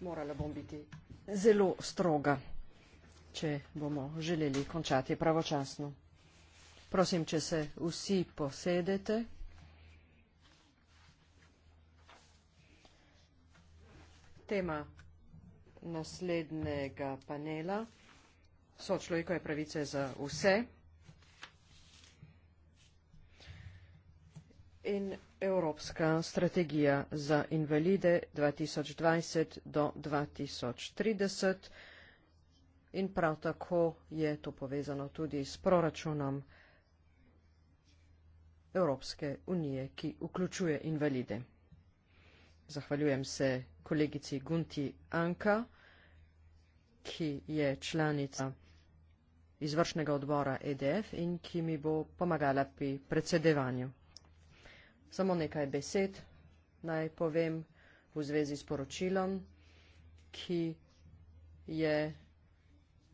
Morala bom biti zelo stroga, če bomo želeli končati pravočasno. Prosim, če se vsi posedete. Tema naslednjega panela so človekove pravice za vse. in Európska strategija za invalide 2020 do 2030 in prav tako je to povezano tudi s proračunom Evropske unije, ki vključuje invalide. Zahvaljujem se kolegici Gunti Anka, ki je članica izvršnega odbora EDF in ki mi bo pomagala pri predsedevanju. Samo nekaj besed naj povem v zvezi s poročilom, ki je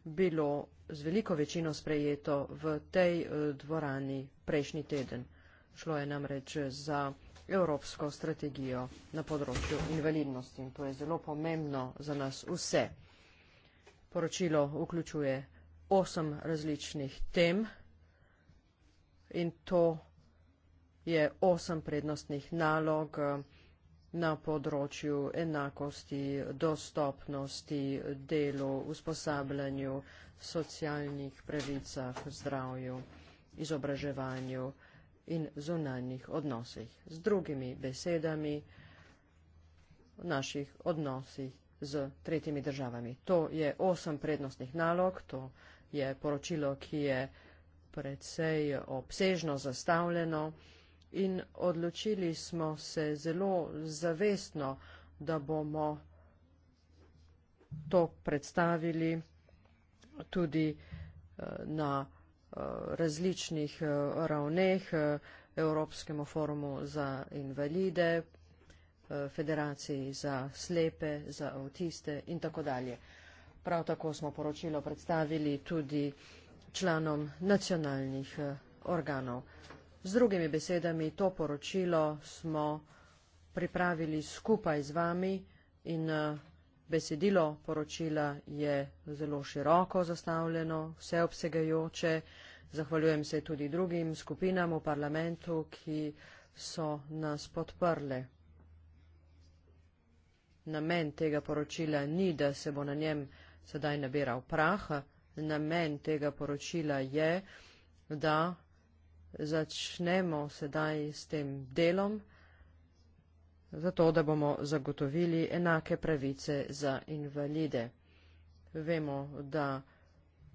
bilo z veliko večino sprejeto v tej eh, dvorani prejšnji teden. Šlo je namreč za evropsko strategijo na področju invalidnosti in to je zelo pomembno za nas vse. Poročilo vključuje osem različnih tem in to je osem prednostnih nalog eh, na področju enakosti, dostopnosti, delu, usposabljanju, socialnih pravicah, zdravju, izobraževanju in zunanjih odnosih. Z drugimi besedami, naših odnosih z tretjimi državami. To je osem prednostnih nalog, to je poročilo, ki je predvsej obsežno zastavljeno in odločili smo se zelo zavestno, da bomo to predstavili tudi eh, na eh, različnih eh, ravneh, Evropskemu forumu za invalide, Federaciji za slepe, za avtiste in tako dalje. Prav tako smo poročilo predstavili tudi članom nacionalnih organov. Z drugimi besedami, to poročilo smo pripravili skupaj z vami in eh, besedilo poročila je zelo široko zastavljeno, vseobsegajoče. Zahvaljujem se tudi drugim skupinam v parlamentu, ki so nas podprle. Namen tega poročila ni, da se bo na njem sedaj nabiral prah. Namen tega poročila je, da začnemo sedaj s tem delom, zato da bomo zagotovili enake pravice za invalide. Vemo, da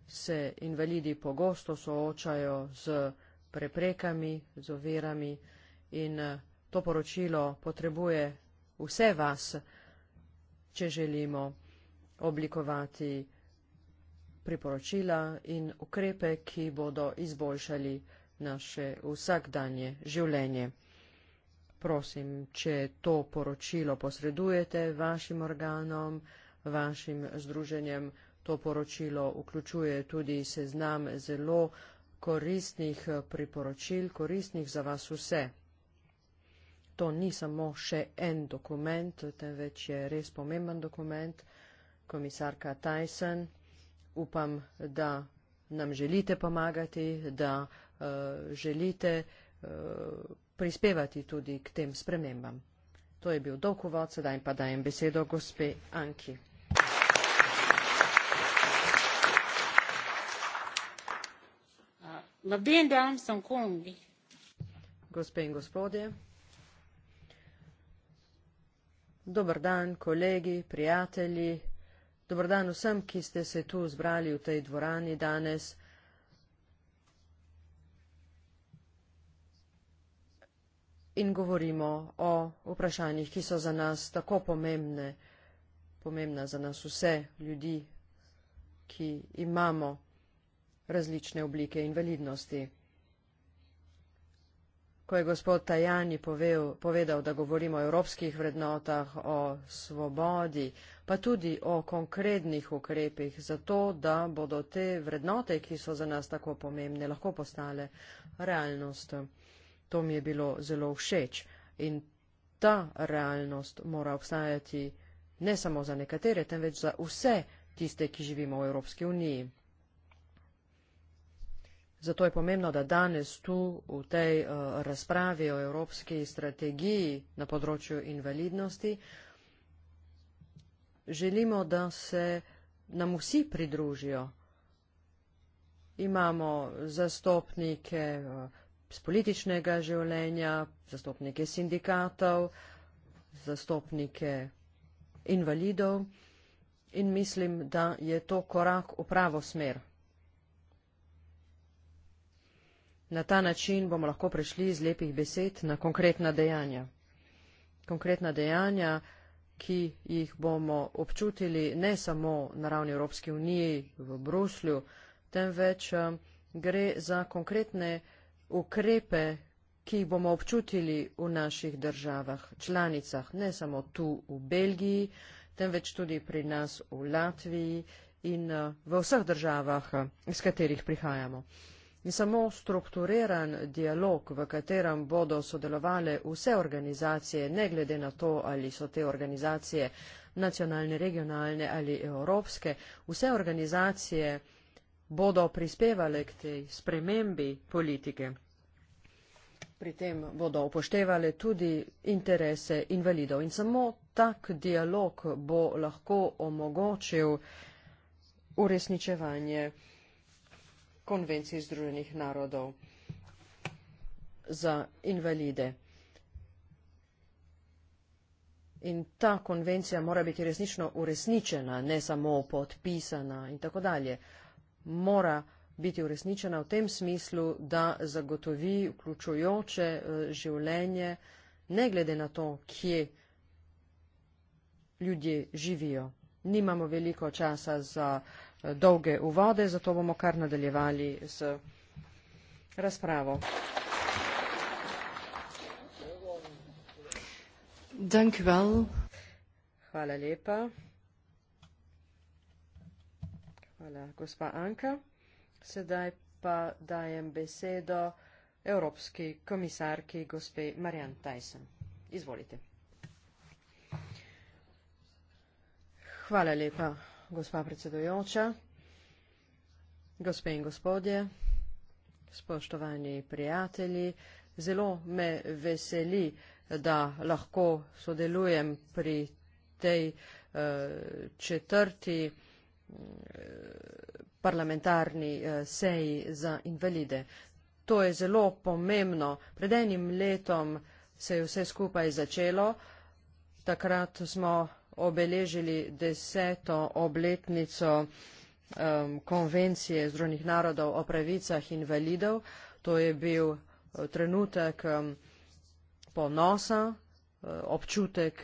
se invalidi pogosto soočajo z preprekami, z ovirami in eh, to poročilo potrebuje vse vas, če želimo oblikovati priporočila in ukrepe, ki bodo izboljšali naše vsakdanje življenje. Prosim, če to poročilo posredujete vašim organom, vašim združenjem, to poročilo vključuje tudi seznam zelo koristnih priporočil, koristnih za vas vse. To ni samo še en dokument, temveč je res pomemben dokument. Komisarka Tyson, upam, da nam želite pomagati, da Eh, želite eh, prispevati tudi k tem spremembam. To je bil dolg uvod, sedaj pa dajem besedo gospe Anki. Gospe in gospodje, dober dan kolegi, prijatelji, dober dan vsem, ki ste se tu zbrali v tej dvorani danes in govorimo o vprašanjih, ki so za nas tako pomembne, pomembna za nas vse ljudi, ki imamo različne oblike invalidnosti. Ko je gospod Tajani povel, povedal, da govorimo o evropskih vrednotah, o svobodi, pa tudi o konkretnih ukrepih, zato da bodo te vrednote, ki so za nas tako pomembne, lahko postale realnost. To mi je bilo zelo všeč in ta realnost mora obstajati ne samo za nekatere, temveč za vse tiste, ki živimo v Evropski uniji. Zato je pomembno, da danes tu v tej uh, razpravi o evropski strategiji na področju invalidnosti želimo, da se nam vsi pridružijo. Imamo zastopnike uh, z političnega življenja, zastopnike sindikatov, zastopnike invalidov in mislim, da je to korak v pravo smer. Na ta način bomo lahko prešli iz lepih besed na konkretna dejanja. Konkretna dejanja, ki jih bomo občutili ne samo na ravni Evropske unije v Bruslju, temveč eh, gre za konkretne dejanja, ukrepe, ki jih bomo občutili v naših državah, članicah, ne samo tu v Belgiji, temveč tudi pri nas v Latviji in eh, v vseh državah, eh, iz katerih prihajamo. In samo strukturiran dialog, v katerem bodo sodelovale vse organizacije, ne glede na to, ali so te organizacije nacionalne, regionalne ali evropske, vse organizacije bodo prispevale k tej spremembi politike. Pri tem bodo upoštevale tudi interese invalidov in samo tak dialog bo lahko omogočil uresničevanje konvencij Združenih narodov za invalide. In ta konvencija mora biti resnično uresničena, ne samo podpisana in tako dalje mora biti uresničena v tem smislu, da zagotovi vključujoče eh, življenje, ne glede na to, kje ljudje živijo. Nimamo veliko časa za eh, dolge uvode, zato bomo kar nadaljevali z razpravo. Dank u wel. Hvala lepa. Hvala, gospa Anka. Sedaj pa dajem besedo evropski komisarki, gospe Marjan Tyson. Izvolite. Hvala lepa, gospa predsedujoča. Gospe in gospodje, spoštovani prijatelji, zelo me veseli, da lahko sodelujem pri tej eh, četrti parlamentarni eh, seji za invalide. To je zelo pomembno. Pred enim letom se je vse skupaj začelo. Takrat smo obeležili deseto obletnico um, konvencije Združenih narodov o pravicah invalidov. To je bil eh, trenutek um, ponosa, eh, občutek,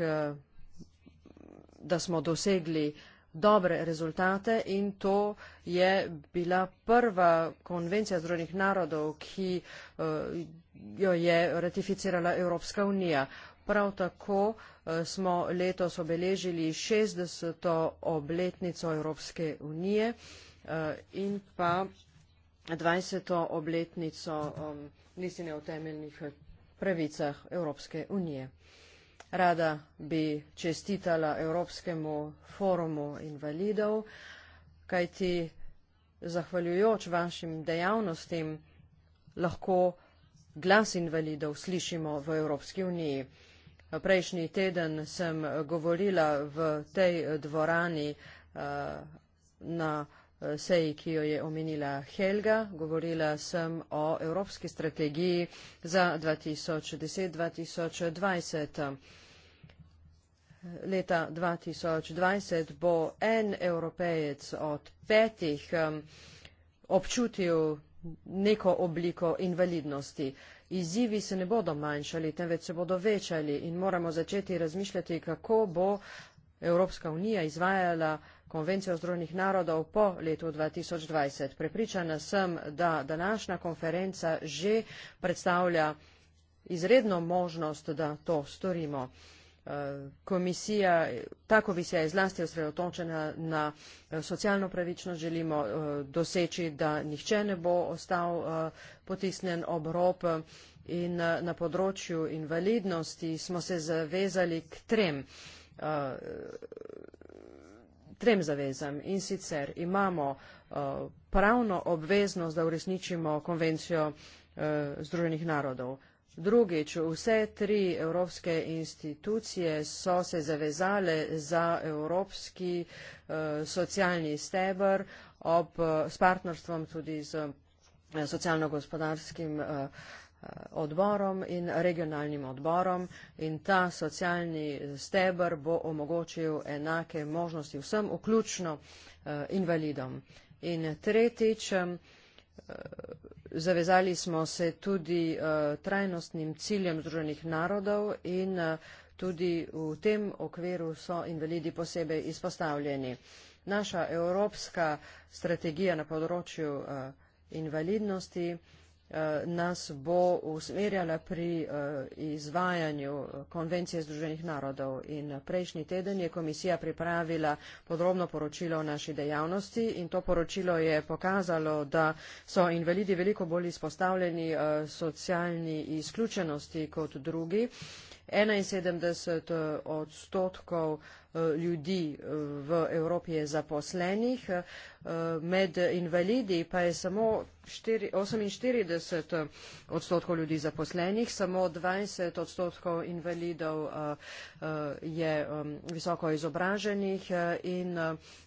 da smo dosegli uh, dobre rezultate in to je bila prva konvencija Združenih narodov, ki eh, jo je ratificirala Evropska unija. Prav tako eh, smo letos obeležili 60. obletnico Evropske unije eh, in pa 20. obletnico listine o temeljnih pravicah Evropske unije. Rada bi čestitala Evropskemu forumu invalidov, kajti zahvaljujoč vašim dejavnostim lahko glas invalidov slišimo v Evropski uniji. Prejšnji teden sem govorila v tej dvorani eh, na seji, ki jo je omenila Helga. Govorila sem o Evropski strategiji za 2010-2020. Leta 2020 bo en evropejec od petih um, občutil neko obliko invalidnosti. Izzivi se ne bodo manjšali, temveč se bodo večali in moramo začeti razmišljati, kako bo Evropska unija izvajala konvencijo Združenih narodov po letu 2020. Prepričana sem, da današnja konferenca že predstavlja izredno možnost, da to storimo. E, komisija, ta komisija je zlasti osredotočena na e, socialno pravičnost, želimo e, doseči, da nihče ne bo ostal potisnen ob rob in na področju invalidnosti smo se zavezali k trem trem zavezam in sicer imamo eh, pravno obveznost, da uresničimo konvencijo eh, Združenih narodov. Drugič, vse tri evropske institucije so se zavezale za evropski eh, socialni steber s partnerstvom tudi z socialno-gospodarskim odborom in regionalnim odborom in ta socialni steber bo omogočil enake možnosti vsem, vključno eh, invalidom. In tretjič, eh, zavezali smo se tudi eh, trajnostnim ciljem Združenih narodov in tudi v tem okviru so invalidi posebej izpostavljeni. Naša evropska strategija na področju invalidnosti Eh, nas bo usmerjala pri eh, izvajanju konvencije Združenih narodov. In prejšnji teden je komisija pripravila podrobno poročilo o naši dejavnosti in to poročilo je pokazalo, da so invalidi veliko bolj izpostavljeni eh, socialni izključenosti kot drugi. 71 odstotkov ljudi eh, v Evropi je zaposlenih, eh, med invalidi pa je samo 48 eh, odstotkov ljudi zaposlenih, samo 20 odstotkov invalidov je visoko izobraženih in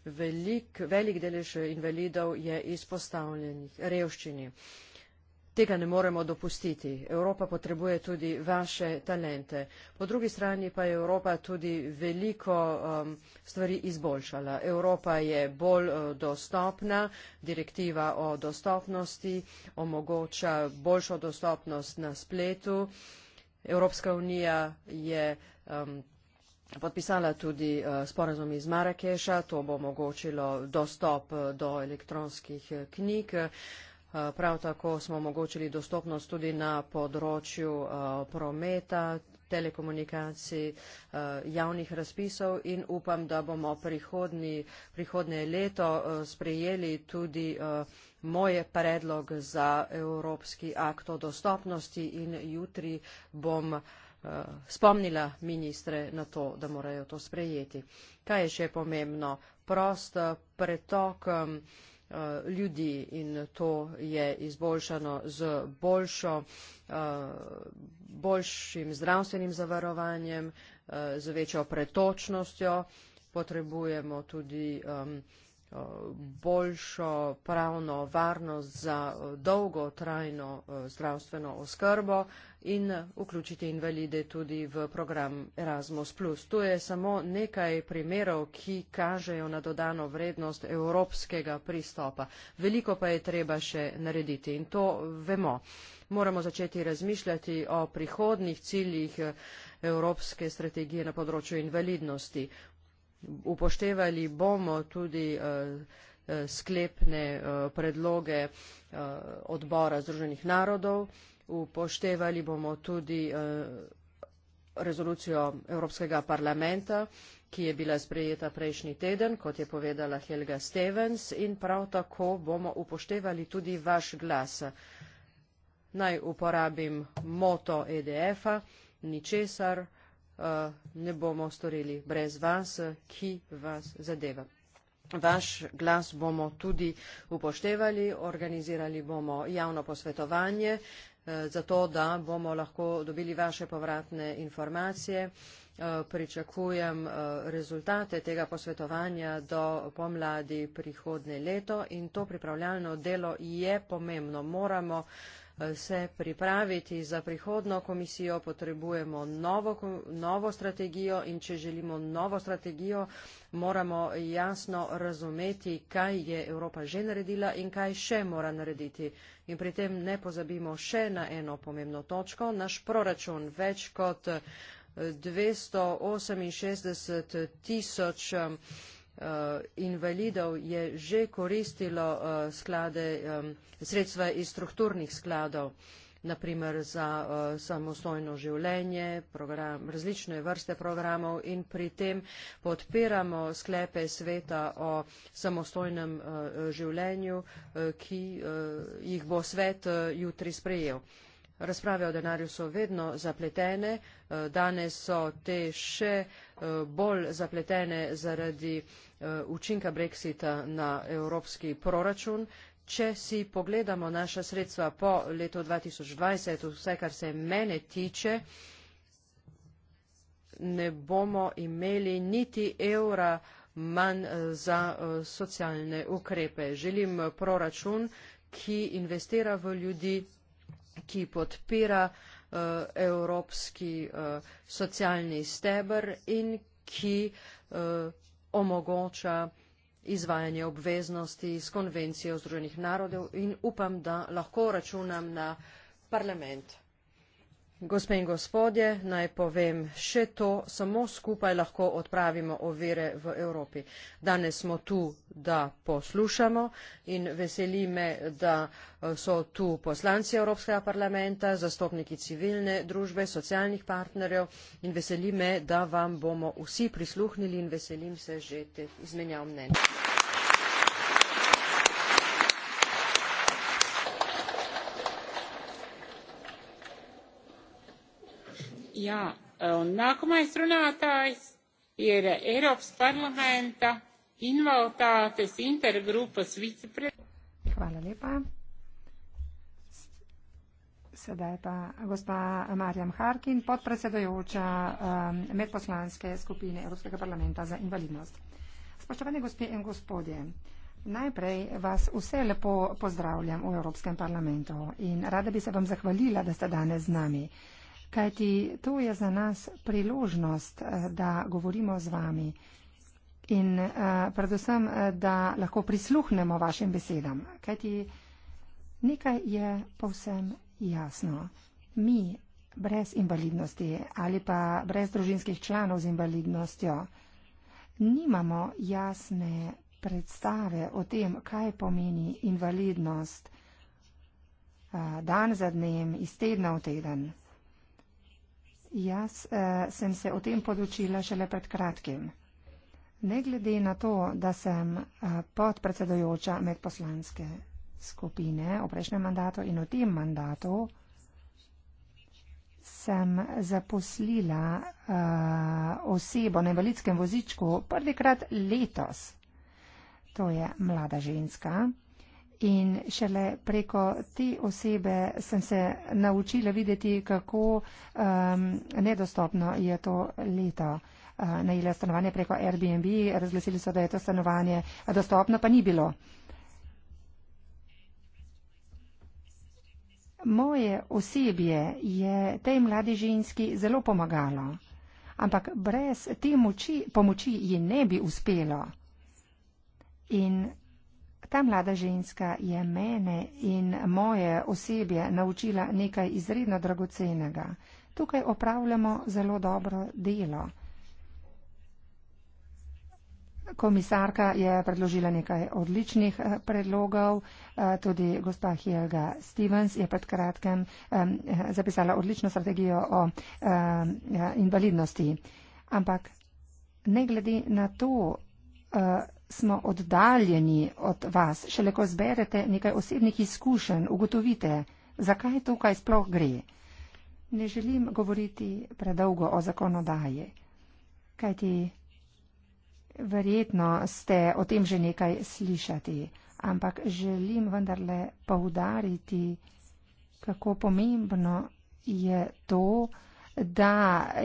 velik, velik delež invalidov je izpostavljenih revščini. Tega ne moremo dopustiti. Evropa potrebuje tudi vaše talente. Po drugi strani pa je Evropa tudi veliko um, stvari izboljšala. Evropa je bolj uh, dostopna, direktiva o dostopnosti omogoča boljšo dostopnost na spletu. Evropska unija je um, podpisala tudi uh, sporazum iz Marakeša, to bo omogočilo dostop uh, do elektronskih uh, knjig. Uh, Eh, prav tako smo omogočili dostopnost tudi na področju eh, prometa, telekomunikacij, eh, javnih razpisov in upam, da bomo prihodni, prihodne leto sprejeli tudi moj predlog za Evropski akt o dostopnosti in jutri bom spomnila ministre na to, da morajo to sprejeti. Kaj je še pomembno? Prost pretok Eh, ljudi in to je izboljšano z boljšo, eh, boljšim zdravstvenim zavarovanjem, eh, z večjo pretočnostjo. Potrebujemo tudi um, boljšo pravno varnost za e, dolgotrajno e, zdravstveno oskrbo in vključiti invalide tudi v program Erasmus. To je samo nekaj primerov, ki kažejo na dodano vrednost evropskega pristopa. Veliko pa je treba še narediti in to vemo. Moramo začeti razmišljati o prihodnih ciljih e, evropske strategije na področju invalidnosti. Upoštevali bomo tudi eh, eh, sklepne eh, predloge odbora Združenih narodov, upoštevali bomo tudi rezolucijo Evropskega parlamenta, ki je bila sprejeta prejšnji teden, kot je povedala Helga Stevens, in prav tako bomo upoštevali tudi vaš glas. Naj uporabim moto EDF-a, ničesar, ne bomo storili brez vas, ki vas zadeva. Vaš glas bomo tudi upoštevali, organizirali bomo javno posvetovanje, e, zato da bomo lahko dobili vaše povratne informacije. E, pričakujem e, rezultate tega posvetovanja do pomladi prihodne leto in to pripravljalno delo je pomembno. Moramo uh, se pripraviti za prihodno komisijo, potrebujemo novo, novo strategijo in če želimo novo strategijo, moramo jasno razumeti, kaj je Evropa že naredila in kaj še mora narediti. In pri tem ne pozabimo še na eno pomembno točko, naš proračun več kot 268 eh, tisoč eh, Eh, invalidov je že koristilo eh, sklade, eh, sredstva iz strukturnih skladov, naprimer za samostojno življenje, program, različne vrste programov in pri tem podpiramo sklepe sveta o samostojnem življenju, ki jih bo svet jutri sprejel. Razprave o denarju so vedno zapletene, eh, danes so te še eh, bolj zapletene zaradi eh, učinka brexita na evropski proračun. Če si pogledamo naša sredstva po letu 2020, vsaj kar se mene tiče, ne bomo imeli niti evra manj za socialne ukrepe. Želim proračun, ki investira v ljudi, ki podpira eh, evropski eh, socialni steber in ki eh, omogoča izvajanje obveznosti iz konvencije Združenih narodov in upam, da lahko računam na parlament Gospe in gospodje, naj povem še to, samo skupaj lahko odpravimo ovire v Evropi. Danes smo tu, da poslušamo in veseli me, da eh, so tu poslanci Evropskega parlamenta, zastopniki civilne družbe, socialnih partnerjev in veseli me, da vam bomo vsi prisluhnili in veselim se že teh izmenjav mnenj. Jā, un e, nākamais runātājs ir Eiropas parlamenta invaliditātes intergrupas viceprezidents. Hvala lepa. Sedaj pa gospa Marjam Harkin, podpredsedujoča um, medposlanske skupine Evropskega parlamenta za invalidnost. Spoštovane gospe in gospodje, Najprej vas vse lepo pozdravljam v Evropskem parlamentu in rada bi se vam zahvalila, da ste danes z nami kajti to je za nas priložnost, eh, da govorimo z vami in eh, predvsem, eh, da lahko prisluhnemo vašim besedam, kajti nekaj je povsem jasno. Mi brez invalidnosti ali pa brez družinskih članov z invalidnostjo nimamo jasne predstave o tem, kaj pomeni invalidnost dan za dnem, iz tedna v teden. Jaz eh, sem se o tem podočila šele pred kratkim. Ne glede na to, da sem eh, podpredsedojoča medposlanske skupine v prejšnjem mandatu in v tem mandatu, sem zaposlila eh, osebo na invalidskem vozičku prvikrat letos. To je mlada ženska, In šele preko te osebe sem se naučila videti, kako um, nedostopno je to leto. Uh, najela stanovanje preko Airbnb, razglasili so, da je to stanovanje dostopno, pa ni bilo. Moje osebje je tej mladi ženski zelo pomagalo, ampak brez te moči, pomoči ji ne bi uspelo. In ta mlada ženska je mene in moje osebje naučila nekaj izredno dragocenega. Tukaj opravljamo zelo dobro delo. Komisarka je predložila nekaj odličnih eh, predlogov, eh, tudi gospa Helga Stevens je pred kratkem eh, zapisala odlično strategijo o invalidnosti. Ampak ne glede na to, smo oddaljeni od vas, šele ko zberete nekaj osebnih izkušenj, ugotovite, zakaj tukaj sploh gre. Ne želim govoriti predolgo o zakonodaji, kajti verjetno ste o tem že nekaj slišati, ampak želim vendarle poudariti, kako pomembno je to, da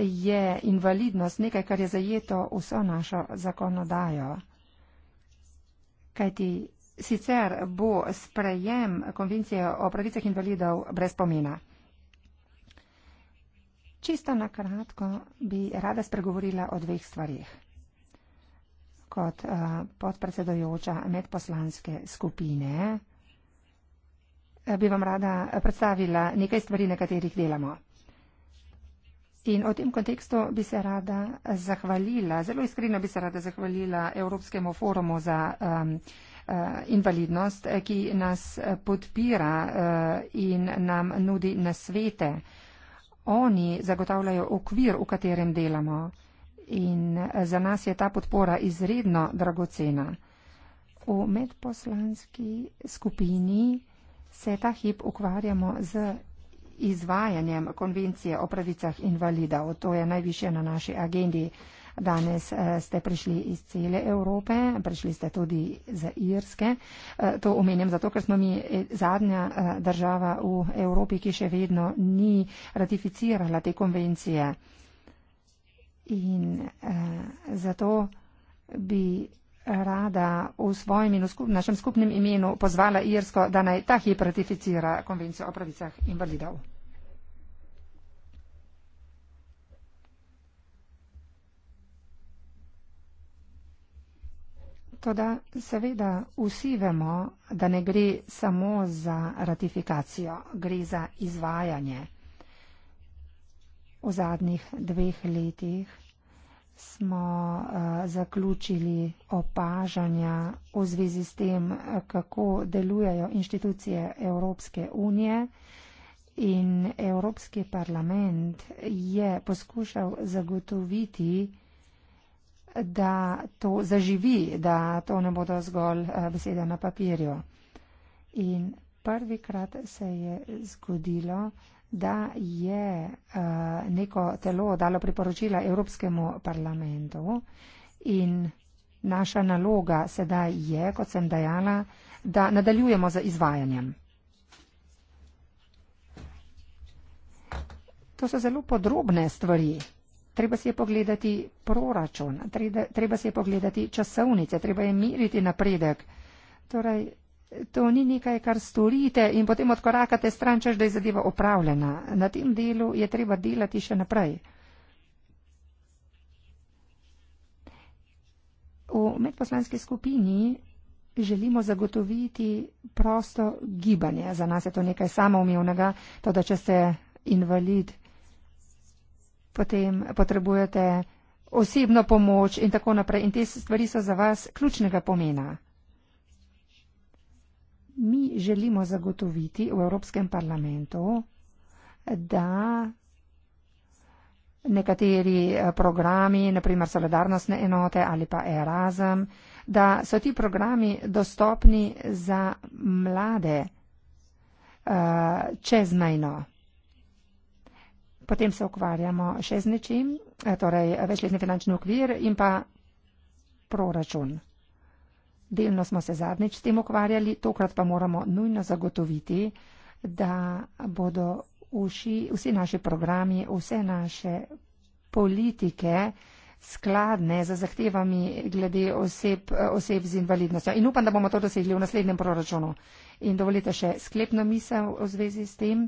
je invalidnost nekaj, kar je zajeto vso našo zakonodajo kajti sicer bo sprejem konvencije o pravicah invalidov brez pomena. Čisto na kratko bi rada spregovorila o dveh stvarih. Kot eh, podpredsedojoča medposlanske skupine eh, bi vam rada predstavila nekaj stvari, na katerih delamo. In v tem kontekstu bi se rada zahvalila, zelo iskreno bi se rada zahvalila Evropskemu forumu za um, uh, invalidnost, ki nas uh, podpira uh, in nam nudi nasvete. Oni zagotavljajo okvir, v katerem delamo in za nas je ta podpora izredno dragocena. V medposlanski skupini se ta hip ukvarjamo z izvajanjem konvencije o pravicah invalidov. To je najviše na naši agendi. Danes eh, ste prišli iz cele Evrope, prišli ste tudi z Irske. Eh, to omenjam zato, ker smo mi eh, zadnja država v Evropi, ki še vedno ni ratificirala te konvencije. In zato bi rada u svojem in skup, našem skupnem imenu pozvala Irsko, da naj ta hip ratificira konvencijo o pravicah invalidov. Toda seveda vsi vemo, da ne gre samo za ratifikacijo, gre za izvajanje. V zadnjih dveh letih smo eh, zaključili opažanja v zvezi s tem, kako delujejo inštitucije Evropske unije in Evropski parlament je poskušal zagotoviti, da to zaživi, da to ne bodo zgolj eh, besede na papirju. In prvikrat se je zgodilo, da je eh, neko telo dalo priporočila Evropskemu parlamentu in naša naloga sedaj je, kot sem dajala, da nadaljujemo z izvajanjem. To so zelo podrobne stvari. Treba si je pogledati proračun, treba, treba si je pogledati časovnice, treba je meriti napredek. Torej, to ni nekaj, kar storite in potem odkorakate stran, češ da je zadeva opravljena. Na tem delu je treba delati še naprej. V medposlanski skupini želimo zagotoviti prosto gibanje. Za nas je to nekaj samoumevnega, to da če ste invalid, potem potrebujete osebno pomoč in tako naprej. In te stvari so za vas ključnega pomena. Mi želimo zagotoviti v Evropskem parlamentu, da nekateri eh, programi, naprimer solidarnostne enote ali pa Erasm, da so ti programi dostopni za mlade eh, čezmejno. Potem se ukvarjamo še z nečim, eh, torej večletni finančni okvir in pa proračun. Delno smo se zadnjič s tem ukvarjali, tokrat pa moramo nujno zagotoviti, da bodo vši, vsi naši programi, vse naše politike skladne za zahtevami glede oseb, oseb z invalidnostjo. In upam, da bomo to dosegli v naslednjem proračunu. In dovolite še sklepno misel v zvezi s tem.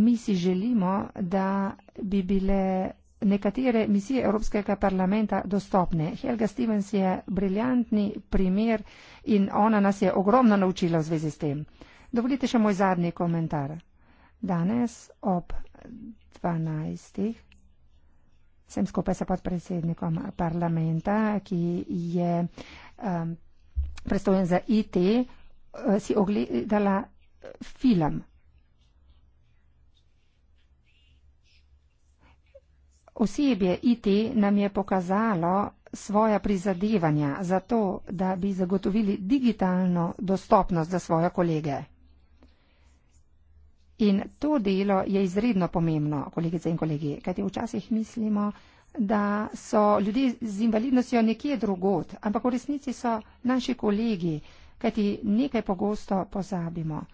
Mi si želimo, da bi bile nekatere misije Evropskega parlamenta dostopne. Helga Stevens je briljantni primer in ona nas je ogromno naučila v zvezi s tem. Dovolite še moj zadnji komentar. Danes ob 12. sem skupaj sa podpredsednikom parlamenta, ki je um, predstavljen za IT, eh, si ogledala film Osebje IT nam je pokazalo svoja prizadevanja za to, da bi zagotovili digitalno dostopnost za svoje kolege. In to delo je izredno pomembno, kolegice in kolegi, kajti včasih mislimo, da so ljudje z invalidnostjo nekje drugot, ampak v resnici so naši kolegi, kajti nekaj pogosto pozabimo –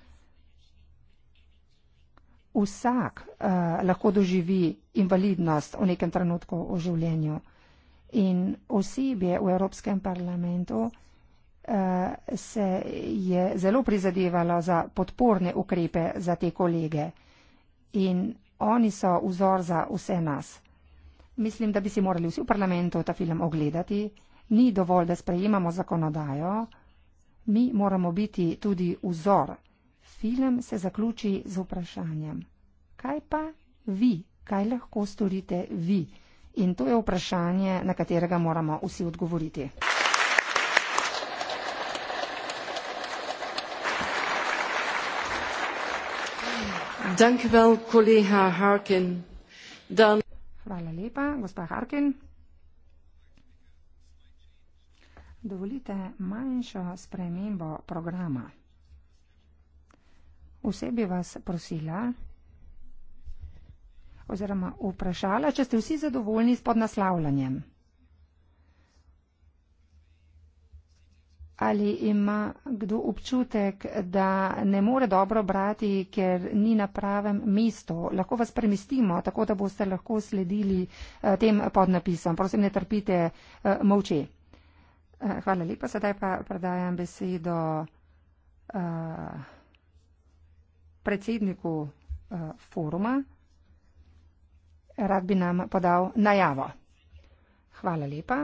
Vsak uh, lahko doživi invalidnost v nekem trenutku v življenju. In osebje v Evropskem parlamentu eh, se je zelo prizadevalo za podporne ukrepe za te kolege in oni so vzor za vse nas. Mislim, da bi si morali vsi v parlamentu ta film ogledati. Ni dovolj, da sprejemamo zakonodajo, mi moramo biti tudi vzor Film se zaključi z vprašanjem, kaj pa vi, kaj lahko storite vi? In to je vprašanje, na katerega moramo vsi odgovoriti. Dank u Harkin. Dan... Hvala lepa, gospa Harkin. Dovolite manjšo spremembo programa. Vse bi vas prosila oziroma vprašala, če ste vsi zadovoljni s podnaslavljanjem. Ali ima kdo občutek, da ne more dobro brati, ker ni na pravem mestu? Lahko vas premestimo, tako da boste lahko sledili eh, tem podnapisom. Prosim, ne trpite eh, molče. Eh, hvala lepa. Sedaj pa predajam besedo. Uh, predsedniku e, foruma, rad bi nam podal najavo. Hvala lepa.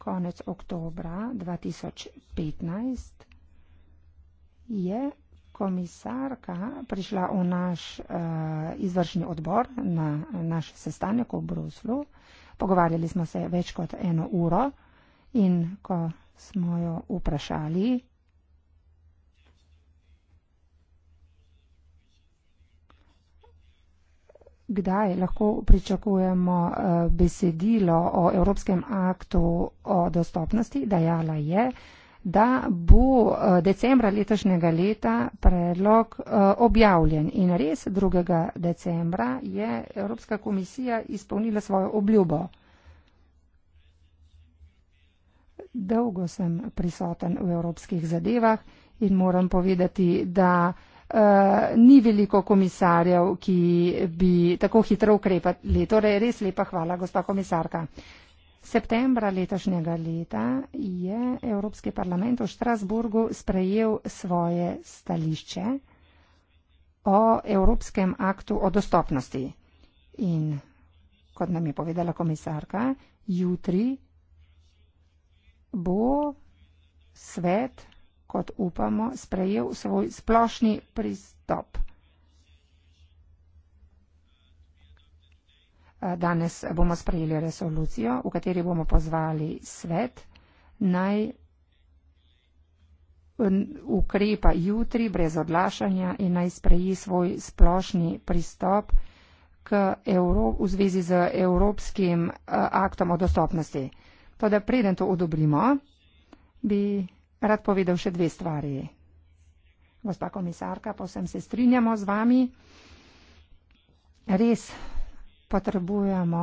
Konec oktobra 2015 je komisarka prišla v naš uh, izvršni odbor na naš sestanek v Bruslu. Pogovarjali smo se več kot eno uro in ko smo jo vprašali, Kdaj lahko pričakujemo eh, besedilo o Evropskem aktu o dostopnosti? Dajala je, da bo eh, decembra letošnjega leta predlog eh, objavljen. In res 2. decembra je Evropska komisija izpolnila svojo obljubo. Dolgo sem prisoten v evropskih zadevah in moram povedati, da Eh, ni veliko komisarjev, ki bi tako hitro ukrepali. Torej, res lepa hvala, gospa komisarka. Septembra letošnjega leta je Evropski parlament v Štrasburgu sprejel svoje stališče o Evropskem aktu o dostopnosti. In kot nam je povedala komisarka, jutri bo svet kot upamo, sprejel svoj splošni pristop. Danes bomo sprejeli resolucijo, v kateri bomo pozvali svet naj ukrepa jutri brez odlašanja in naj spreji svoj splošni pristop k Evro, v zvezi z Evropskim eh, aktom o dostopnosti. Toda preden to odobrimo, bi rad povedal še dve stvari. Gospa komisarka, posem se strinjamo z vami. Res potrebujemo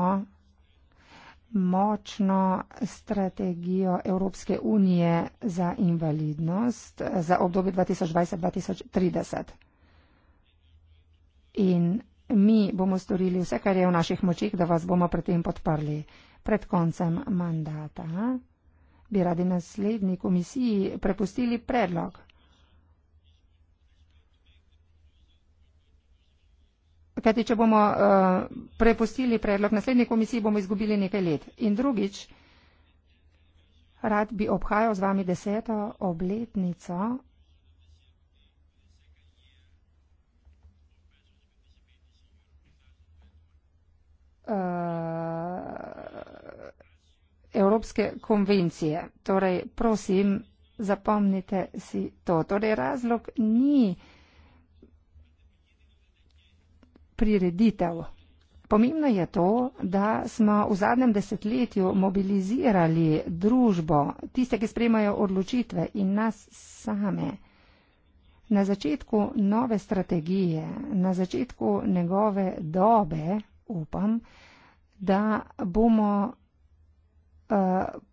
močno strategijo Evropske unije za invalidnost za obdobje 2020-2030. In mi bomo storili vse, kar je v naših močih, da vas bomo pri tem podprli. Pred koncem mandata bi radi naslednji komisiji prepustili predlog. Kajti, če bomo uh, prepustili predlog naslednji komisiji, bomo izgubili nekaj let. In drugič, rad bi obhajal z vami deseto obletnico uh, Európske konvencije. Torej, prosim, zapomnite si to. Torej, razlog ni prireditev. Pomembno je to, da smo v zadnjem desetletju mobilizirali družbo, tiste, ki spremajo odločitve in nas same. Na začetku nove strategije, na začetku njegove dobe, upam, da bomo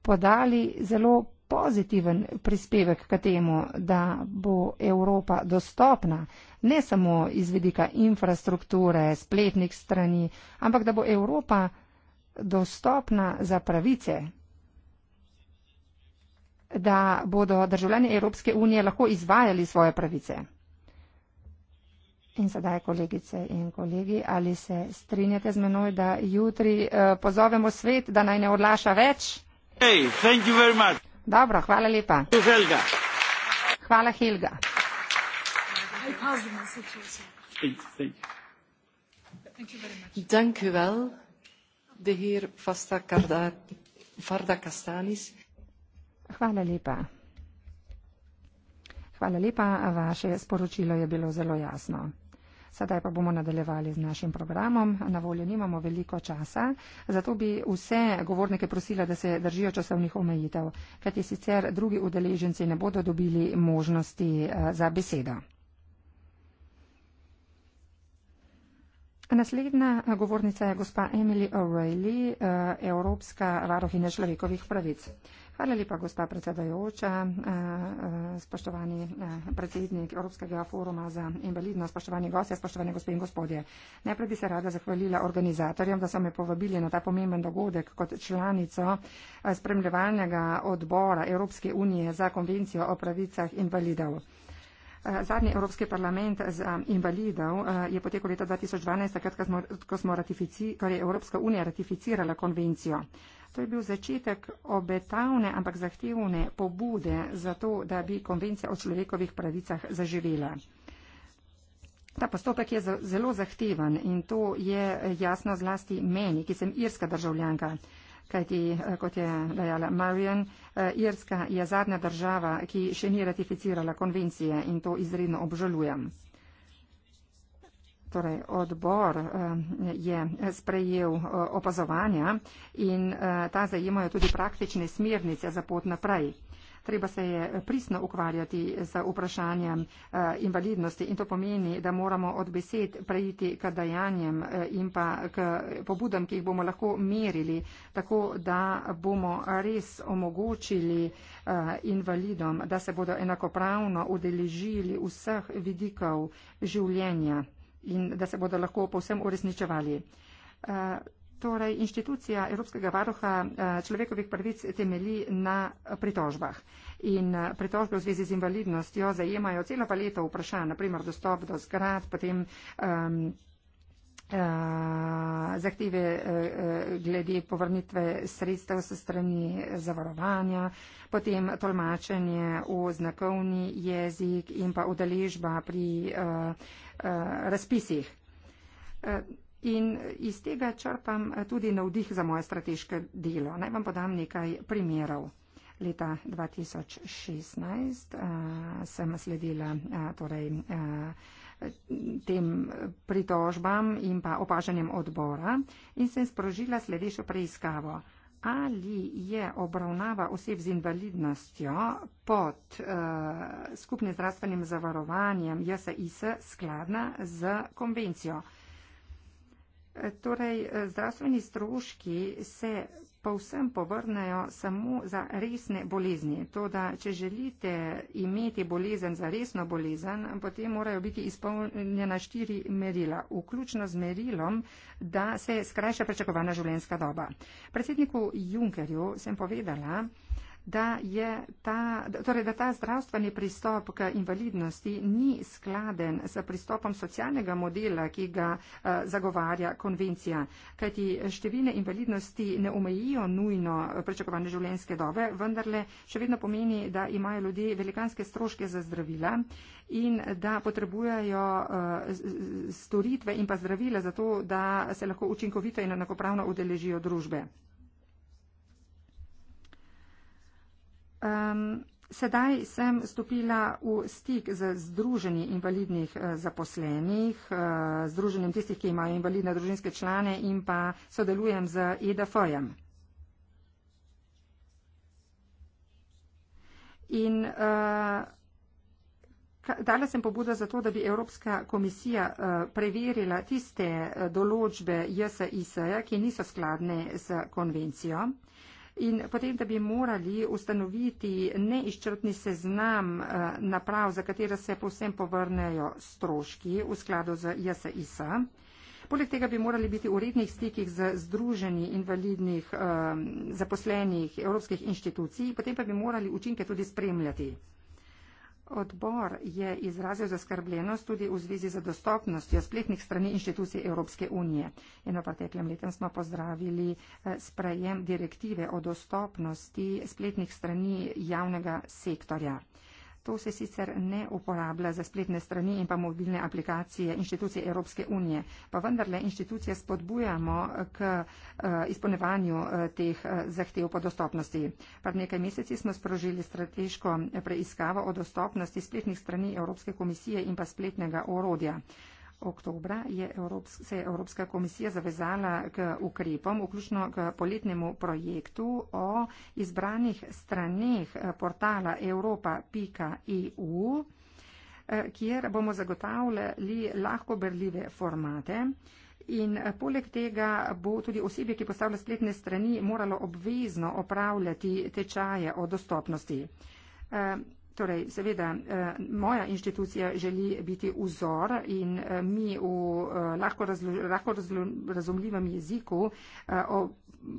podali zelo pozitiven prispevek k temu, da bo Evropa dostopna ne samo iz vidika infrastrukture, spletnih strani, ampak da bo Evropa dostopna za pravice, da bodo državljani Evropske unije lahko izvajali svoje pravice. In sedaj, kolegice in kolegi, ali se strinjate z menoj, da jutri uh, pozovemo svet, da naj ne odlaša več? Hey, Dobro, hvala lepa. Helga. Hvala, Helga. Thank you, thank you. Thank Dank u wel, de Karda, Varda Kastanis. Hvala lepa. Hvala lepa, vaše sporočilo je bilo zelo jasno. Sedaj pa bomo nadaljevali z našim programom. Na voljo nimamo veliko časa, zato bi vse govornike prosila, da se držijo časovnih omejitev, kajti sicer drugi udeleženci ne bodo dobili možnosti eh, za besedo. Naslednja eh, govornica je gospa Emily O'Reilly, eh, Evropska varohinja človekovih pravic. Hvala lepa, gospa predsedajoča, e, e, spoštovani e, predsednik Evropskega foruma za invalidnost, spoštovani gostje, spoštovane gospe in gospodje. Najprej bi se rada zahvalila organizatorjem, da so me povabili na ta pomemben dogodek kot članico spremljevalnega odbora Evropske unije za konvencijo o pravicah invalidov. Zadnji Evropski parlament za invalidov je potekal leta 2012, takrat, ko, smo, ko, smo ko je Evropska unija ratificirala konvencijo. To je bil začetek obetavne, ampak zahtevne pobude za to, da bi konvencija o človekovih pravicah zaživela. Ta postopek je zelo zahteven in to je jasno zlasti meni, ki sem irska državljanka. Kajti, eh, kot je dejala Marian, eh, Irska je zadnja država, ki še ni ratificirala konvencije in to izredno obžalujem ktoré odbor eh, je sprejel eh, opazovania in eh, ta zajemajo tudi praktične smernice za pot naprej. Treba se je prisno ukvarjati z vprašanjem invalidnosti in to pomeni, da moramo od besed preiti k dejanjem in pa k pobudam, ki jih bomo lahko merili, tako da bomo res omogočili invalidom, da se bodo enakopravno udeležili vseh vidikov življenja in da se bodo lahko povsem uresničevali. Eh, torej, inštitucija Evropskega varuha eh, človekovih pravic temeli na pritožbah. In eh, pritožbe v zvezi z invalidnostjo zajemajo celo paleto vprašanj, naprimer dostop do zgrad, potem um, zahteve glede povrnitve sredstev se strani zavarovanja, potem tolmačenje v znakovni jezik in pa udeležba pri uh, Eh, razpisih. Eh, in iz tega črpam eh, tudi navdih za moje strateško delo. Naj vam podam nekaj primerov. Leta 2016 uh, sem sledila uh, torej, uh, tem pritožbam in pa opažanjem odbora in sem sprožila sledečo preiskavo ali je obravnava oseb z invalidnostjo pod uh, skupnim zdravstvenim zavarovanjem JSIS skladna z konvencijo. Eh, torej, eh, zdravstveni stroški se povsem povrnejo samo za resne bolezni. To, da če želite imeti bolezen za resno bolezen, potem morajo biti izpolnjena štiri merila, vključno z merilom, da se skrajša pričakovana življenjska doba. Predsedniku Junkerju sem povedala, da, je ta, torej, da ta zdravstveni pristop k invalidnosti ni skladen s pristopom socialnega modela, ki ga eh, zagovarja konvencija. Kajti številne invalidnosti ne omejijo nujno eh, pričakovane življenjske dobe, vendarle še vedno pomeni, da imajo ljudje velikanske stroške za zdravila in da potrebujejo eh, storitve in pa zdravila za to, da se lahko učinkovito in enakopravno udeležijo družbe. Um, Sedaj sem stopila v stik z Združenji invalidnih eh, zaposlenih, eh, Združenjem tistih, ki imajo invalidne družinske člane in pa sodelujem z EDF-jem. In uh, dala sem pobudo za to, da bi Evropska komisija uh, preverila tiste določbe JSIS-ja, ki niso skladne s konvencijo in potem, da bi morali ustanoviti neizčrpni seznam eh, naprav, za katere se povsem povrnejo stroški v skladu z JSIS. Poleg tega bi morali biti v rednih stikih z združenji invalidnih eh, zaposlenih evropskih inštitucij, potem pa bi morali učinke tudi spremljati. Odbor je izrazil zaskrbljenost tudi v zvezi z dostopnostjo spletnih strani inštitucij Evropske unije. Eno preteklem letem smo pozdravili eh, sprejem direktive o dostopnosti spletnih strani javnega sektorja. To se sicer ne uporablja za spletne strani in pa mobilne aplikacije inštitucije Evropske unije, pa vendarle inštitucije spodbujamo k eh, izpolnevanju eh, teh eh, zahtev po dostopnosti. Pred nekaj meseci smo sprožili strateško preiskavo o dostopnosti spletnih strani Evropske komisije in pa spletnega orodja oktobra je Evrops se je Evropska komisija zavezala k ukrepom, vključno k poletnemu projektu o izbranih straneh portala europa.eu, eh, kjer bomo zagotavljali lahko berljive formate. In eh, poleg tega bo tudi osebje, ki postavlja spletne strani, moralo obvezno opravljati tečaje o dostopnosti. Eh, Torej, seveda, eh, moja inštitucija želi biti vzor in eh, mi v eh, lahko, razlo, lahko razlo, razumljivem jeziku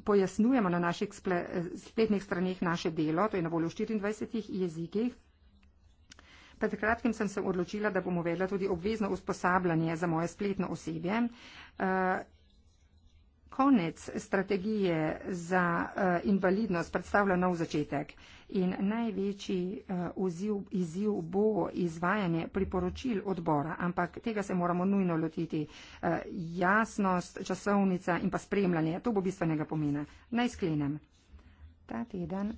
pojasnjujemo na naših spletnih straneh naše delo, to je na voljo v 24 jezikih. Pred kratkim sem se odločila, da bom uvedla tudi obvezno usposabljanje za moje spletno osebje Konec strategije za eh, invalidnost predstavlja nov začetek in največji oziv, eh, izziv bo izvajanje priporočil odbora, ampak tega se moramo nujno lotiti. Eh, jasnost, časovnica in pa spremljanje, to bo bistvenega pomena. Naj sklenem. Ta teden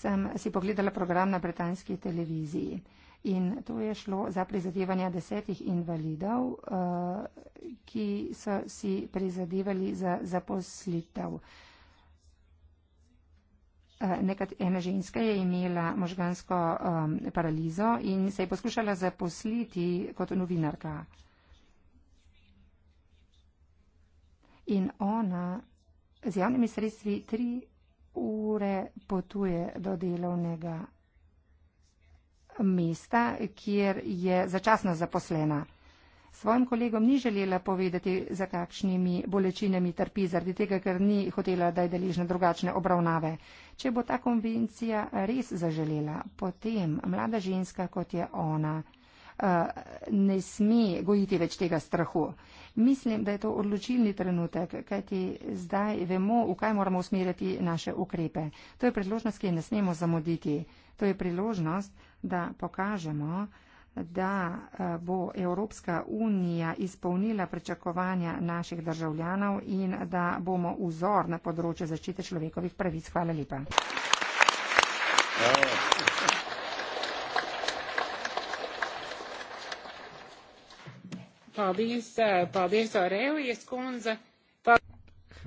sem si pogledala program na britanski televiziji. In tu je šlo za prizadevanja desetih invalidov, eh, ki so si prizadevali za zaposlitev. Eh, ena ženska je imela možgansko eh, paralizo in se je poskušala zaposliti kot novinarka. In ona z javnimi sredstvi tri ure potuje do delovnega mesta, kjer je začasno zaposlena. Svojim kolegom ni želela povedati, za kakšnimi bolečinami trpi, zaradi tega, ker ni hotela, da je deležna drugačne obravnave. Če bo ta konvencija res zaželela, potem mlada ženska, kot je ona, eh, ne sme gojiti več tega strahu. Mislim, da je to odločilni trenutek, kajti zdaj vemo, v kaj moramo usmerjati naše ukrepe. To je priložnost, ki je ne smemo zamuditi. To je priložnost, da pokažemo, da eh, bo Evropska unija izpolnila pričakovanja naših državljanov in da bomo vzor na področju zaščite človekovih pravic. Hvala lepa. Eh,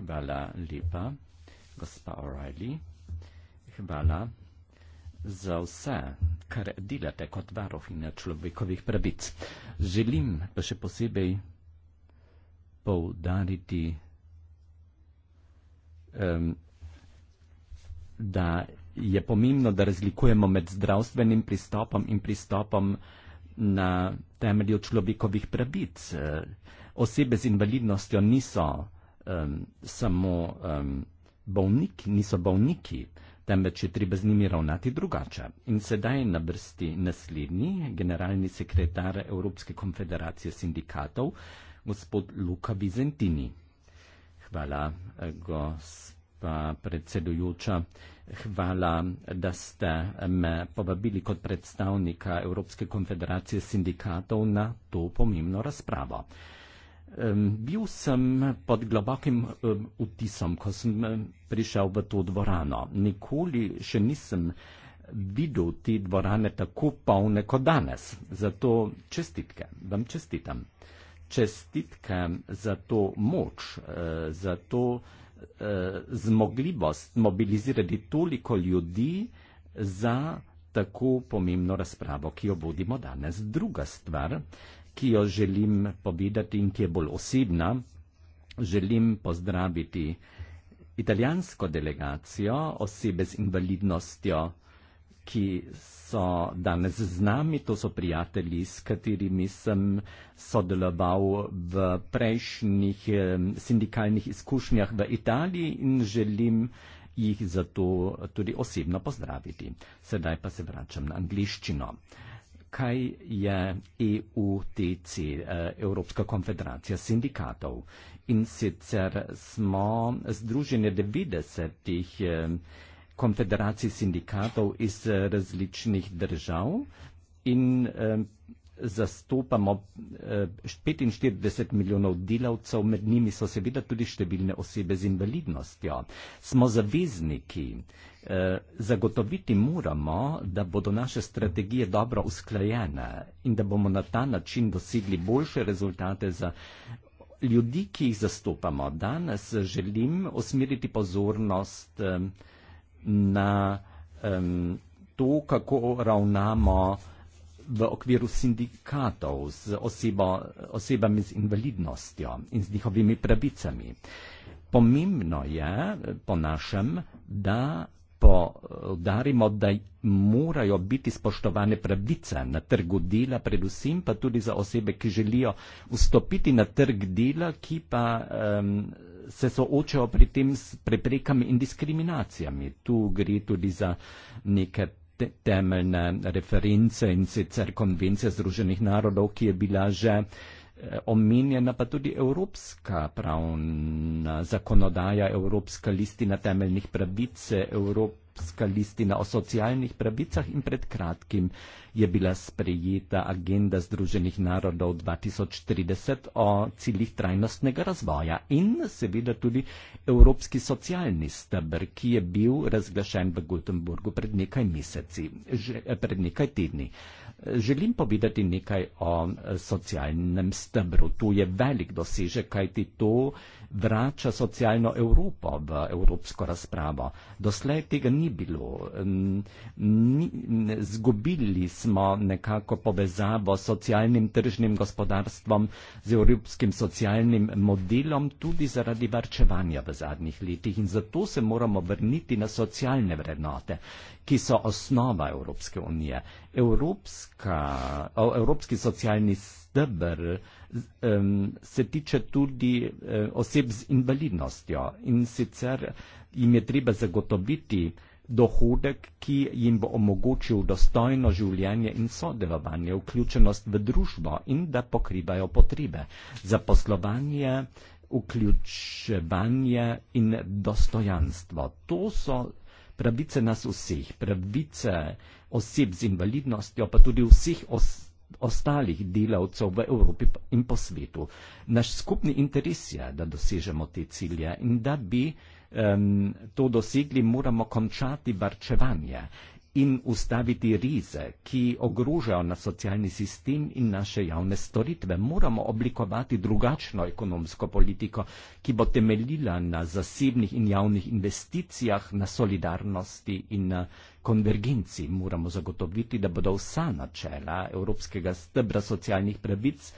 Hvala lepa, gospa O'Reilly. Hvala za vse, kar delate kot varohinja človekovih pravic. Želim pa še posebej poudariti, um, da je pomembno, da razlikujemo med zdravstvenim pristopom in pristopom na temelju človekovih pravic. Osebe z invalidnostjo niso um, samo um, bolniki, niso bolniki temveč je treba z njimi ravnati drugače. In sedaj je na vrsti naslednji generalni sekretar Evropske konfederacije sindikatov, gospod Luka Vizentini. Hvala, eh, gospa predsedujoča. Hvala, da ste me povabili kot predstavnika Evropske konfederacije sindikatov na to pomembno razpravo. Ehm, bil sem pod globokim ehm, vtisom, ko sem ehm, prišel v to dvorano. Nikoli še nisem videl te dvorane tako polne kot danes. Zato čestitke, vam čestitam. Čestitke za to moč, za to zmogljivost mobilizirati toliko ljudi za tako pomembno razpravo, ki jo vodimo danes. Druga stvar, ki jo želim povedati in ki je bolj osebna. Želim pozdraviti italijansko delegacijo osebe z invalidnostjo, ki so danes z nami, to so prijatelji, s katerimi sem sodeloval v prejšnjih sindikalnih izkušnjah v Italiji in želim jih zato tudi osebno pozdraviti. Sedaj pa se vračam na angliščino. Uh, kaj je EUTC, e, Evropska konfederacija sindikatov. In sicer smo združenje 90 e, konfederacij sindikatov iz e, različnih držav in zastopamo 45 eh, milijonov delavcev, med njimi so seveda tudi številne osebe z invalidnostjo. Smo zavezniki. Eh, zagotoviti moramo, da bodo naše strategije dobro usklajene in da bomo na ta način dosegli boljše rezultate za ljudi, ki jih zastopamo. Danes želim osmeriti pozornost eh, na to, kako ravnamo v okviru sindikatov z osoba, osobami z invalidnostjo in z njihovimi pravicami. Pomembno je, po našem, da podarimo, da morajo biti spoštovane pravice na trgu dela, predvsem pa tudi za osebe, ki želijo vstopiti na trg dela, ki pa um, se soočajo pri tem s preprekami in diskriminacijami. Tu gre tudi za neke temeljne reference in sicer konvencija Združenih narodov, ki je bila že eh, omenjena pa tudi evropska pravna zakonodaja, evropska listina temeljnih pravic, eh, Evrop, Evropska listina o socialnih pravicah in pred kratkim je bila sprejeta agenda Združenih narodov 2030 o ciljih trajnostnega razvoja in seveda tudi Evropski socialni stebr, ki je bil razglašen v Gutenburgu pred nekaj meseci, eh, pred nekaj tedni. Želim povedati nekaj o eh, socialnem stebru. To je velik dosežek, kajti to vrača socijalno Evropo v evropsko razpravo. Doslej tega ni bilo. zgubili smo nekako povezavo s socijalnim tržnim gospodarstvom, z evropskim socijalnim modelom, tudi zaradi varčevanja v zadnjih letih. In zato se moramo vrniti na socijalne vrednote, ki so osnova Evropske unije. Evropska, evropski socialni stebr, um, se tiče tudi uh, oseb z invalidnostjo in sicer jim je treba zagotoviti dohodek, ki jim bo omogočil dostojno življenje in sodelovanje, vključenost v družbo in da pokrivajo potrebe. Zaposlovanje, vključevanje in dostojanstvo. To so pravice nas vseh, pravice oseb z invalidnostjo, pa tudi vseh os ostalih delavcev v Evropi in po svetu. Naš skupni interes je, da dosežemo te cilje in da bi um, to dosegli, moramo končati varčevanje in ustaviti rize, ki ogrožajo na socialni sistem in naše javne storitve. Moramo oblikovati drugačno ekonomsko politiko, ki bo temeljila na zasebnih in javnih investicijah, na solidarnosti in na konvergenci. Moramo zagotoviti, da bodo vsa načela Evropskega stebra socialnih pravic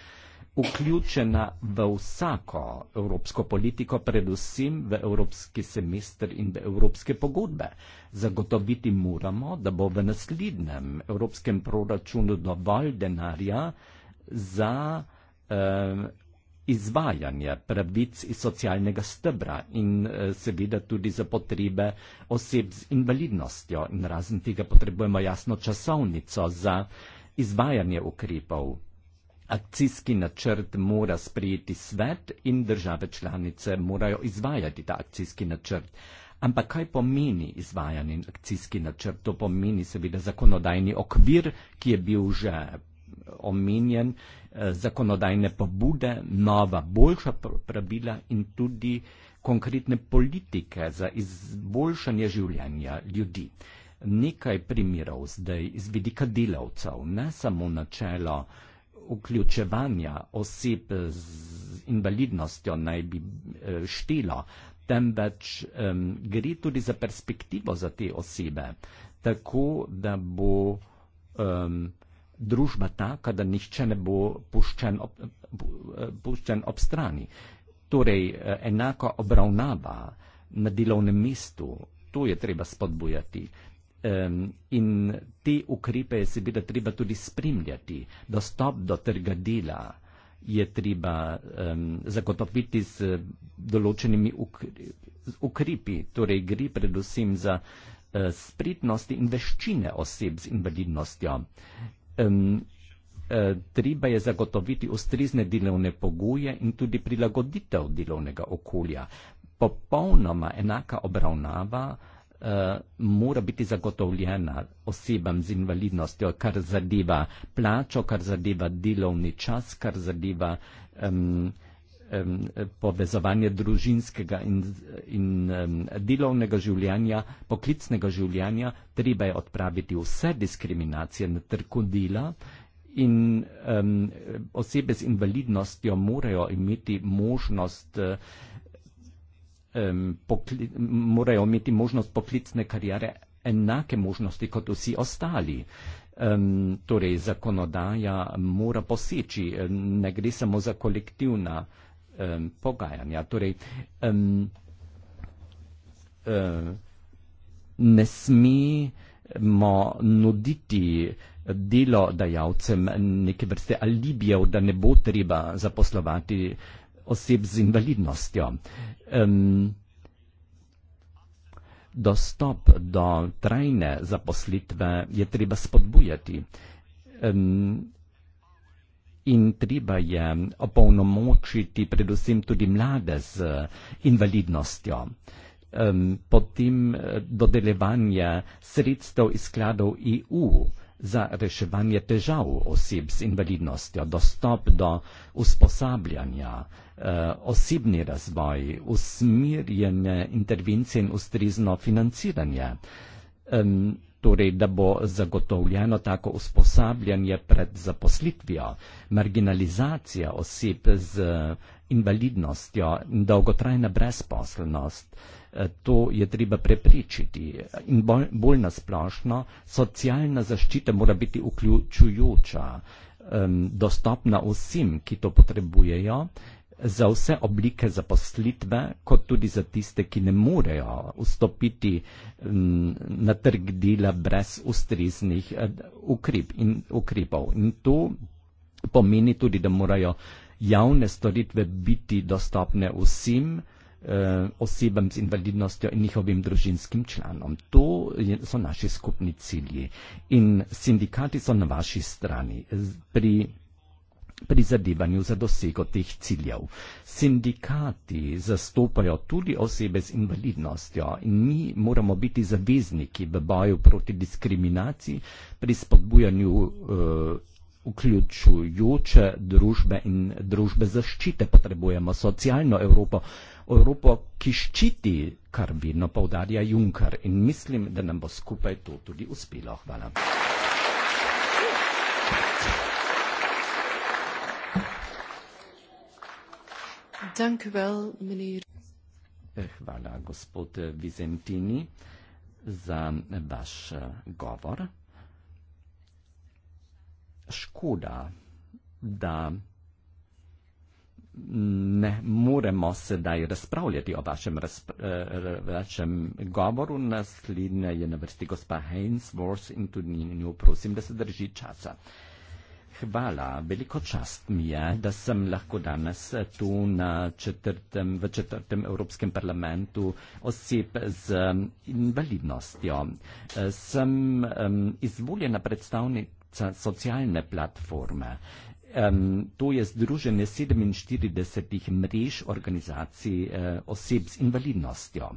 vključena v vsako evropsko politiko, predvsem v evropski semester in v evropske pogodbe. Zagotoviti moramo, da bo v naslednjem evropskem proračunu dovolj denarja za eh, izvajanje pravic iz socialnega stebra in eh, seveda tudi za potrebe oseb z invalidnostjo. In razen tega potrebujemo jasno časovnico za izvajanje ukrepov Akcijski načrt mora sprejeti svet in države članice morajo izvajati ta akcijski načrt. Ampak kaj pomeni izvajanje akcijski načrt? To pomeni seveda zakonodajni okvir, ki je bil že eh, omenjen, eh, zakonodajne pobude, nova, boljša pravila in tudi konkretne politike za izboljšanje življenja ljudi. Nekaj primerov zdaj iz vidika delavcev, ne samo načelo vključevanja oseb z invalidnostjo naj bi eh, štelo, temveč gre tudi za perspektivo za te osebe, tako da bo družba taka, da nihče ne bo puščen ob, eh, puščen ob strani. Torej, eh, enaka obravnava na delovnem mestu, to je treba spodbujati. In te ukrepe je seveda treba tudi spremljati. Dostop do trga dela je treba zagotoviti z določenimi ukrepi. Torej gre predvsem za e, spretnosti in veščine oseb z invalidnostjo e, treba je zagotoviti ustrezne delovne pogoje in tudi prilagoditev delovnega okolja. Popolnoma enaka obravnava Eh, mora biti zagotovljena osebam z invalidnostjo, kar zadeva plačo, kar zadeva delovni čas, kar zadeva um, um, povezovanje družinskega in, in um, delovnega življenja, poklicnega življenja, treba je odpraviti vse diskriminacije na trgu dela in um, osebe z invalidnostjo morajo imeti možnost uh, pokli, morajo imeti možnost poklicne karijere enake možnosti kot vsi ostali. Um, torej, zakonodaja mora poseči, ne gre samo za kolektivna um, pogajanja. Torej, um, um, ne smemo nuditi delodajalcem neke vrste alibijev, da ne bo treba zaposlovati uh, oseb z invalidnostjo. Um, dostop do trajne zaposlitve je treba spodbujati. Um, in treba je opolnomočiti predvsem tudi mlade z invalidnostjo. Um, potem eh, dodelevanje sredstev iz skladov EU za reševanje težav oseb z invalidnostjo, dostop do usposabljanja, eh, osebni razvoj, usmirjene intervencije in ustrezno financiranje. Torej, da bo zagotovljeno tako usposabljanje pred zaposlitvijo, marginalizacija oseb z invalidnostjo, dolgotrajna brezposelnost, to je treba prepričiti. In bolj, bolj nasplošno, socialna zaščita mora biti vključujoča, um, dostopna vsem, ki to potrebujejo, za vse oblike zaposlitve, kot tudi za tiste, ki ne morejo vstopiti na trg dela brez ustreznih eh, ukrep in, ukrepov. In to pomeni tudi, da morajo javne storitve biti dostopne vsem, Eh, osobám z invalidnostjo i njihovim družinskim članom. To so naši skupni cilji in sindikati so na vaši strani pri prizadevanju za dosego teh ciljev. Sindikati zastopajo tudi osebe z invalidnostjo in mi moramo biti zavezniki v boju proti diskriminaciji pri spodbujanju uh, vključujoče družbe in družbe zaščite. Potrebujemo socialno Evropo, uh, Evropo, ki ščiti, kar vedno povdarja Juncker in mislim, da nam bo skupaj to tudi uspelo. Hvala. Dank eh, Hvala, gospod Vizentini, za vaš eh, govor. Škoda, da ne moremo sedaj razpravljati o vašem, razp eh, eh, vašem govoru. Naslednja je na vrsti gospa Hainsworth in tudi njo prosim, da se drži časa. Hvala, veliko čast mi je, da sem lahko danes eh, tu na četrtem, v četrtem Evropskem parlamentu oseb z invalidnostjo. Sem um, izvoljena predstavnica socialne platforme Um, to je združenje 47 mrež organizacij uh, oseb z invalidnostjo.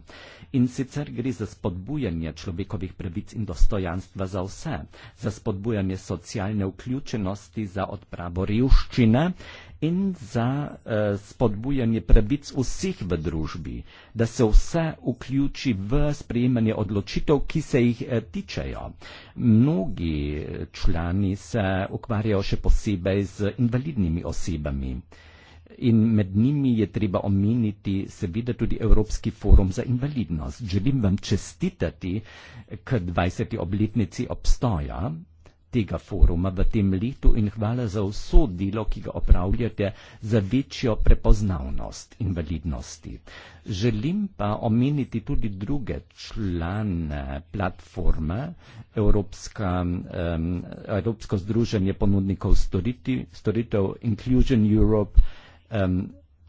In sicer gre za spodbujanje človekovih pravic in dostojanstva za vse, za spodbujanje socialne vključenosti, za odpravo revščine, uh, in za uh, spodbujanje pravic vseh v družbi, da se vse vključi v sprejemanje odločitev, ki se jih uh, tičejo. Mnogi člani se ukvarjajo še posebej z invalidnimi osebami. In med njimi je treba omeniti seveda tudi Evropski forum za invalidnost. Želim vam čestitati k 20. obletnici obstoja tega foruma v tem letu in hvala za vso delo, ki ga opravljate za večjo prepoznavnost invalidnosti. Želim pa omeniti tudi druge člane platforme Evropska, um, Evropsko združenje ponudnikov storiti, storitev Inclusion Europe, um,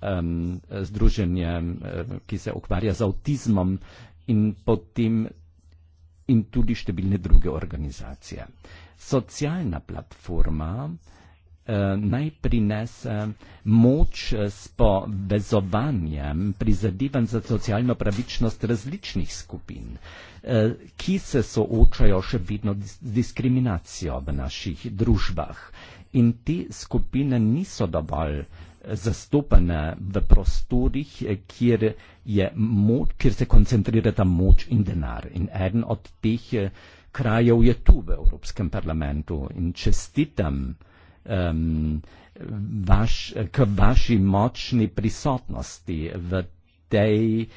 um, združenje, um, ki se ukvarja z avtizmom in potem in tudi številne druge organizacije. Socialna platforma eh, naj prinese moč s povezovanjem prizadevanj za socialno pravičnost različnih skupin, eh, ki se soočajo še vedno z diskriminacijo v naših družbah. In te skupine niso dovolj eh, zastopane v prostorih, kjer, je moč, kjer se koncentrirata moč in denar. In eden od teh krajev je tu v Evropskem parlamentu in čestitam um, vaš, k vaši močni prisotnosti v tej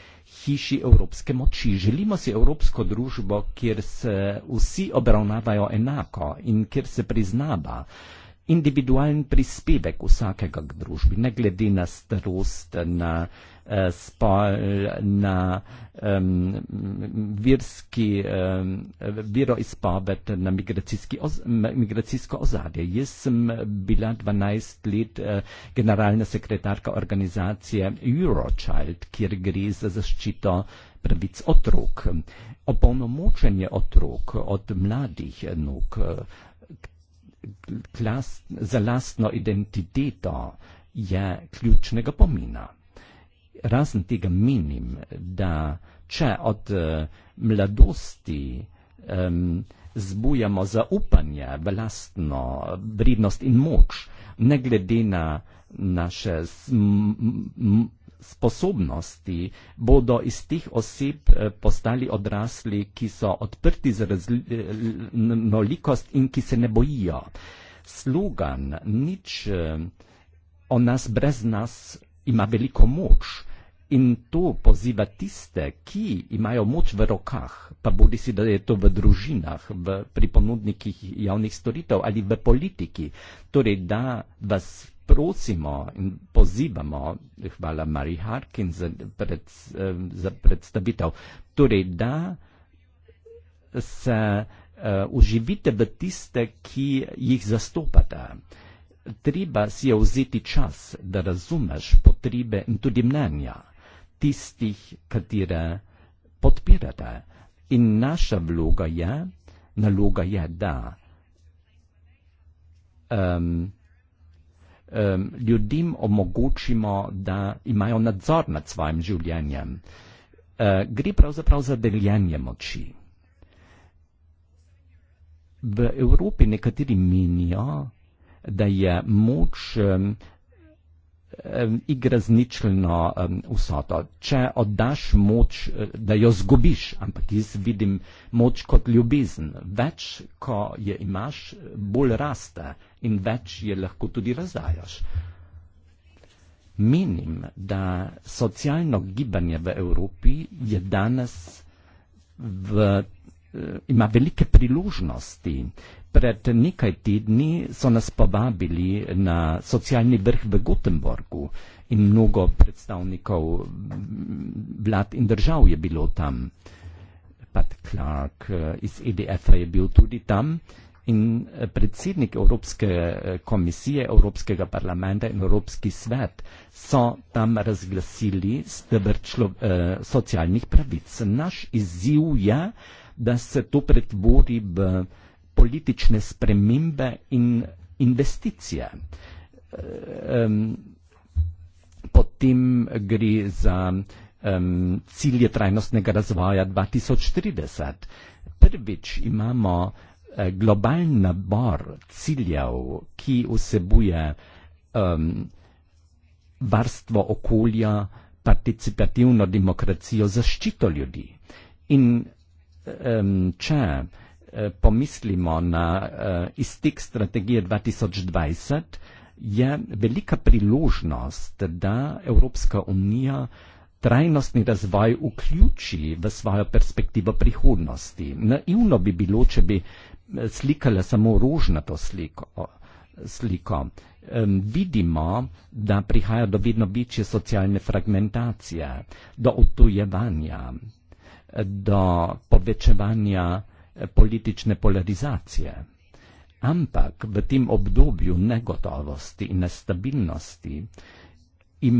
hiši evropske moči. Želimo si evropsko družbo, kjer se vsi obravnavajo enako in kjer se priznava uh, individualen prispevek vsakega k družbi, ne glede na starost, na eh, spol, na um, virski, um, veroizpoved, na oz, migracijsko ozadje. Jaz sem bila 12 let eh, generalna sekretarka organizacije Eurochild, kjer gre za zaščito pravic otrok, opolnomočenje otrok od mladih nog, klast, za lastno identiteto je ključnega pomena. Razen tega menim, da če od uh, mladosti um, zbujamo zaupanje v lastno vrednost in moč, ne glede na naše sposobnosti bodo iz tih oseb eh, postali odrasli, ki so odprti za raznolikost in ki se ne bojijo. Slogan nič eh, o nas brez nas ima veliko moč. In to poziva tiste, ki imajo moč v rokah, pa bodi si, da je to v družinah, v, pri ponudnikih javnih storitev ali v politiki, torej da vas prosimo in pozivamo, hvala Mari Harkin za, pred, za predstavitev, torej da se uh, uživite v tiste, ki jih zastopate. Treba si je vzeti čas, da razumeš potrebe in tudi mnenja tistih, katere podpirate. In naša vloga je, naloga je, da um, um, ljudem omogočimo, da imajo nadzor nad svojim življenjem. Ehm, gre pravzaprav za deljenje moči. V Evropi nekateri menijo, da je moč ehm, igre z ničelno vsoto. Če oddaš moč, eh, da jo zgubiš, ampak jaz vidim moč kot ljubezen. Več, ko je imaš, bolj raste in več je lahko tudi razdajaš. Menim, da socialno gibanje v Evropi je danes v Eh, ima velike priložnosti. Pred nekaj tedni so nas povabili na socialni vrh v Gotenborgu in mnogo predstavnikov mm, vlad in držav je bilo tam. Pat Clark eh, iz edf je bil tudi tam in eh, predsednik Evropske komisije, Evropskega parlamenta in Evropski svet so tam razglasili stebr eh, socialnih pravic. Naš izziv je, da se to pretvori v politične spremembe in investicije. Um, potem gre za um, cilje trajnostnega razvoja 2030. Prvič imamo eh, globalni nabor ciljev, ki vsebuje um, varstvo okolja, participativno demokracijo, zaščito ljudi. In um, če eh, pomislimo na uh, eh, iztek strategije 2020, je velika priložnost, da Evropska unija trajnostni razvoj vključi v svojo perspektivo prihodnosti. Naivno bi bilo, če bi eh, slikala samo rožnato sliko. sliko. Um, vidimo, da prihaja do vedno večje socialne fragmentacije, do otujevanja, do povečevania politične polarizacije. Ampak v tem obdobju negotovosti in nestabilnosti im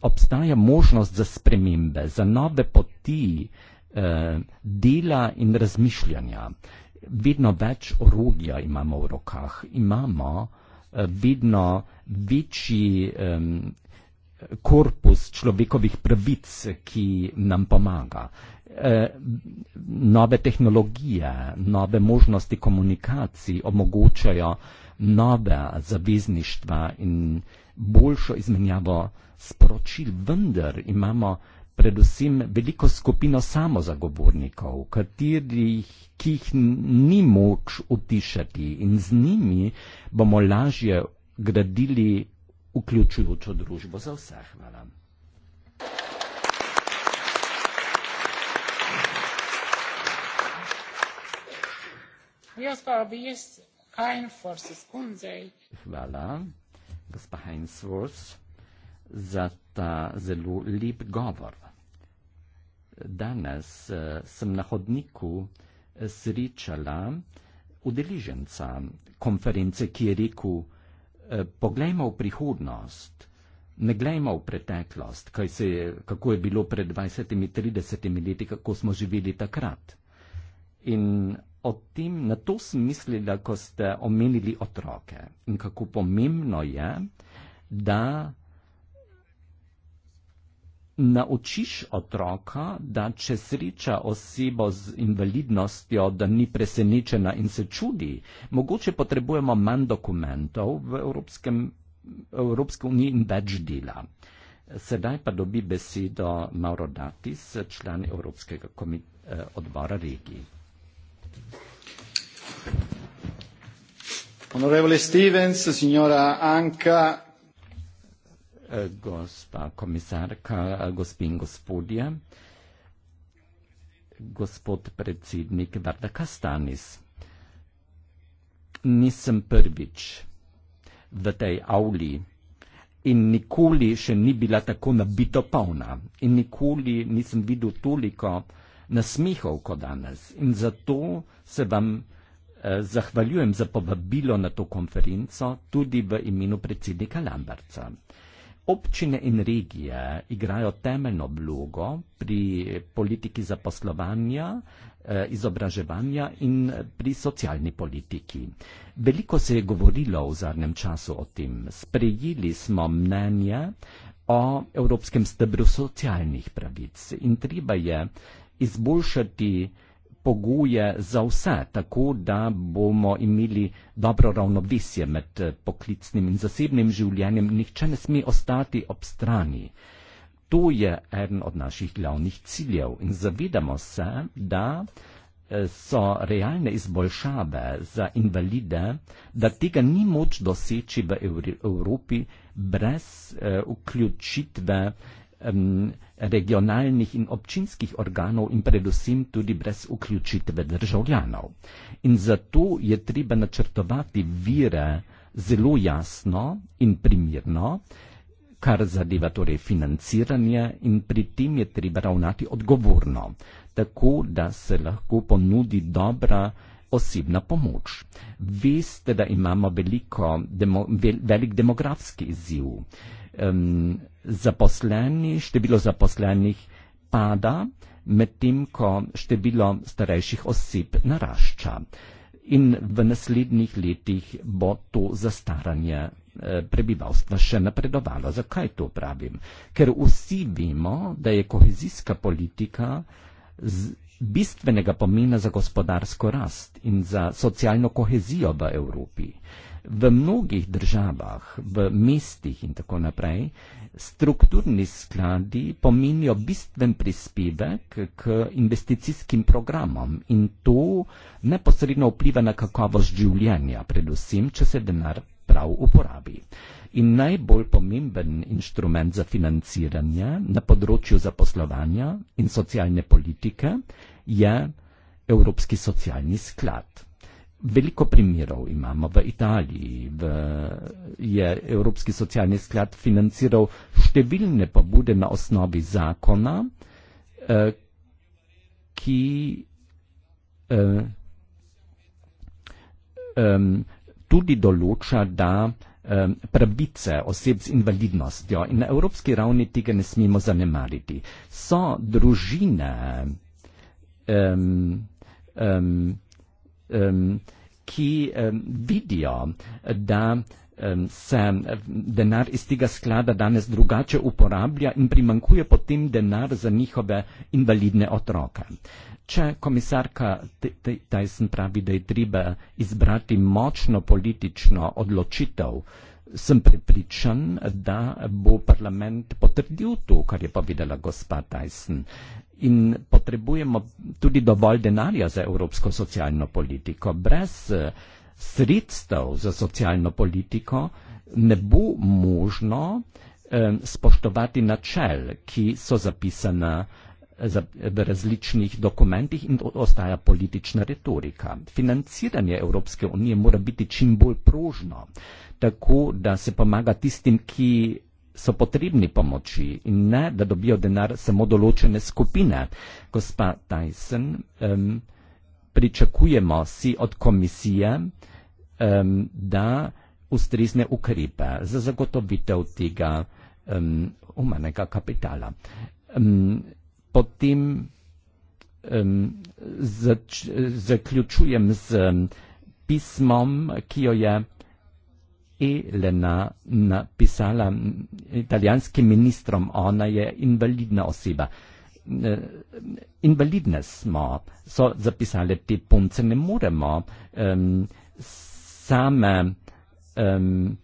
obstaja možnost za spremembe, za nove poti eh, dela in razmišljanja. Vedno več orodja imamo v rokah, imamo eh, vedno večji eh, korpus človekovih pravic, ki nam pomaga. E, nove tehnologije, nove možnosti komunikacij omogočajo nove zavezništva in boljšo izmenjavo sporočil, vendar imamo predvsem veliko skupino samozagovornikov, katerih ki jih ni moč utišati in z njimi bomo lažje gradili vključujočo družbo za vse. Hvala. Hvala, gospa Heinzworth, za ta zelo lep govor. Danes e, sem na hodniku e, srečala udeleženca konference, ki je rekel, Eh, poglejmo v prihodnost, ne glejmo v preteklost, kaj se je, kako je bilo pred 20-30 leti, kako smo živeli takrat. In o tem, na to sem mislila, ko ste omenili otroke in kako pomembno je, da naučiš otroka, da če sreča osebo z invalidnostjo, da ni presenečena in se čudi. Mogoče potrebujemo manj dokumentov v Evropskem, Evropske unije in več dela. Sedaj pa dobi besedo Mauro Datis, član Evropskega eh, odbora regij. Onorevole Stevens, signora Anka, gospa komisarka, gospi gospodje, gospod predsednik Varda Kastanis. Nisem prvič v tej avli in nikoli še ni bila tako nabito polna in nikoli nisem videl toliko nasmihov kot danes. In zato se vam eh, zahvaljujem za povabilo na to konferenco tudi v imenu predsednika Lamberca. Eh, Občine in regije igrajo temeljno vlogo pri politiki zaposlovanja, eh, izobraževanja in eh, pri socialni politiki. Veliko se je govorilo v zadnjem času o tem. Sprejeli smo mnenje o Evropskem stebru socialnih pravic in treba je izboljšati pogoje za vse, tako da bomo imeli dobro ravnovesje med eh, poklicnim in zasebnim življenjem. Nihče ne sme ostati ob strani. To je eden od naših glavnih ciljev in zavedamo se, da eh, so realne izboljšave za invalide, da tega ni moč doseči v Evropi brez eh, vključitve regionalnih in občinskih organov in predvsem tudi brez vključitve državljanov. In zato je treba načrtovati vire zelo jasno in primirno, kar zadeva torej financiranje in pri tem je treba ravnati odgovorno, tako da se lahko ponudi dobra osebna pomoč. Veste, da imamo veliko, demo, velik demografski izziv um, zaposleni, število zaposlenih pada, medtem ko število starejših oseb narašča. In v naslednjih letih bo to zastaranje eh, prebivalstva še napredovalo. Zakaj to pravim? Ker vsi vemo, da je kohezijska politika bistvenega pomena za gospodarsko rast in za socialno kohezijo v Evropi. V mnogih državah, v mestih in tako naprej, strukturni skladi pomenijo bistven prispevek k investicijskim programom in to neposredno vpliva na kakovost življenja, predvsem, če se denar prav uporabi. In najbolj pomemben inštrument za financiranje na področju zaposlovanja in socialne politike je Evropski socialni sklad. Veliko primerov imamo. V Italiji v, je Evropski socialni sklad financiral številne pobude na osnovi zakona, eh, ki eh, eh, tudi določa, da pravice oseb z invalidnostjo in na evropski ravni tega ne smemo zanemariti. So družine um, um, Um, ki um, vidijo, da um, se denar iz tega sklada danes drugače uporablja in primankuje potem denar za njihove invalidne otroke. Če komisarka Tyson pravi, da je treba izbrati močno politično odločitev, sem prepričan, da bo parlament potrdil to, kar je povedala gospa Tyson. In potrebujemo tudi dovolj denarja za evropsko socialno politiko. Brez eh, sredstev za socialno politiko ne bo možno eh, spoštovati načel, ki so zapisana eh, v različnih dokumentih in ostaja politična retorika. Financiranje Evropske unije mora biti čim bolj prožno, tako da se pomaga tistim, ki so potrebni pomoči in ne, da dobijo denar samo določene skupine. Gospa Tyson, um, pričakujemo si od komisije, um, da ustrezne ukrepe za zagotovitev tega um, umanega kapitala. Um, Potem um, zaključujem z pismom, kio je Elena napisala italijanskim ministrom. Ona je invalidna oseba. E, Invalidne smo, so zapisali te punce, ne moremo um, same um,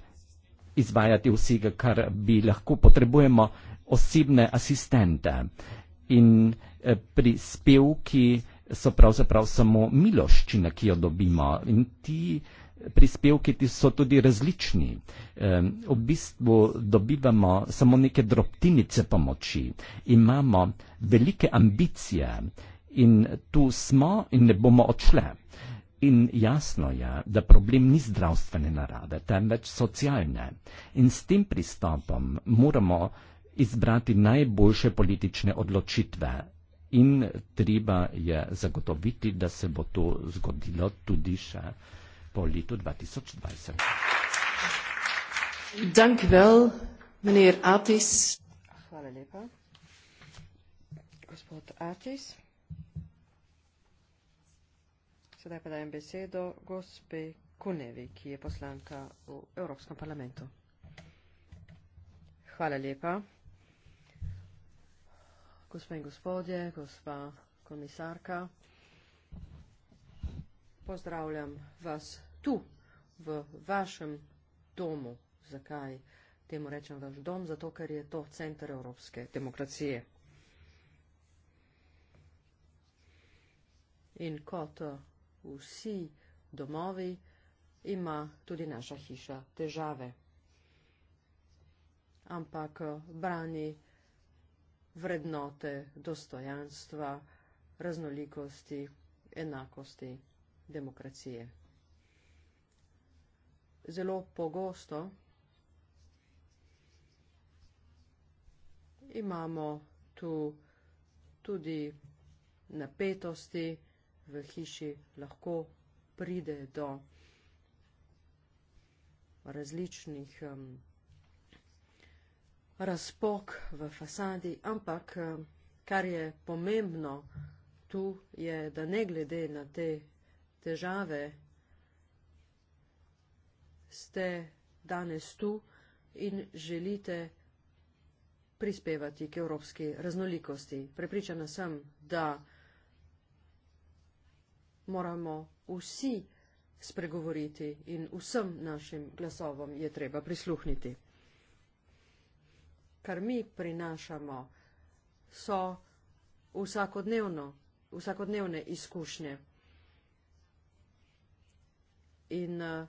izvajati vsega, kar bi lahko potrebujemo, osebne asistente. Uh, in eh, prispevki so pravzaprav samo miloščina, ki jo dobimo. In ti eh, prispevki ti so tudi različni. V bistvu dobivamo samo neke drobtinice pomoči. Imamo velike ambicije in tu smo in ne bomo odšle. In jasno je, da problem ni zdravstvene narave, temveč socialne. In s tem pristopom moramo izbrati najboljše politične odločitve in treba je zagotoviti, da se bo to zgodilo tudi še po letu 2020. Dank Hvala lepa. Gospod Atis. Sedaj pa dajem besedo gospe Kunevi, ki je poslanka v Evropskem parlamentu. Hvala lepa gospodin gospodje, gospa komisarka. Pozdravljam vas tu, v vašem domu. Zakaj temu rečem vaš dom? Zato, ker je to centar evropske demokracije. In kot eh, vsi domovi ima tudi naša hiša težave. Ampak eh, brani vrednote dostojanstva, raznolikosti, enakosti, demokracije. Zelo pogosto imamo tu tudi napetosti v hiši, lahko pride do različnih um, razpok v fasadi, ampak eh, kar je pomembno tu je, da ne glede na te težave ste danes tu in želite prispevati k evropski raznolikosti. Prepričana sem, da moramo vsi spregovoriti in vsem našim glasovom je treba prisluhniti kar mi prinašamo, so vsakodnevno, vsakodnevne izkušnje. In eh,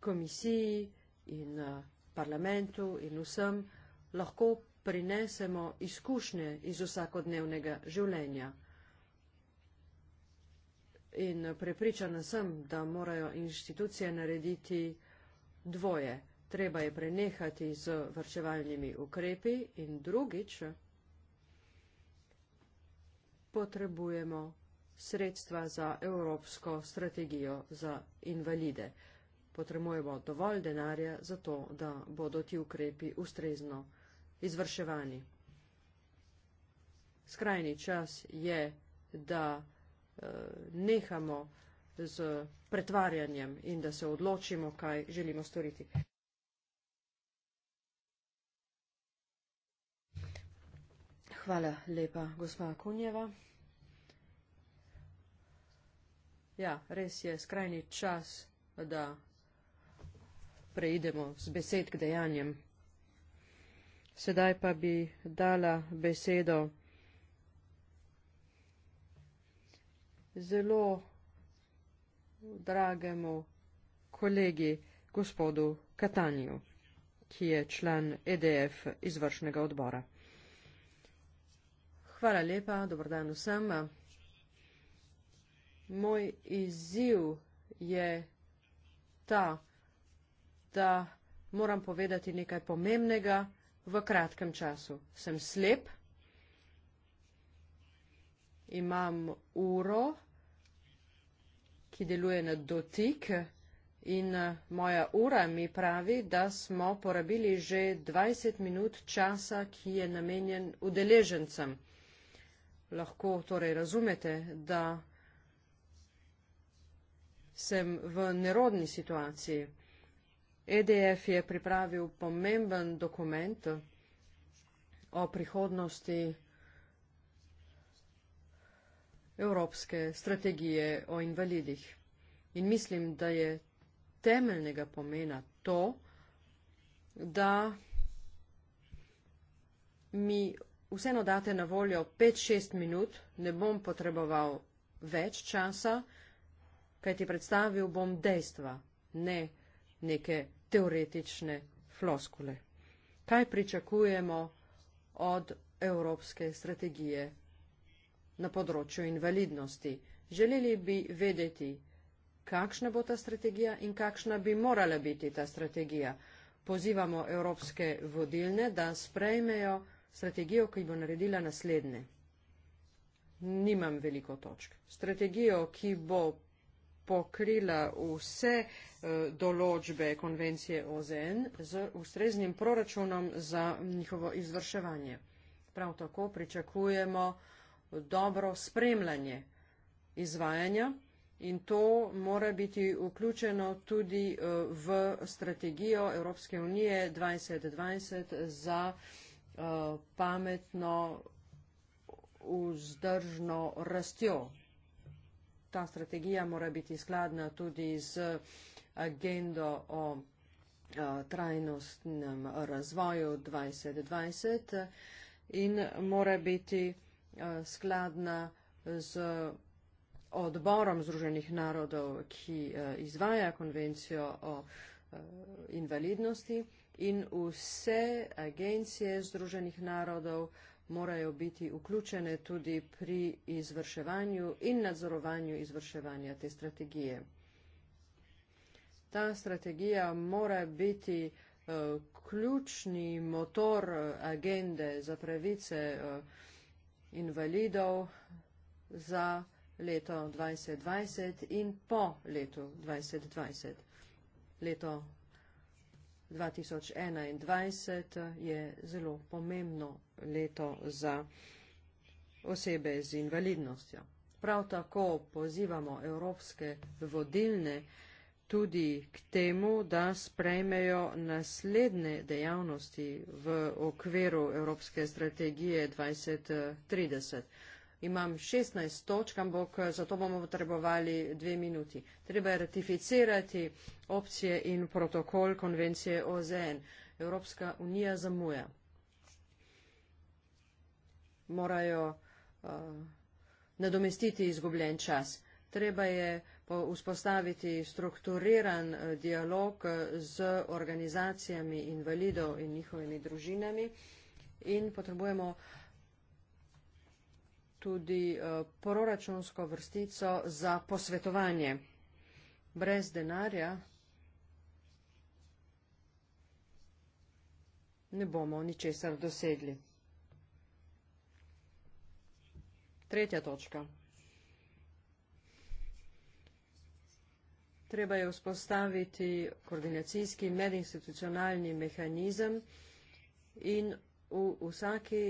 komisiji in eh, parlamentu in vsem lahko prinesemo izkušnje iz vsakodnevnega življenja. In prepričana sem, da morajo inštitucije narediti dvoje – Treba je prenehati z vrčevalnimi ukrepi in drugič potrebujemo sredstva za evropsko strategijo za invalide. Potrebujemo dovolj denarja za to, da bodo ti ukrepi ustrezno izvrševani. Skrajni čas je, da eh, nehamo z pretvarjanjem in da se odločimo, kaj želimo storiti. Hvala lepa, gospa Kunjeva. Ja, res je skrajni čas, da preidemo z besed k dejanjem. Sedaj pa bi dala besedo zelo dragemu kolegi gospodu Katanju, ki je član EDF izvršnega odbora. Hvala lepa, dobro dan vsem. Moj izziv je ta, da moram povedati nekaj pomembnega v kratkem času. Sem slep, imam uro, ki deluje na dotik in eh, moja ura mi pravi, da smo porabili že 20 minut časa, ki je namenjen udeležencem. Lahko torej razumete, da sem v nerodni situaciji. EDF je pripravil pomemben dokument o prihodnosti evropske strategije o invalidih. In mislim, da je temeljnega pomena to, da mi vseeno date na voljo 5-6 minut, ne bom potreboval več časa, ti predstavil bom dejstva, ne neke teoretične floskule. Kaj pričakujemo od evropske strategije na področju invalidnosti? Želeli bi vedeti, kakšna bo ta strategija in kakšna bi morala biti ta strategija. Pozivamo evropske vodilne, da sprejmejo strategijo, ki bo naredila naslednje. Nimam veliko točk. Strategijo, ki bo pokrila vse eh, določbe konvencije OZN z ustreznim proračunom za njihovo izvrševanje. Prav tako pričakujemo dobro spremljanje izvajanja in to mora biti vključeno tudi eh, v strategijo Evropske unije 2020 za Eh, pametno vzdržno rastjo. Ta strategija mora biti skladna tudi z agendo o eh, trajnostnem razvoju 2020 in mora biti eh, skladna z odborom Združenih narodov, ki izvaja konvencijo o invalidnosti in vse agencije Združenih narodov morajo biti vključene tudi pri izvrševanju in nadzorovanju izvrševanja te strategije. Ta strategija mora biti eh, ključni motor eh, agende za pravice eh, invalidov za leto 2020 in po letu 2020. Leto 2021 je zelo pomembno leto za osebe z invalidnostjo. Prav tako pozivamo evropske vodilne tudi k temu, da sprejmejo naslednje dejavnosti v okviru Evropske strategije 2030. Imam 16 točk, ampak zato bomo potrebovali dve minuti. Treba je ratificirati opcije in protokol konvencije OZN. Evropska unija zamuja. Morajo uh, nadomestiti izgubljen čas. Treba je vzpostaviti strukturiran eh, dialog eh, z organizacijami invalidov in njihovimi družinami in potrebujemo uh, tudi e, proračunsko vrstico za posvetovanje. Brez denarja ne bomo ničesar dosegli. Tretja točka. Treba je vzpostaviti koordinacijski medinstitucionalni mehanizem in v vsaki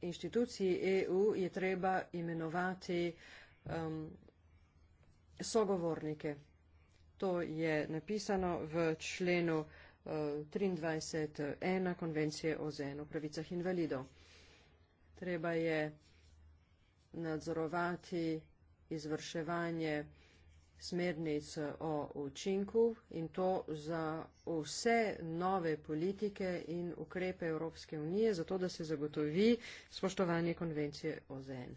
inštituciji EU je treba imenovati um, sogovornike. To je napisano v členu uh, 23.1 konvencije o ZN o pravicah invalidov. Treba je nadzorovati izvrševanje smernic o učinku in to za vse nove politike in ukrepe Evropske unije, zato da se zagotovi spoštovanje konvencije OZN.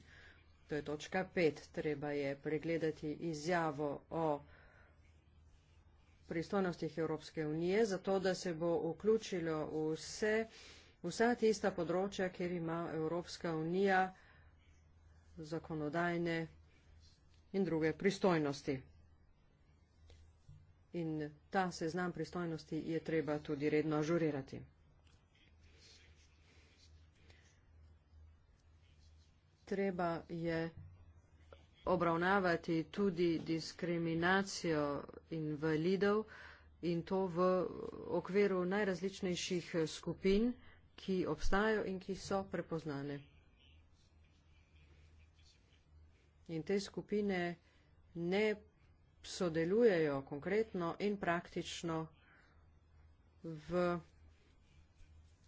To je točka 5. Treba je pregledati izjavo o pristojnostih Evropske unije, zato da se bo vključilo vse, vsa tista področja, kjer ima Evropska unija zakonodajne in druge pristojnosti. In ta seznam pristojnosti je treba tudi redno ažurirati. Treba je obravnavati tudi diskriminacijo invalidov in to v okviru najrazličnejših skupin, ki obstajajo in ki so prepoznane in te skupine ne sodelujejo konkretno in praktično v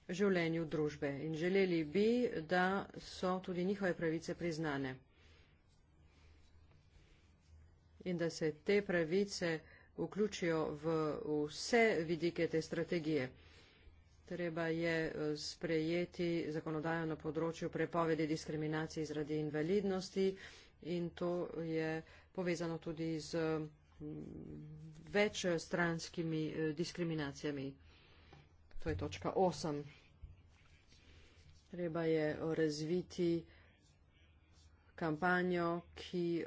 življenju družbe in želeli bi, da so tudi njihove pravice priznane in da se te pravice vključijo v vse vidike te strategije. Treba je eh, sprejeti zakonodajo na področju prepovedi diskriminacije zaradi invalidnosti, in to je povezano tudi z večstranskimi e, diskriminacijami. To je točka 8. Treba je razviti kampanjo, ki e,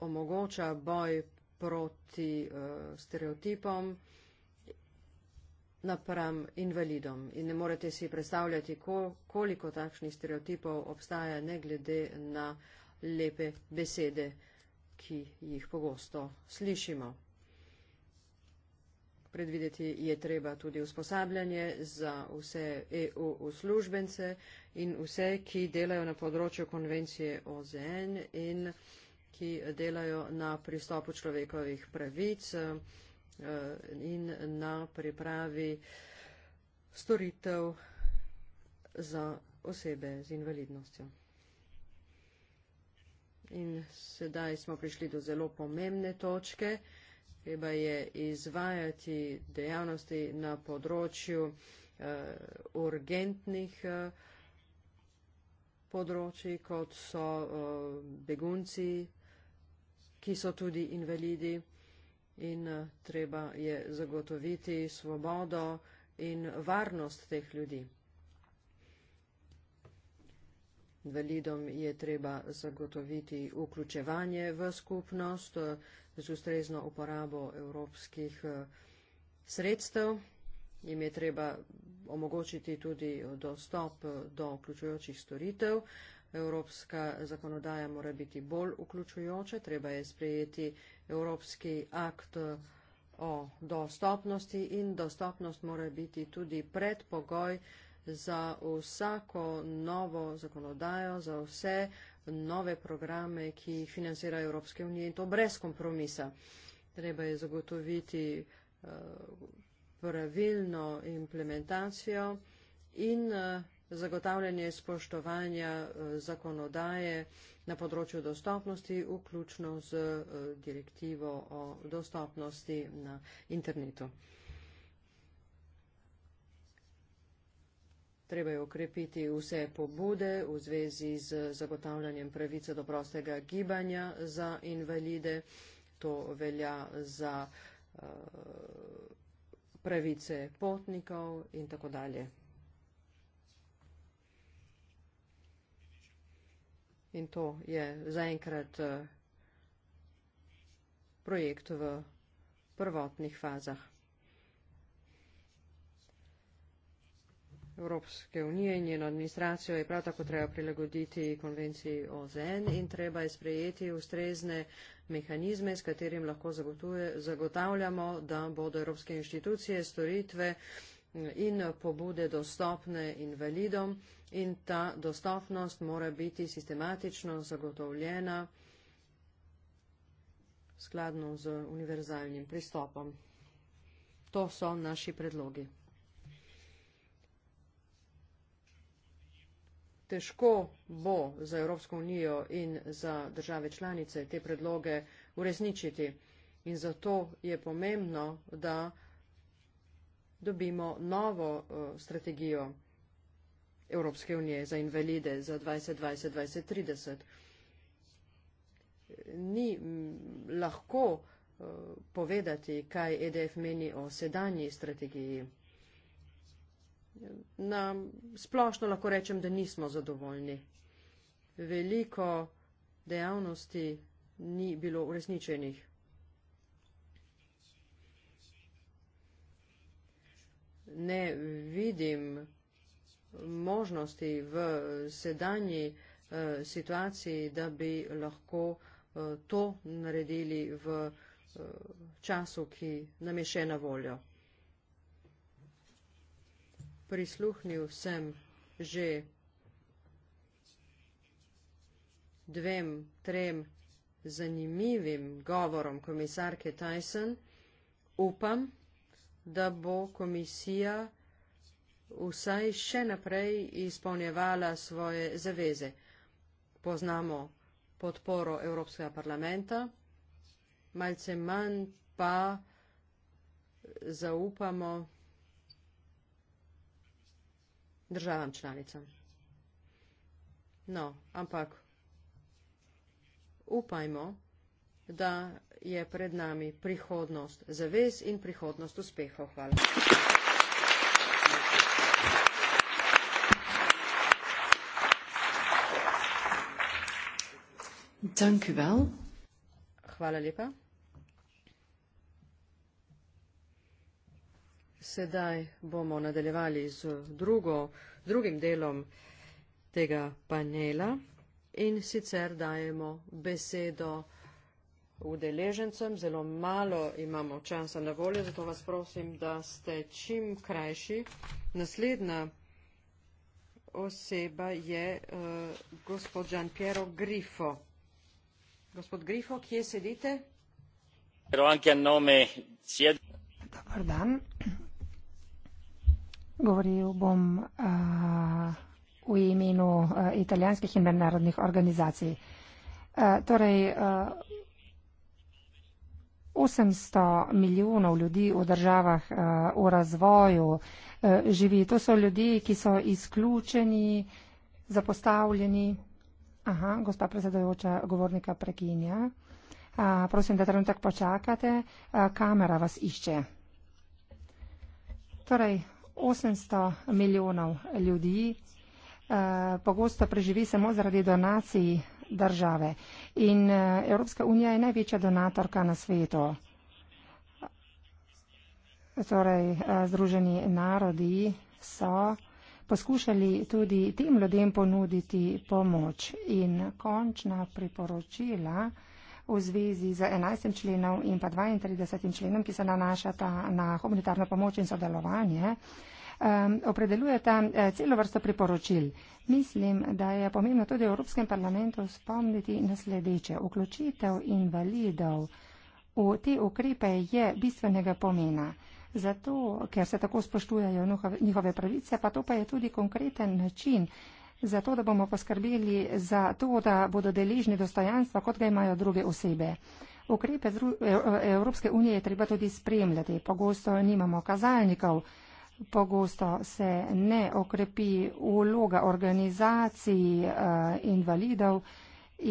omogoča boj proti e, stereotipom, napram invalidom. In ne morete si predstavljati, koliko takšnih stereotipov obstaja, ne glede na lepe besede, ki jih pogosto slišimo. Predvideti je treba tudi usposabljanje za vse EU uslužbence in vse, ki delajo na področju konvencije OZN in ki delajo na pristopu človekovih pravic Eh, in na pripravi storitev za osebe z invalidnostjo. In sedaj smo prišli do zelo pomembne točke. Treba je izvajati dejavnosti na področju uh, urgentnih uh, eh, področji, kot so uh, begunci, ki so tudi invalidi in eh, treba je zagotoviti svobodo in varnost teh ljudi. Invalidom je treba zagotoviti vključevanje v skupnost eh, z ustrezno uporabo evropskih eh, sredstev. Im je treba omogočiti tudi dostop do vključujočih storitev. Evropska zakonodaja mora biti bolj vključujoča, treba je sprejeti európsky akt o dostopnosti in dostopnost mora biti tudi predpogoj za vsako novo zakonodajo, za vse nove programe, ki jih financira Evropske unije in to brez kompromisa. Treba je zagotoviti eh, pravilno implementacijo in eh, zagotavljanje spoštovanja e, zakonodaje na področju dostopnosti, vključno z e, direktivo o dostopnosti na internetu. Treba je okrepiti vse pobude v zvezi z zagotavljanjem pravice do prostega gibanja za invalide. To velja za e, pravice potnikov in tako dalje. in to je zaenkrat eh, projekt v prvotnih fazah Evropske unije in njeno administracijo je prav tako treba prilagoditi konvenciji OZN in treba je sprejeti ustrezne mehanizme, s katerim lahko zagotavljamo, da bodo evropske inštitucije, storitve, in pobude dostopne invalidom in ta dostopnost mora biti sistematično zagotovljena skladno z univerzalnim pristopom. To so naši predlogi. Težko bo za Evropsko unijo in za države članice te predloge uresničiti. In zato je pomembno, da dobimo novo e, strategijo Evropske unije za invalide za 2020-2030. Ni lahko e, povedati, kaj EDF meni o sedanji strategiji. Na splošno lahko rečem, da nismo zadovoljni. Veliko dejavnosti ni bilo uresničenih. ne vidim možnosti v sedanji e, situaciji, da bi lahko e, to naredili v e, času, ki nam je še na voljo. Prisluhnil sem že dvem, trem zanimivim govorom komisarke Tyson. Upam, da bo komisija vsaj še naprej izpolnjevala svoje zaveze. Poznamo podporo Evropskega parlamenta, malce manj pa zaupamo državam članicam. No, ampak upajmo, da je pred nami prihodnost zavez in prihodnost uspehov. Hvala. Dank u wel. Hvala lepa. Sedaj bomo nadaljevali z drugo, drugim delom tega panela in sicer dajemo besedo udeležencem. Zelo malo imamo časa na voljo, zato vas prosim, da ste čim krajši. Naslednja oseba je uh, gospod Gian Piero Grifo. Gospod Grifo, kje sedite? Dobar dan. Govoril bom uh, v imenu uh, italijanskih in mednarodnih organizacij. Uh, torej, uh, 800 milijonov ljudi v državah eh, v razvoju eh, živi. To so ljudje, ki so izključeni, zapostavljeni. Aha, gospa predsedujoča govornika prekinja. Eh, prosim, da trenutek počakate. kamera vas išče. Torej, 800 milijonov ljudi pogosto preživi samo zaradi donacij države. In e, Evropska unija je največja donatorka na svetu. Torej, e, Združeni narodi so poskušali tudi tem ljudem ponuditi pomoč in končna priporočila v zvezi z 11. členom in pa 32. členom, ki se nanašata na humanitarno pomoč in sodelovanje, Ehm, ta e, celo vrsto priporočil. Mislim, da je pomembno tudi v Evropskem parlamentu spomniti na Vključitev invalidov v te ukrepe je bistvenega pomena. Zato, ker se tako spoštujajo njihove pravice, pa to pa je tudi konkreten način, zato da bomo poskrbeli za to, da bodo deležni dostojanstva, kot ga imajo druge osebe. Ukrepe e, e, Evropske unije je treba tudi spremljati. Pogosto nimamo kazalnikov, Pogosto se ne okrepi uloga organizacij eh, invalidov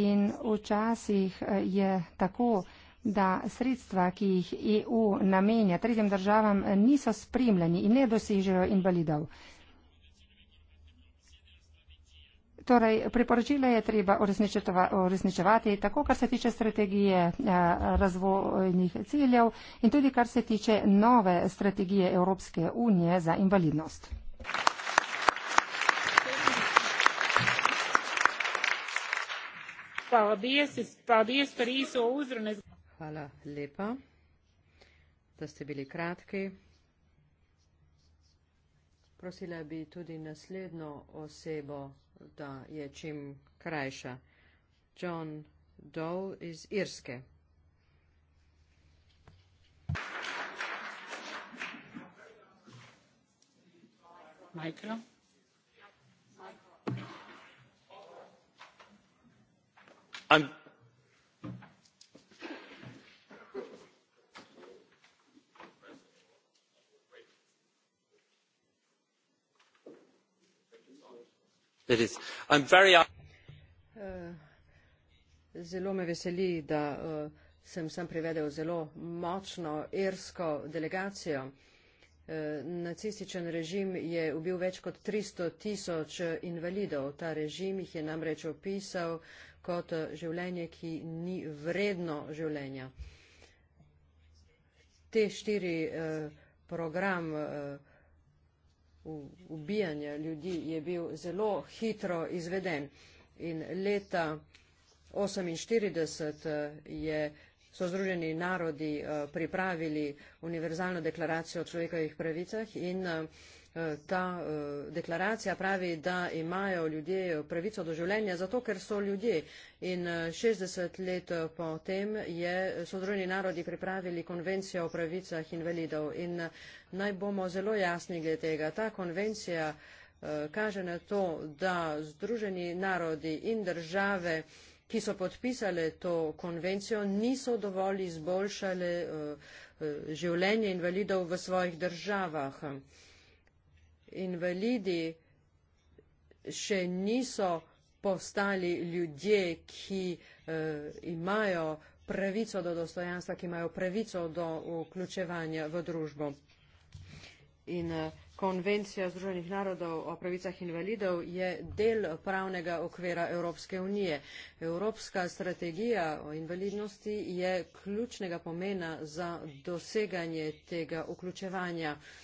in včasih eh, je tako, da sredstva, ki jih EU namenja tretjim državam, niso spremljeni in ne dosežejo invalidov. Torej, priporočila je treba uresničevati tako, kar se tiče strategije eh, razvojnih ciljev in tudi kar se tiče nove strategije Evropske unije za invalidnost. Hvala lepa, da ste bili kratki. Prosila bi tudi naslednjo osebo da je čim krajša. John Doe iz Irske. Mikro. I'm Eh, zelo me veseli, da eh, sem sem privedel zelo močno irsko delegacijo. Eh, nacističen režim je ubil več kot tristo tisoč invalidov. Ta režim jih je namreč opisal kot življenje, ki ni vredno življenja. Te štiri program ubijanja ljudi je bil zelo hitro izveden in leta 1948 eh, je so Združeni narodi eh, pripravili univerzalno deklaracijo o človekovih pravicah in eh, ta e, deklaracija pravi, da imajo ljudje pravico do življenja, zato ker so ljudje. In 60 e, let potem je so Združeni narodi pripravili konvencijo o pravicah invalidov. In e, naj bomo zelo jasni glede tega. Ta konvencija kaže na to, da Združeni narodi in države ki so podpisale to konvencijo, niso dovolj izboljšale življenje invalidov v svojih državah invalidi še niso postali ljudje, ki eh, imajo pravico do dostojanstva, ki imajo pravico do vključevanja v družbo. In eh, Konvencija Združenih narodov o pravicah invalidov je del pravnega okvira Evropske unije. Evropska strategija o invalidnosti je ključnega pomena za doseganje tega vključevanja. Eh,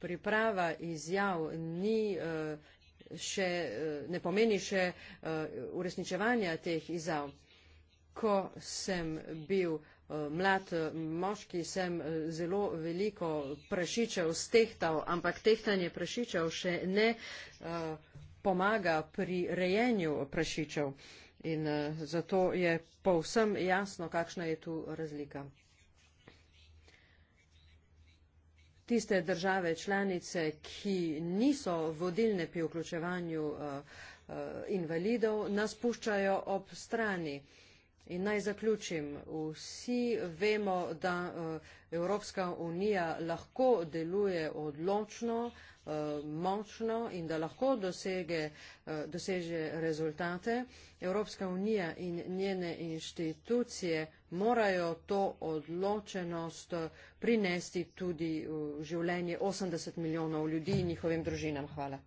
priprava izjav ni eh, še, eh, ne pomeni še eh, uresničevanja teh izjav. Ko sem bil mlad moški, sem zelo veliko prašičev stehtal, ampak tehtanje prašičev še ne pomaga pri rejenju prašičev. In zato je povsem jasno, kakšna je tu razlika. tiste države članice, ki niso vodilne pri vključevanju eh, eh, invalidov, nas puščajo ob strani. In naj zaključim, vsi vemo, da eh, Evropska unija lahko deluje odločno, močno in da lahko dosege, doseže rezultate. Evropska unija in njene inštitucije morajo to odločenost prinesti tudi v življenje 80 milijonov ljudi in njihovim družinam. Hvala.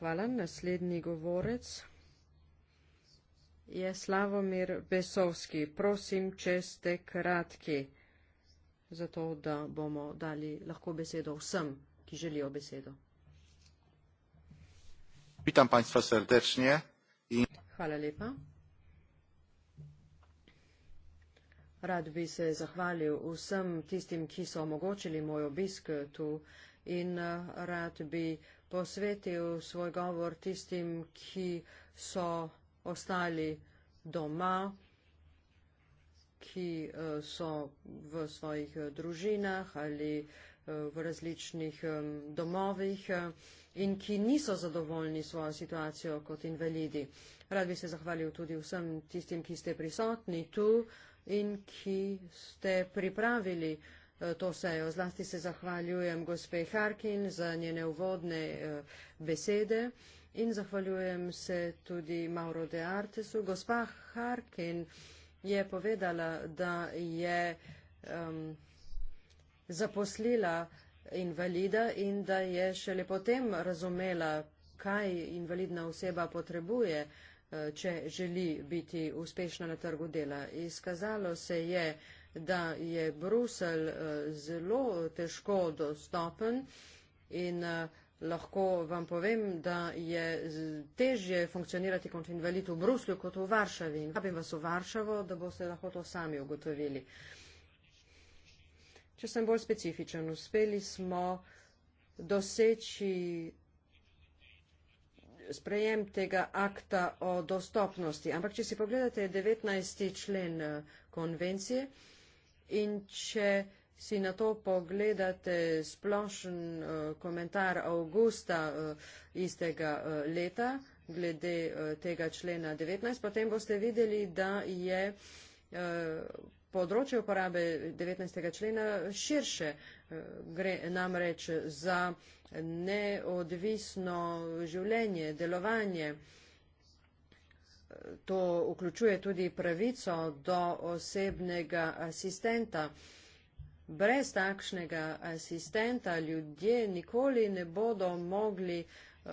Hvala. Naslednji govorec je Slavomir Besovski. Prosim, če ste kratki, zato da bomo dali lahko besedo vsem ki želijo besedo. Witam Państwa serdecznie. I... Hvala lepa. Rad bi se zahvalil vsem tistim, ki so omogočili moj obisk tu in rad bi posvetil svoj govor tistim, ki so ostali doma, ki so v svojih družinah ali uh, v različnih domovih in ki niso zadovoljni svojo situacijo kot invalidi. Rad bi se zahvalil tudi vsem tistim, ki ste prisotni tu in ki ste pripravili e, to sejo. Zlasti se zahvaljujem gospe Harkin za njene uvodne e, besede in zahvaljujem se tudi Mauro de Artesu. Gospa Harkin je povedala, da je um, zaposlila invalida in da je šele potem razumela, kaj invalidna oseba potrebuje, eh, če želi biti uspešna na trgu dela. Izkazalo se je, da je Brusel eh, zelo težko dostopen in eh, lahko vam povem, da je težje funkcionirati kot invalid v Bruslju kot v Varšavi. vabim vas v Varšavo, da boste lahko to sami ugotovili. Če sem bolj specifičen, uspeli smo doseči sprejem tega akta o dostopnosti. Ampak, če si pogledate 19. člen eh, konvencije in če si na to pogledate splošen eh, komentar avgusta eh, istega leta glede tega člena 19, potem boste videli, da je področje uporabe 19. člena širše. E, gre namreč za neodvisno življenje, delovanje. E, to vključuje tudi pravico do osebnega asistenta. Brez takšnega asistenta ljudje nikoli ne bodo mogli uh,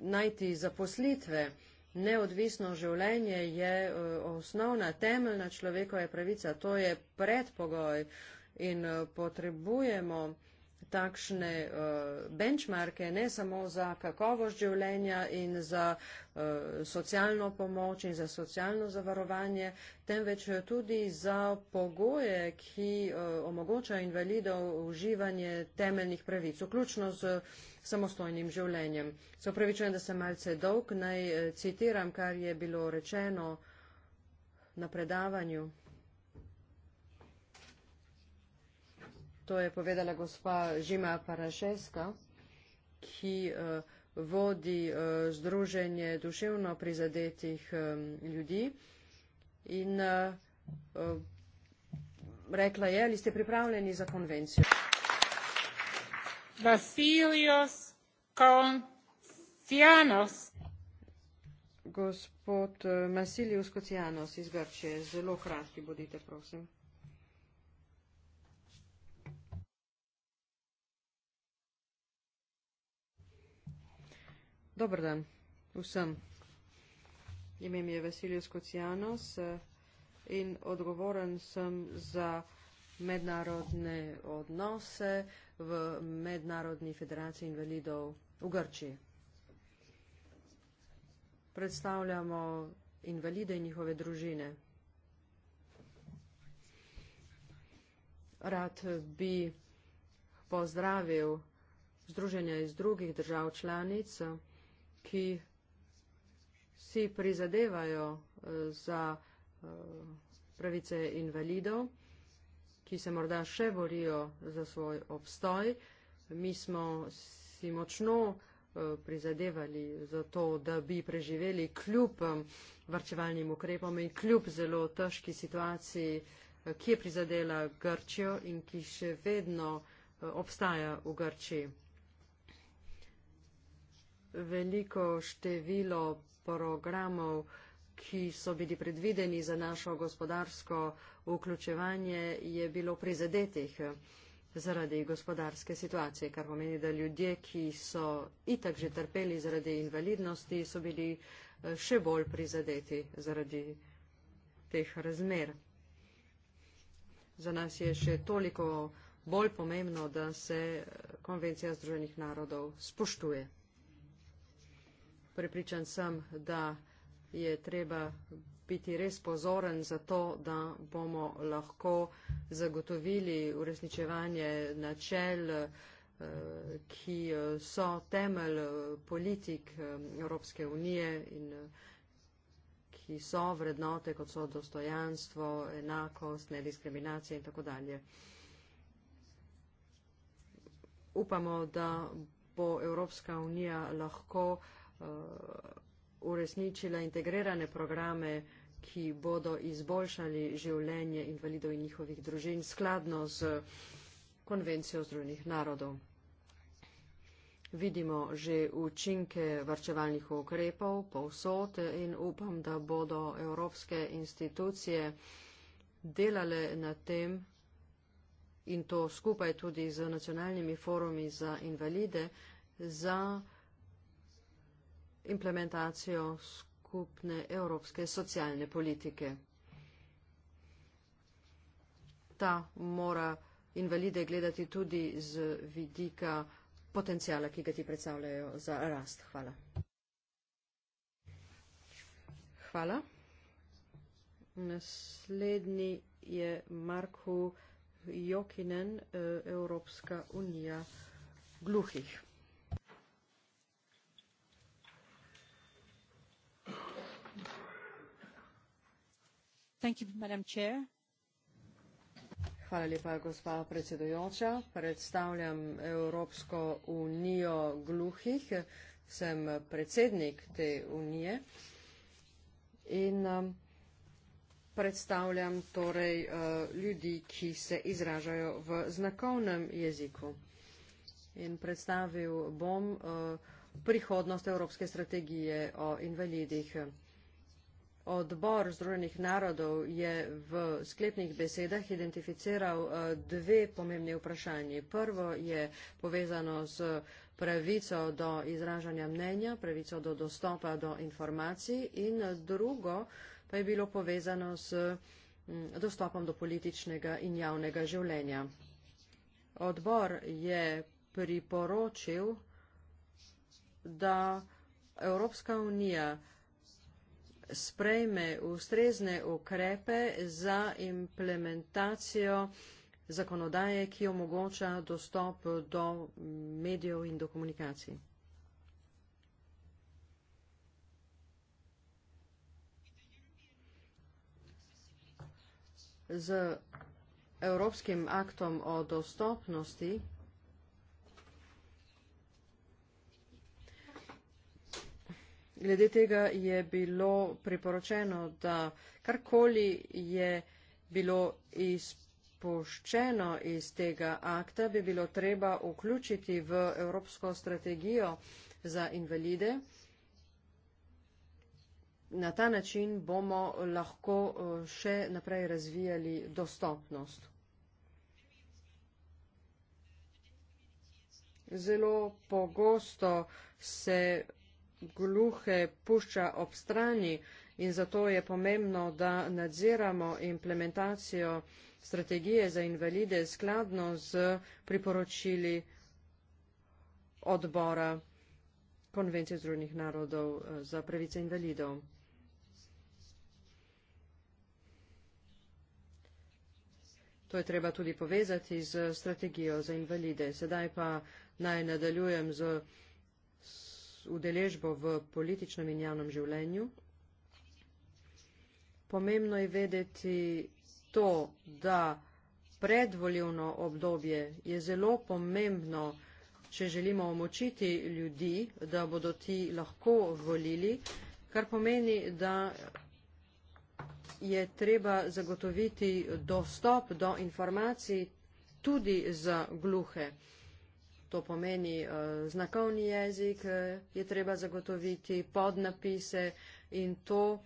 najti zaposlitve. Uh, Neodvisno življenje je eh, osnovna temeljna človekova pravica, to je predpogoj in eh, potrebujemo takšne e, benchmarke ne samo za kakovost življenja in za e, socialno pomoč in za socialno zavarovanje, temveč tudi za pogoje, ki e, omogoča invalidov uživanje temeljnih pravic, vključno z samostojnim življenjem. Se upravičujem, da sem malce dolg, naj citiram, kar je bilo rečeno na predavanju to je povedala gospa Žima Parašeska, ki e, vodi e, Združenje duševno prizadetih e, ljudi in rekla je, ali ste pripravljeni za konvencijo. Vasilios Konfianos. Gospod Masilius Kocijanos iz Grčije, zelo kratki bodite, prosim. Dobar dan, tu sem. Ime je Vasilij Skocijanos e, in odgovoren sem za mednarodne odnose v Mednarodni federaciji invalidov v Grči. Predstavljamo invalide in njihove družine. Rad bi pozdravil združenja iz drugih držav članic, ki si prizadevajo eh, za eh, pravice invalidov, ki se morda še borijo za svoj obstoj. Mi smo si močno eh, prizadevali za to, da bi preživeli kljub varčevalnim ukrepom in kljub zelo težki situaciji, ki je prizadela Grčijo in ki še vedno obstaja v Grčiji veliko število programov, ki so bili predvideni za našo gospodarsko vključevanje, je bilo prizadetih zaradi gospodarske situacije, kar pomeni, da ljudje, ki so itak že trpeli zaradi invalidnosti, so bili eh, še bolj prizadeti zaradi teh razmer. Za nas je še toliko bolj pomembno, da se eh, konvencija Združenih narodov spoštuje. Prepričan sem, da je treba biti res pozoren za to, da bomo lahko zagotovili uresničevanje načel, eh, ki eh, so temelj eh, politik Evropske unije in ki so vrednote, kot so dostojanstvo, enakost, nediskriminacija in tako dalje. Upamo, da bo Evropska unija lahko uh, Eh, uresničila integrirane programe, ki bodo izboljšali življenje invalidov in njihovih družin skladno z konvencijo Združenih narodov. Vidimo že učinke varčevalnih ukrepov povsod in upam, da bodo evropske institucije delale na tem in to skupaj tudi z nacionalnimi forumi za invalide, za implementáciou skupnej európskej sociálnej politike. Ta mora invalide gledati tudi z vidika potencijala, ki ga ti predstavljajo za rast. Hvala. Hvala. Naslednji je Marku Jokinen, eh, Evropska unija gluhih. Hvala lepa, gospa predsedujoča. Predstavljam Evropsko unijo gluhih. Sem predsednik te unije in um, predstavljam torej uh, ljudi, ki se izražajo v znakovnem jeziku. In predstavil bom uh, prihodnost Evropske strategije o invalidih. Odbor Združenih narodov je v sklepnih besedah identificiral e, dve pomembni vprašanji. Prvo je povezano z pravico do izražanja mnenja, pravico do dostopa do informacij in drugo pa je bilo povezano z dostopom do političnega in javnega življenja. Odbor je priporočil, da Evropska unija sprejme ustrezne ukrepe za implementacijo zakonodaje, ki omogoča dostop do medijev in do komunikacij. Z Evropskim aktom o dostopnosti Glede tega je bilo priporočeno, da karkoli je bilo izpuščeno iz tega akta, bi bilo treba vključiti v Evropsko strategijo za invalide. Na ta način bomo lahko eh, še naprej razvijali dostopnost. Zelo pogosto se gluhe pušča ob strani in zato je pomembno, da nadziramo implementacijo strategije za invalide skladno z priporočili odbora Konvencije Združenih narodov eh, za pravice invalidov. To je treba tudi povezati z strategijo za invalide. Sedaj pa naj nadaljujem z udeležbo v političnem in javnem življenju. Pomembno je vedeti to, da predvoljivno obdobje je zelo pomembno, če želimo omočiti ljudi, da bodo ti lahko volili, kar pomeni, da je treba zagotoviti dostop do informacij tudi za gluhe to pomeni e, znakovni jezik, e, je treba zagotoviti podnapise in to e,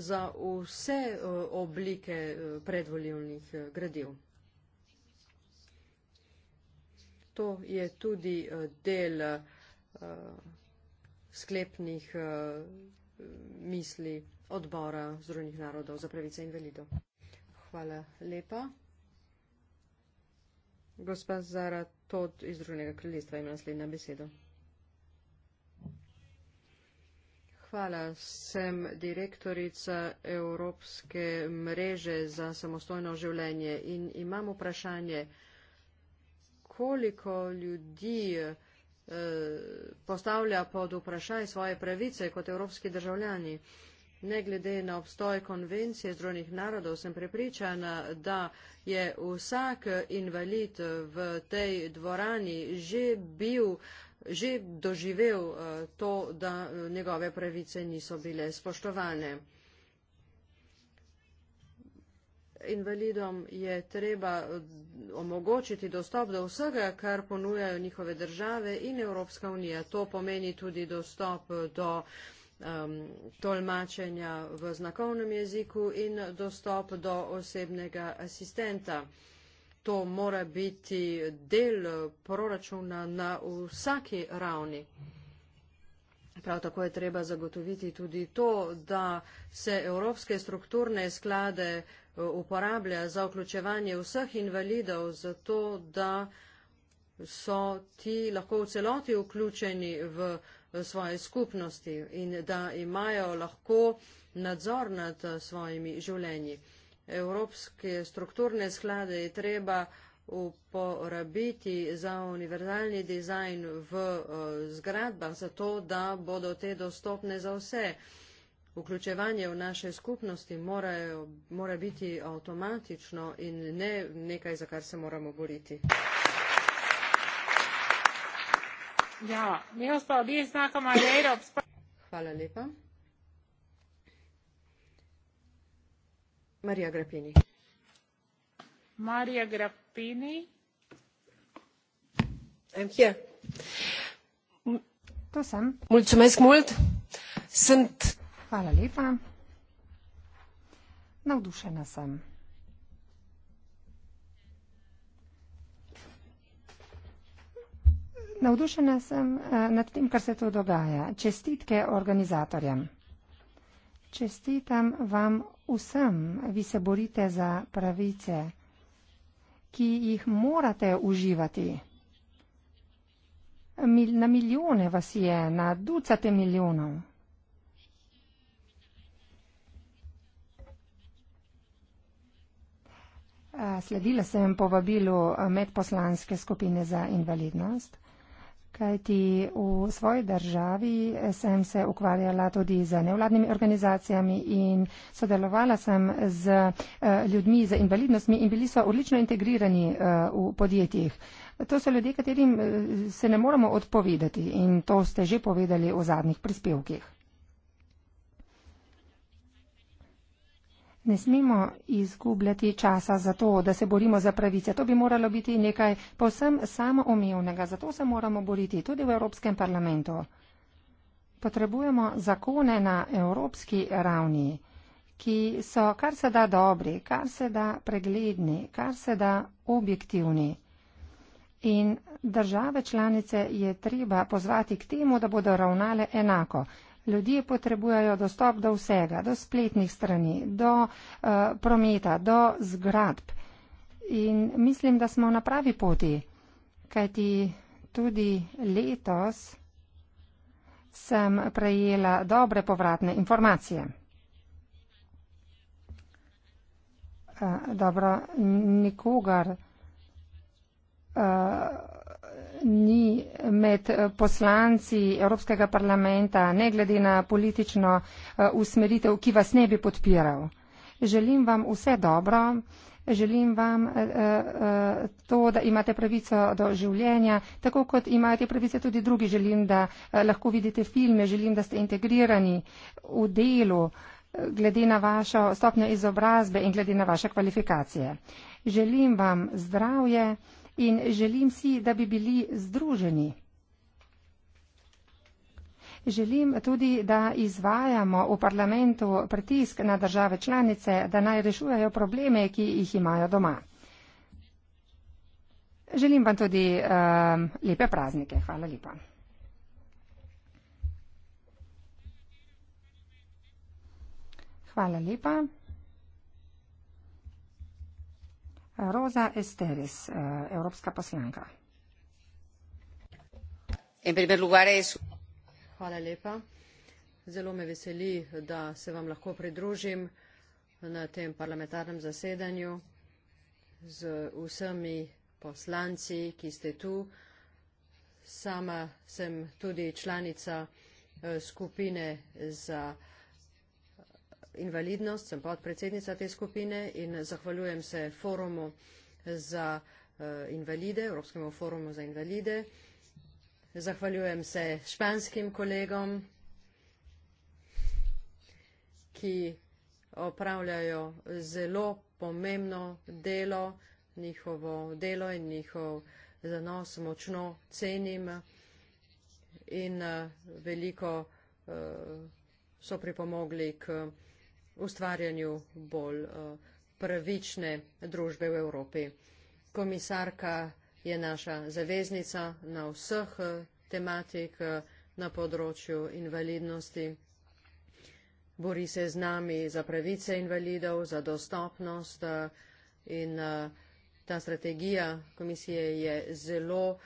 za vse oblike predvoljivnih gradiv. To je tudi del sklepnih misli odbora Združenih narodov za pravice invalidov. Hvala lepa. Gospa Zara Todd iz Združenega kraljestva ima naslednja besedo. Hvala. Sem direktorica Evropske mreže za samostojno življenje in imam vprašanje, koliko ljudi eh, postavlja pod vprašaj svoje pravice kot evropski državljani. Eh, Ne glede na obstoj konvencije Združenih narodov, sem prepričana, da je vsak invalid v tej dvorani že bil že doživel eh, to, da eh, njegove pravice niso bile spoštovane. Invalidom je treba eh, omogočiti dostop do vsega, kar ponujajo njihove države in Evropska unija. To pomeni tudi dostop do uh, um, tolmačenja v znakovnem jeziku in dostop do osebnega asistenta. To mora biti del proračuna na vsaki ravni. Prav tako je treba zagotoviti tudi to, da se evropske strukturne sklade uh, uporablja za vključevanje vseh invalidov, zato da so ti lahko v celoti vključeni v svoje skupnosti in da imajo lahko nadzor nad eh, svojimi življenji. Evropske strukturne sklade je treba uporabiti za univerzalni dizajn v eh, zgradbah, zato da bodo te dostopne za vse. Vključevanje v naše skupnosti morajo, mora biti avtomatično in ne nekaj, za kar se moramo boriti. Hvala lepa. Marija Grapini. Marija Grapini. I'm here. Tu sem. Mulțumesc mult. Sunt... Hvala lepa. Navdušena sem. Navdušena no, sem e, nad tem, kar se tu dogaja. Čestitke organizatorjem. Čestitam vam vsem, vi se borite za pravice, ki jih morate uživati. Mil, na milijone vas je, na ducate milijonov. Sledila sem povabilu medposlanske skupine za invalidnost kajti v svoji državi sem se ukvarjala tudi z nevladnimi organizacijami in sodelovala sem z eh, ljudmi z invalidnostmi in bili so odlično integrirani eh, v podjetjih. To so ljudje, katerim eh, se ne moremo odpovedati in to ste že povedali v zadnjih prispevkih. Ne smemo izgubljati časa za to, da se borimo za pravice. To bi moralo biti nekaj povsem samoumevnega. Zato se moramo boriti tudi v Evropskem parlamentu. Potrebujemo zakone na evropski ravni, ki so kar se da dobri, kar se da pregledni, kar se da objektivni. In države članice je treba pozvati k temu, da bodo ravnale enako. Ljudje potrebujejo dostop do vsega, do spletnih strani, do uh, prometa, do zgradb. In mislim, da smo na pravi poti, kajti tudi letos sem prejela dobre povratne informacije. Uh, dobro, nikogar. Uh, ni med eh, poslanci Evropskega parlamenta, ne glede na politično eh, usmeritev, ki vas ne bi podpiral. Želim vam vse dobro, želim vam eh, to, da imate pravico do življenja, tako kot imate pravice tudi drugi. Želim, da lahko vidite filme, želim, da ste integrirani v delu glede na vašo stopnjo izobrazbe in glede na vaše kvalifikacije. Želim vam zdravje in želim si, da bi bili združeni. Želim tudi, da izvajamo v parlamentu pritisk na države članice, da naj rešujejo probleme, ki jih imajo doma. Želim vam tudi uh, lepe praznike. Hvala lepa. Hvala lepa. Rosa Esteres, evropska eh, poslanka. En primer lugar es... Hvala lepa. Zelo me veseli, da se vam lahko pridružim na tem parlamentarnem zasedanju z vsemi poslanci, ki ste tu. Sama sem tudi članica eh, skupine za invalidnost, sem podpredsednica te skupine in zahvaljujem se forumu za eh, invalide, Evropskemu forumu za invalide. Zahvaljujem se španskim kolegom, ki opravljajo zelo pomembno delo, njihovo delo in njihov zanos močno cenim in eh, veliko eh, so pripomogli k ustvarjanju bolj eh, pravične družbe v Evropi. Komisarka je naša zaveznica na vseh eh, tematik eh, na področju invalidnosti. Bori se z nami za pravice invalidov, za dostopnost in ta strategija komisije je zelo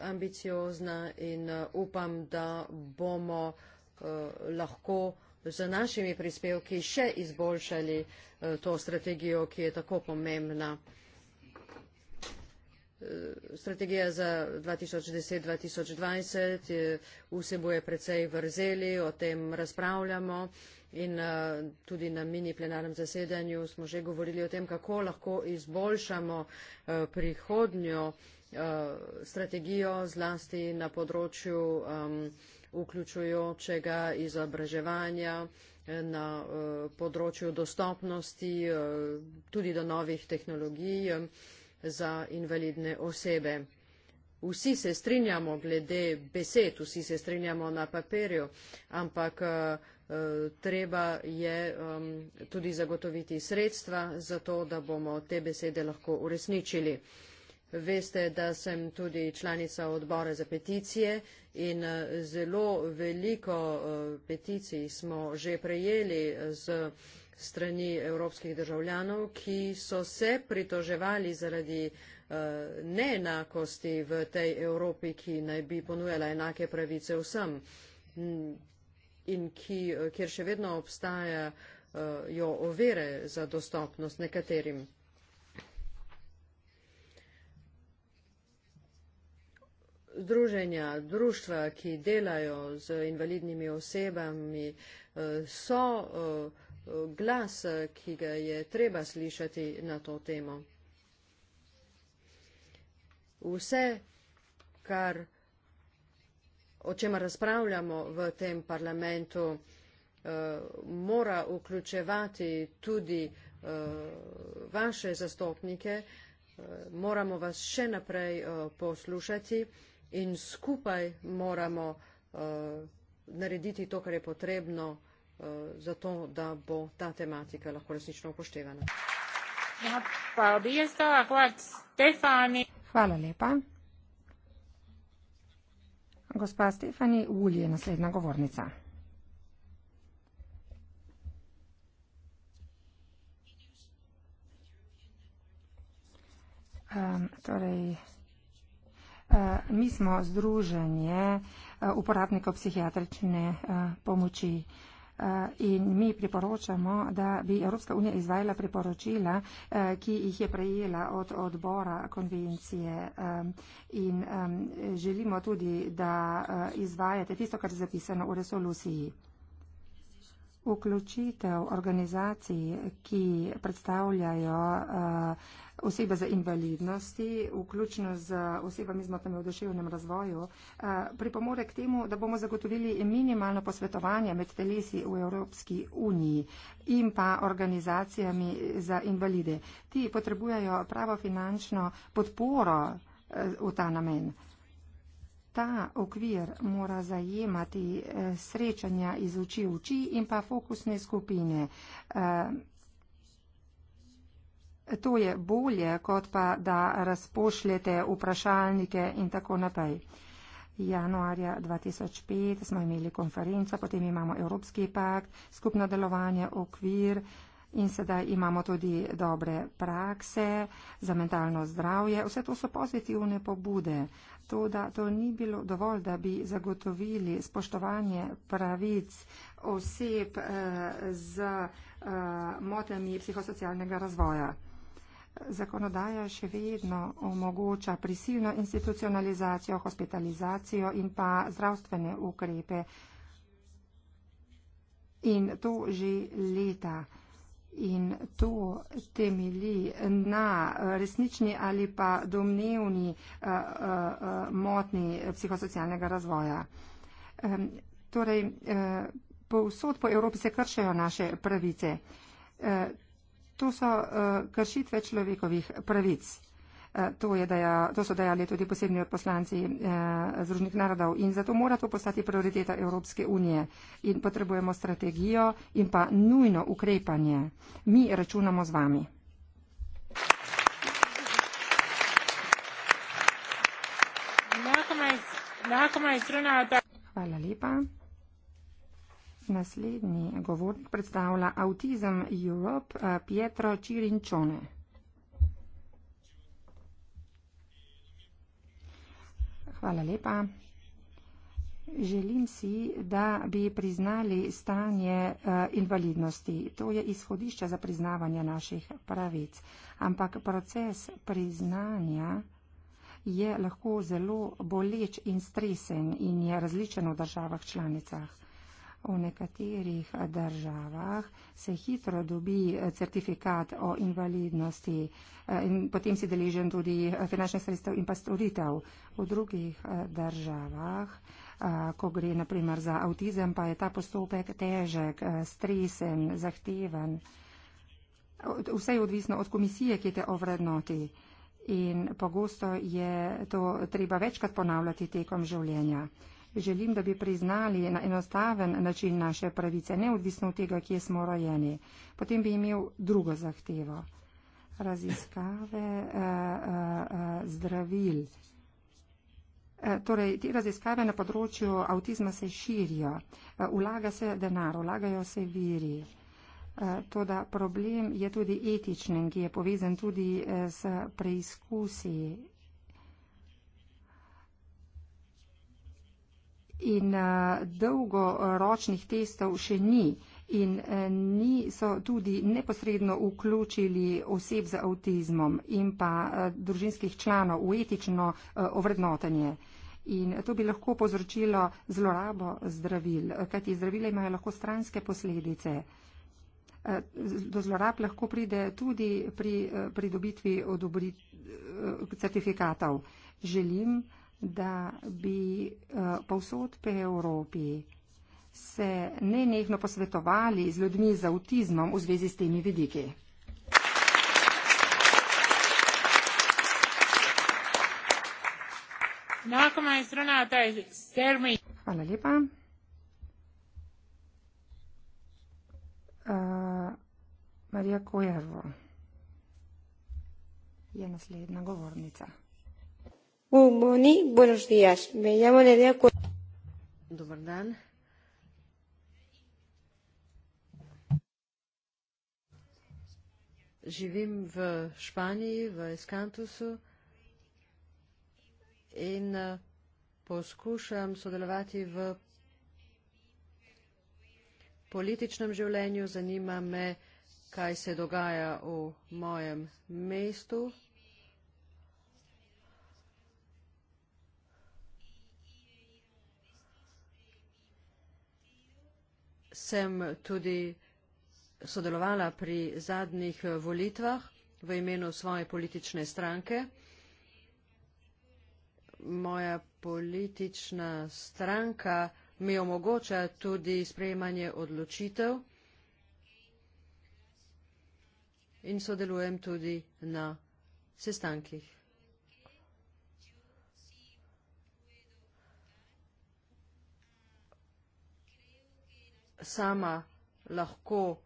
ambiciozna in upam, da bomo lahko z našimi prispevki še izboljšali e, to strategijo, ki je tako pomembna. E, strategija za 2010-2020 e, vsebuje precej vrzeli, o tem razpravljamo in tudi na mini plenarnem zasedanju smo že govorili o tem, kako lahko izboljšamo prihodnjo strategijo zlasti na področju um, uključujočega izobraževanja na e, področju dostopnosti, e, tudi do novih tehnologij e, za invalidne osebe. Vsi se strinjamo glede besed, vsi se strinjamo na papirju, ampak treba je tudi zagotoviti sredstva za to, da bomo te besede lahko uresničili. Veste, da sem tudi članica odbora za peticije in eh, zelo veliko eh, peticij smo že prejeli eh, z strani evropskih državljanov, ki so se pritoževali zaradi neenakosti v tej Evropi, ki naj bi ponujala enake pravice vsem in ki, kjer še vedno obstajajo ovire za dostopnost nekaterim. združenja, društva, ki delajo z invalidnimi osebami, eh, so eh, glas, ki ga je treba slišati na to temo. Vse, kar, o čem razpravljamo v tem parlamentu, eh, mora vključevati tudi vaše zastopnike, moramo vas še naprej poslušati in skupaj moramo uh, narediti to, kar je potrebno, uh, to, da bo ta tematika lahko resnično upoštevana. Hvala lepa. Gospa Stefani Ulj je naslednja govornica. Um, torej, E, my smo združenje e, uporabnikov psihijatrične e, pomoči in mi priporočamo, da bi Evropska unija izvajala priporočila, ki jih je prejela od odbora konvencije in želimo tudi, da izvajate tisto, kar je zapisano v resoluciji. Vključitev organizacij, ki predstavljajo uh, eh, osebe z invalidnosti, vključno z osebami z motnjami v duševnem razvoju, uh, eh, pripomore k temu, da bomo zagotovili minimalno posvetovanje med telesi v Evropski uniji in pa organizacijami za invalide. Ti potrebujejo pravo finančno podporo uh, v ta namen. Ta okvir mora zajemati eh, srečanja iz oči v oči in pa fokusne skupine. Eh, to je bolje, kot pa da razpošljete vprašalnike in tako naprej. Januarja 2005 smo imeli konferenco, potem imamo Evropski pakt, skupno delovanje, okvir, In sedaj imamo tudi dobre prakse za mentalno zdravje. Vse to so pozitivne pobude. To, da to ni bilo dovolj, da bi zagotovili spoštovanje pravic oseb eh, z eh, motnjami psihosocialnega razvoja. Zakonodaja še vedno omogoča prisilno institucionalizacijo, hospitalizacijo in pa zdravstvene ukrepe. In to že leta in to temelji na resnični ali pa domnevni eh, eh, motni psihosocialnega razvoja. Ehm, torej, eh, povsod po Evropi se kršajo naše pravice. To so kršitve človekovih pravic. E, to, je deja, to so dejali tudi posebni odposlanci eh, Združenih narodov in zato mora to postati prioriteta Evropske unije in potrebujemo strategijo in pa nujno ukrepanje. Mi računamo z vami. Hvala lepa. Naslednji govornik predstavlja Autism Europe e, Pietro Čirinčone. Hvala lepa. Želim si, da bi priznali stanje eh, invalidnosti. To je izhodišče za priznavanje naših pravic. Ampak proces priznanja je lahko zelo boleč in stresen in je različen v državah članicah. U nekaterih državah se hitro dobi eh, certifikat o invalidnosti eh, in potem si deležen tudi eh, finančnih sredstev in pa storitev. V drugih državah, ko gre naprimer za avtizem, pa je ta postopek težek, stresen, zahteven. Vse je odvisno od komisije, ki te ovrednoti. In pogosto je to treba večkrat ponavljati tekom življenja. Želim, da bi priznali na enostaven način naše pravice, neodvisno od tega, kje smo rojeni. Potem bi imel drugo zahtevo. Raziskave uh, uh, zdravil. Torej, te raziskave na področju avtizma se širijo, ulaga se denar, ulagajo se viri. Toda problem je tudi etičen, ki je povezan tudi s preizkusi in eh, dolgoročnih testov še ni in eh, niso tudi neposredno vključili oseb z avtizmom in pa eh, družinskih članov v etično ovrednotenje. In to bi lahko povzročilo zlorabo zdravil, kajti zdravile imajo lahko stranske posledice. Do zlorab lahko pride tudi pri pridobitvi odobrit certifikatov. Želim, da bi eh, povsod po Evropi se nenehno posvetovali z ljudmi z avtizmom v zvezi s temi vidiki. Hvala lepa. Uh, Marija Kojervo je naslednja govornica. Mumuni, buenos días. Me llamo Nerea Cu... Dobar dan. Živim v Španiji, v Eskantusu in eh, poskušam sodelovati v političnem življenju. Zanima me, kaj se dogaja v mojem mestu sem tudi sodelovala pri zadnjih eh, volitvah v imenu svoje politične stranke. Moja politična stranka mi omogoča tudi sprejemanje odločitev in sodelujem tudi na sestankih sama lahko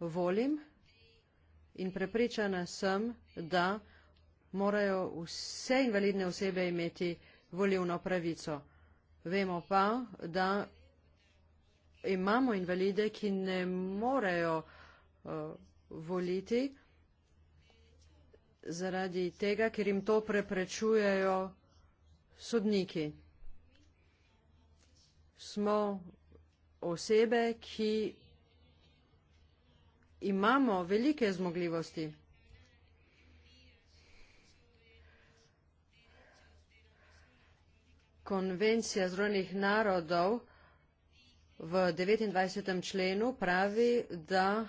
volim in prepričana sem, da morajo vse invalidne osebe imeti volivno pravico. Vemo pa, da imamo invalide, ki ne morejo uh, voliti zaradi tega, ker jim to preprečujejo sodniki. Smo osebe, ki imamo velike zmogljivosti. Konvencija zrojnih narodov v 29. členu pravi, da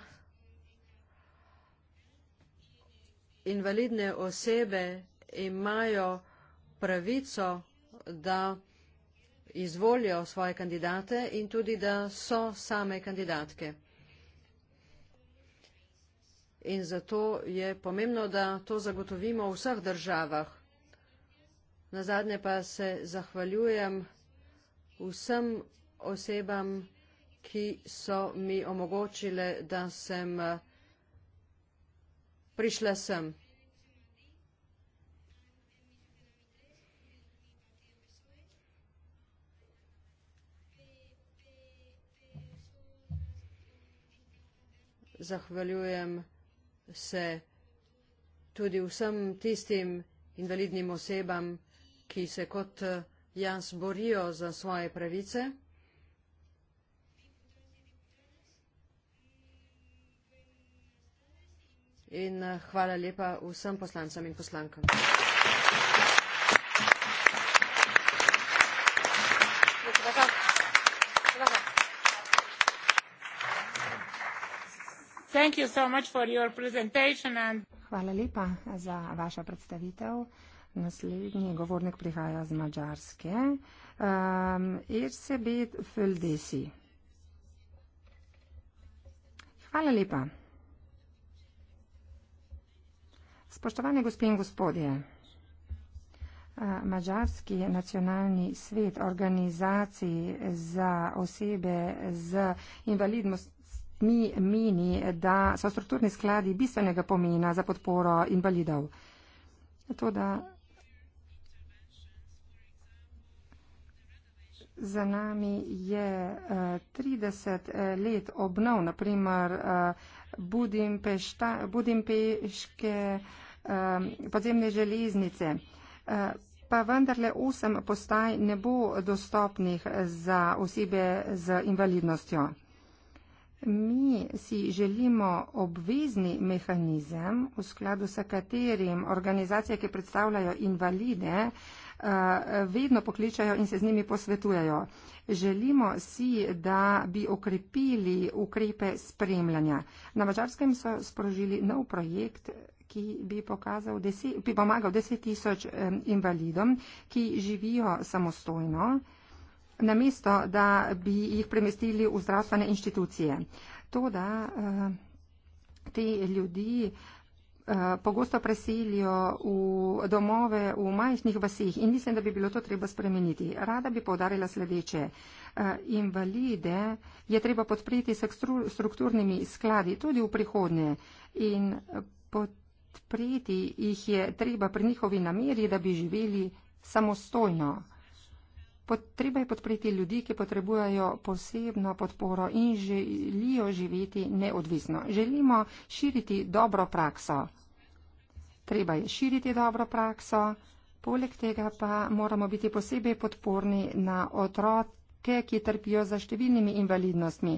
invalidne osebe imajo pravico, da izvolijo svoje kandidate in tudi, da so same kandidatke. In zato je pomembno, da to zagotovimo v vseh državah. Na zadnje pa se zahvaljujem vsem osebam, ki so mi omogočile, da sem eh, prišla sem. Zahvaljujem se tudi vsem tistim invalidnim osebam, ki se kot jaz borijo za svoje pravice. In eh, hvala lepa vsem poslancem in poslankam. Hvala lepa za vašo predstavitev. Naslednji govornik prihaja z Mačarske. Um, ehm, Irsebet Földesi. Hvala lepa. Spoštovane gospe in gospodje, Mačarski nacionalni svet organizaciji za osebe z invalidnostjo mi meni, da so strukturni skladi bistvenega pomena za podporo invalidov. To, da za nami je 30 eh, eh, let obnov, naprimer eh, Budimpešta, Budimpeške podzemne železnice pa vendarle osem postaj ne bo dostopnih za osebe z invalidnostjo. Mi si želimo obvezni mehanizem, v skladu s katerim organizacije, ki predstavljajo invalide, eh, vedno pokličajo in se z njimi posvetujejo. Želimo si, da bi okrepili ukrepe spremljanja. Na Mačarskem so sprožili nov projekt, ki bi, pokazal deset, bi pomagal deset tisoč eh, invalidom, ki živijo samostojno namesto da bi jih premestili v zdravstvene inštitucije. To, da eh, te ljudi eh, pogosto preselijo v domove v majhnih vasih in mislim, da bi bilo to treba spremeniti. Rada bi povdarila sledeče. Eh, invalide je treba podpreti s strukturnimi skladi tudi v prihodnje in podpreti jih je treba pri njihovi nameri, da bi živeli samostojno Pot, treba je podpreti ljudi, ki potrebujejo posebno podporo in želijo živeti neodvisno. Želimo širiti dobro prakso. Treba je širiti dobro prakso, poleg tega pa moramo biti posebej podporni na otroke, ki trpijo za številnimi invalidnostmi.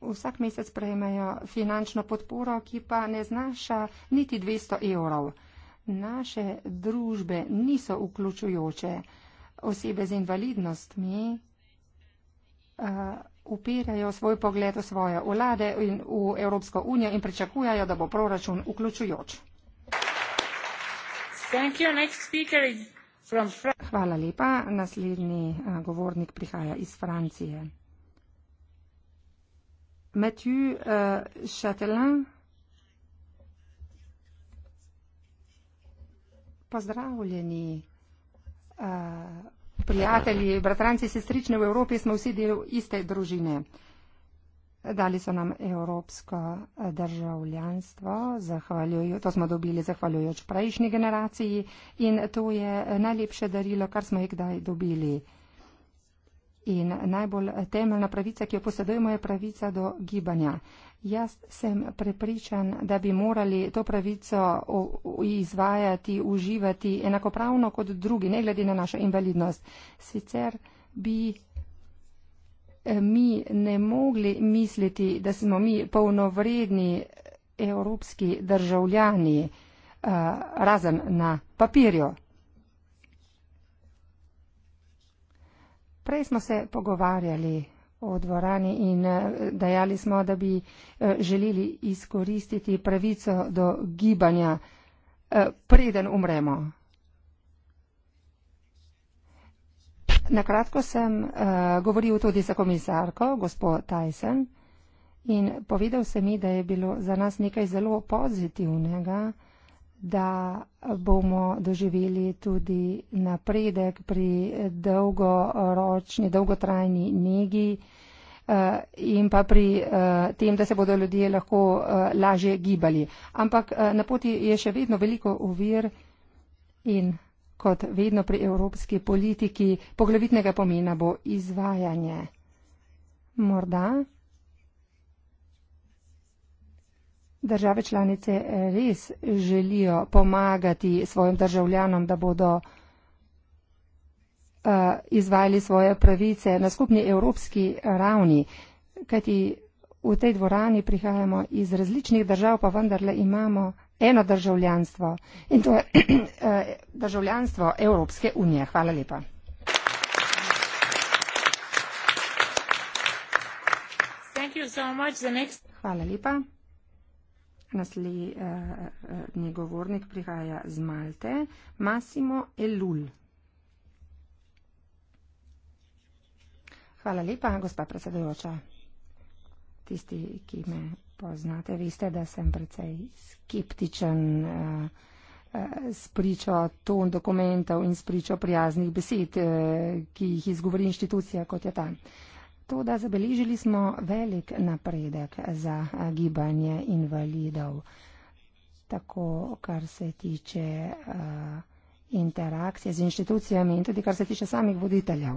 Vsak mesec prejmejo finančno podporo, ki pa ne znaša niti 200 evrov. Naše družbe niso vključujoče osebe z invalidnostmi eh, upirajo svoj pogled v svoje vlade in v Evropsko unijo in pričakujajo, da bo proračun vključujoč. Hvala lepa. Naslednji eh, govornik prihaja iz Francije. Mathieu uh, eh, Chatelain. Pozdravljeni prijatelji, bratranci, sestrične v Evropi smo vsi del iste družine. Dali so nam evropsko državljanstvo, to smo dobili zahvaljujoč prejšnji generaciji in to je najlepše darilo, kar smo jih kdaj dobili. In najbolj temeljna pravica, ki jo posedujemo, je pravica do gibanja. Jaz sem prepričan, da bi morali to pravico izvajati, uživati enakopravno kot drugi, ne glede na našo invalidnost. Sicer bi eh, mi ne mogli misliti, da smo mi polnovredni evropski državljani, eh, razen na papirju. Prej smo se pogovarjali o dvorani in eh, dejali smo, da bi eh, želeli izkoristiti pravico do gibanja, eh, preden umremo. Nakratko sem govoril tudi za komisarko, gospod Tyson, in povedal se mi, da je bilo za nas nekaj zelo pozitivnega, da bomo doživeli tudi napredek pri dolgoročni, dolgotrajni negi eh, in pa pri eh, tem, da se bodo ljudje lahko eh, lažje gibali. Ampak na poti je še vedno veliko uvir in kot vedno pri evropski politiki poglavitnega pomena bo izvajanje. Morda Države članice res želijo pomagati svojim državljanom, da bodo uh, izvajali svoje pravice na skupni evropski ravni, kajti v tej dvorani prihajamo iz različnih držav, pa vendarle imamo eno državljanstvo in to je eh, državljanstvo Evropske unije. Hvala lepa. Hvala lepa. Nasli Naslednji eh, eh, njegovornik prihaja z Malte, Massimo Elul. Hvala lepa, gospa predsedujoča. Tisti, ki me poznate, veste, da sem precej skeptičen uh, s pričo ton dokumentov in s pričo prijaznih besed, ki jih izgovori inštitucija kot je ta. To, da zabeležili smo velik napredek za gibanje invalidov, tako kar se tiče uh, interakcije z inštitucijami in tudi kar se tiče samih voditeljev.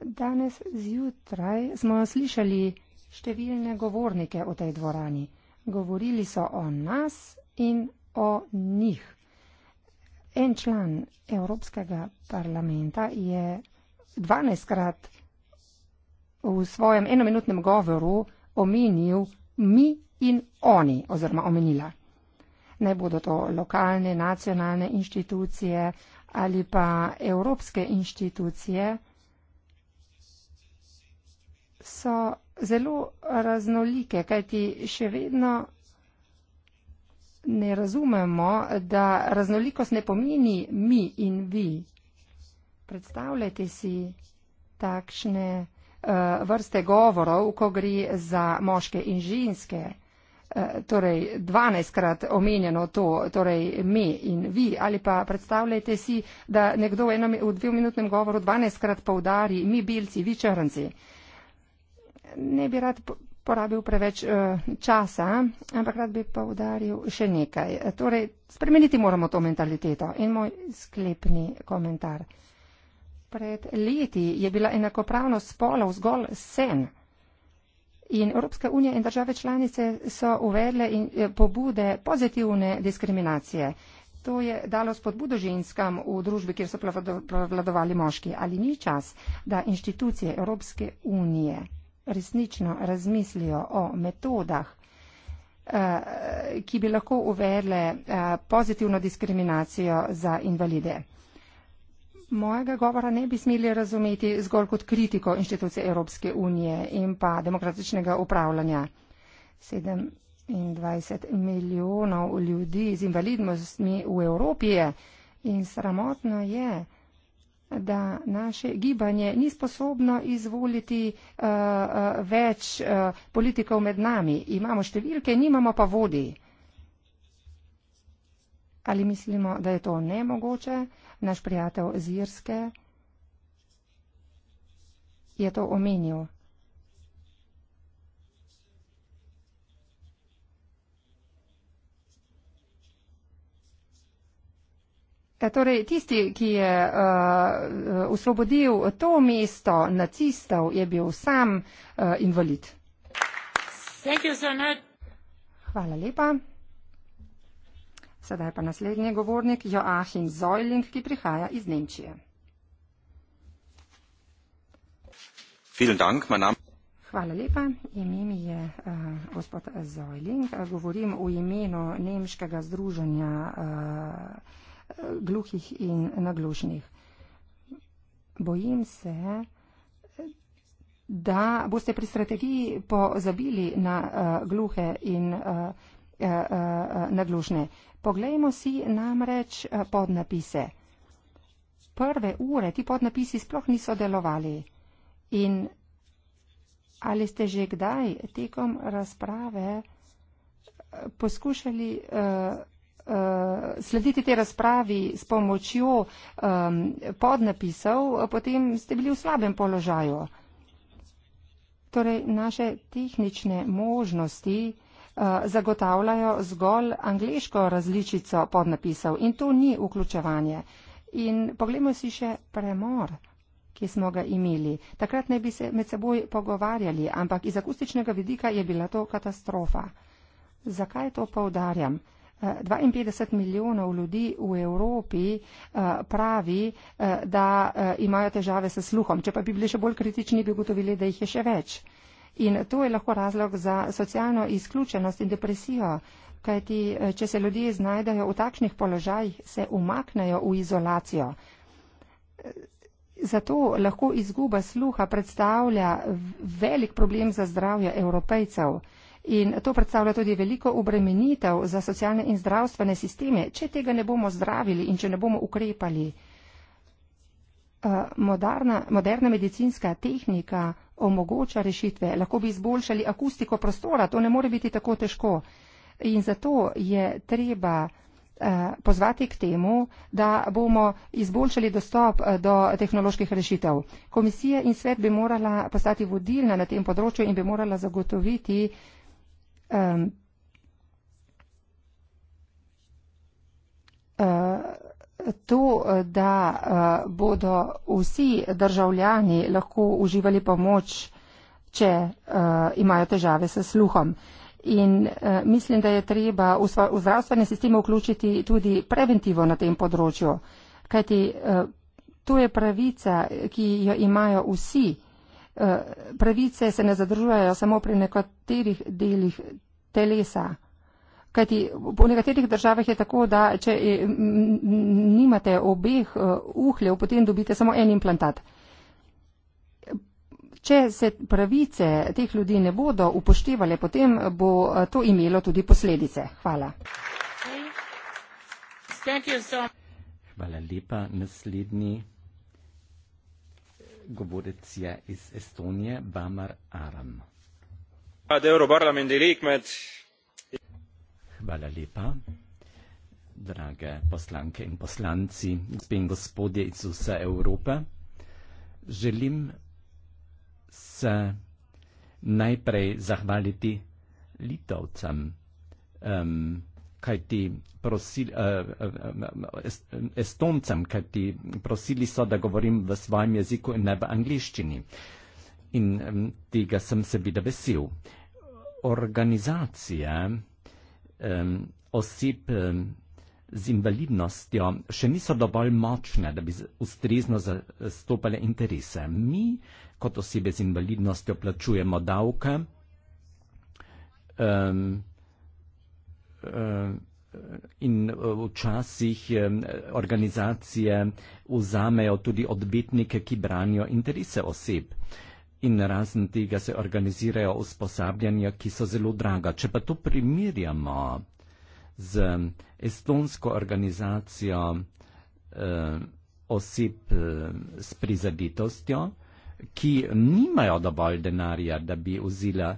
Danes zjutraj smo slišali številne govornike v tej dvorani. Govorili so o nas in o njih. En član Evropskega parlamenta je 12krat v svojem enominutnem govoru omenil mi in oni oziroma omenila. Ne bodo to lokalne, nacionalne inštitucije ali pa evropske inštitucije, so zelo raznolike, kajti še vedno ne razumemo, da raznolikost ne pomeni mi in vi. Predstavljajte si takšne vrste govorov, ko gre za moške in ženske. E, torej, 12krat omenjeno to, torej mi in vi, ali pa predstavljajte si, da nekdo v, enem, v dvominutnem govoru 12krat poudari mi belci, vi črnci. Ne bi rad porabil preveč e, časa, ampak rad bi poudaril še nekaj. Torej, spremeniti moramo to mentaliteto. In moj sklepni komentar pred leti je bila enakopravnost spolov zgolj sen. In Evropska unija in države članice so uvedle in, eh, pobude pozitivne diskriminacije. To je dalo spodbudo ženskam v družbi, kjer so prevladovali moški. Ali ni čas, da inštitucije Evropske unije resnično razmislijo o metodah, eh, ki bi lahko uvedle eh, pozitivno diskriminacijo za invalide? mojega govora ne bi smeli razumeti zgolj kot kritiko inštitucije Evropske unije in pa demokratičnega upravljanja. 27 milijonov ljudi z invalidnostmi v Evropi je in sramotno je, da naše gibanje ni sposobno izvoliti uh, uh, več uh, politikov med nami. Imamo številke, nimamo pa vodi. Ali mislimo, da je to nemogoče? náš priateľ z Irske je to omenil. E, torej, tisti, ki je uh, e, usvobodil e, to mesto nacistov, je bil sam uh, invalid. Hvala lepa. Sedaj pa naslednji govornik Joachim Zojling, ki prihaja iz Nemčije. Hvala lepa. Ime mi je uh, gospod Zojling. Govorim v imenu Nemškega združenja uh, gluhih in naglušnih. Bojim se, da boste pri strategiji pozabili na uh, gluhe in uh, Eh, eh, naglušne. Poglejmo si namreč eh, podnapise. Prve ure ti podnapisi sploh niso delovali. In ali ste že kdaj tekom razprave poskušali uh, uh, slediti tej razpravi s pomočjo um, podnapisov, potem ste bili v slabem položaju. Torej, naše tehnične možnosti zagotavljajo zgolj angliško različico podnapisov in to ni vključevanje. In poglejmo si še premor ki smo ga imeli. Takrat ne bi se med seboj pogovarjali, ampak iz akustičnega vidika je bila to katastrofa. Zakaj to povdarjam? 52 eh, milijonov ljudi v Evropi eh, pravi, eh, da imajo težave s sluhom. Če pa bi bili še bolj kritični, bi ugotovili, da jih je še več. In to je lahko razlog za socialno izključenost in depresijo, kajti če se ljudje znajdejo v takšnih položajih, se umaknejo v izolacijo. Zato lahko izguba sluha predstavlja velik problem za zdravje evropejcev. In to predstavlja tudi veliko obremenitev za socialne in zdravstvene sisteme, če tega ne bomo zdravili in če ne bomo ukrepali moderna, moderna medicinska tehnika omogoča rešitve. Lahko bi izboljšali akustiko prostora, to ne more biti tako težko. In zato je treba eh, pozvati k temu, da bomo izboljšali dostop eh, do tehnoloških rešitev. Komisija in svet bi morala postati vodilna na tem področju in bi morala zagotoviti um, uh, to, eh, da eh, bodo vsi državljani lahko uživali pomoč, če eh, imajo težave s sluhom. In mislim, da je treba v zdravstvene sisteme vključiti tudi preventivo na tem področju, kajti to je pravica, ki jo imajo vsi. Pravice se ne zadržujejo samo pri nekaterih delih telesa Kajti v nekaterih državah je tako, da če eh, nimate obeh eh, uhljev, potem dobite samo en implantat. Če se pravice teh ljudi ne bodo upoštevale, potem bo eh, to imelo tudi posledice. Hvala. Hvala lepa. Naslednji govorec je iz Estonije, Bamar Aram. Hvala lepa. Drage poslanke in poslanci, gospe in gospodje iz vse Evrope, želim se najprej zahvaliti Litovcem, um, kajti prosili, uh, Estoncem, kajti prosili so, da govorim v svojem jeziku in ne v angliščini. In um, tega sem seveda vesel. Organizacije, um, oseb um, z invalidnostjo še niso dovolj močne, da bi ustrezno zastopale interese. Mi kot osebe z invalidnostjo plačujemo davke, um, um, in eh, včasih organizacije vzamejo tudi odbetnike, ki branijo interese oseb in razen tega se organizirajo usposabljanja, ki so zelo draga. Če pa to primerjamo z estonsko organizacijo eh, oseb eh, s prizaditostjo, ki nimajo dovolj denarja, da bi vzela,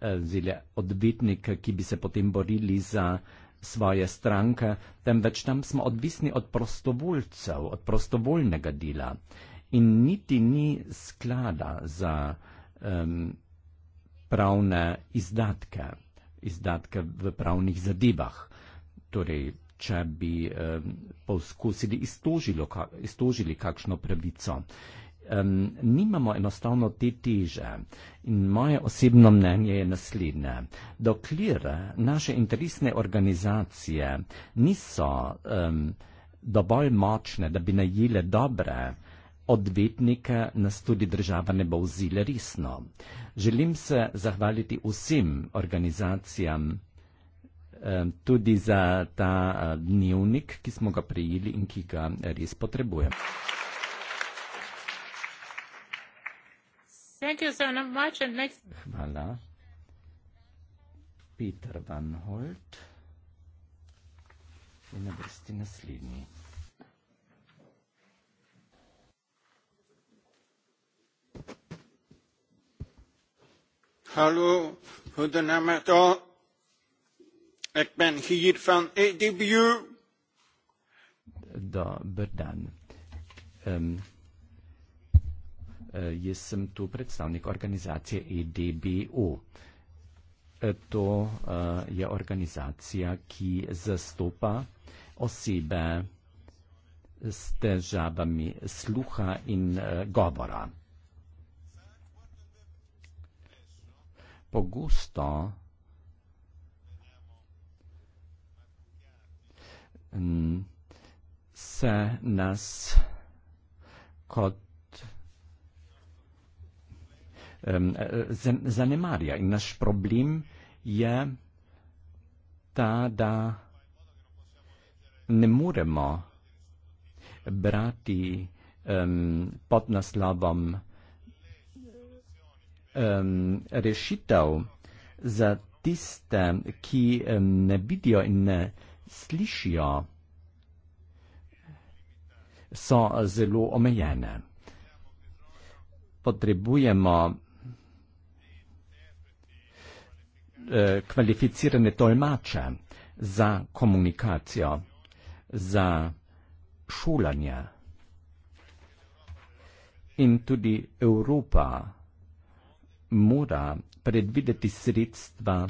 eh, vzela odvetnika, ki bi se potem borili za svoje stranke, temveč tam smo odvisni od prostovoljcev, od prostovoljnega dela. Eh, in niti ni sklada za um, pravne izdatke, izdatke v pravnih zadevah. Torej, če bi um, poskusili istožilo, ka, kakšno pravico. Um, nimamo enostavno te teže in moje osebno mnenje je naslednje. Dokler naše interesne organizacije niso um, dovolj močne, da bi najele dobre odvetnika nas tudi država ne bo vzile resno. Želim se zahvaliti vsem organizacijam, eh, tudi za ta eh, dnevnik, ki smo ga prejeli in ki ga res potrebujem. Hvala. Peter Van Holt je na vrsti naslednji. Hallo, goedenavond al. Ik ben hier van EDBU. Da, Berdan. Um, uh, je sem tu predstavnik organizacije EDBO. E, to uh, je organizacija, ki zastopa osebe s težavami sluha in uh, govora Pogosto mm, se nas kot zanemarja in naš problem je ta, da ne moremo brati um, pod naslovom um, rešitev za tiste, ki um, ne vidijo in ne slišijo, so zelo omejene. Potrebujemo eh, kvalificirane tolmače za komunikacijo, za šolanje. In tudi Evropa mora predvideti sredstva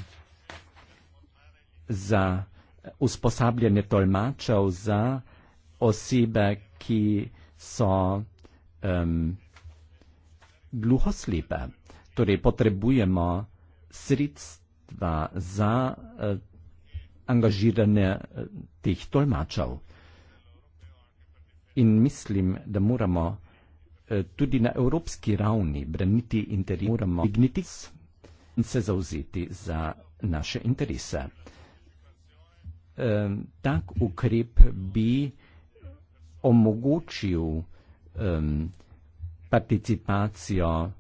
za usposabljanje tolmačev za osebe, ki so um, gluhoslepe. Torej potrebujemo sredstva za uh, angažiranje eh, teh tolmačev. In mislim, da moramo tudi na evropski ravni braniti interes, moramo digniti in se zauzeti za naše interese. Um, tak ukrep bi omogočil um, participacijo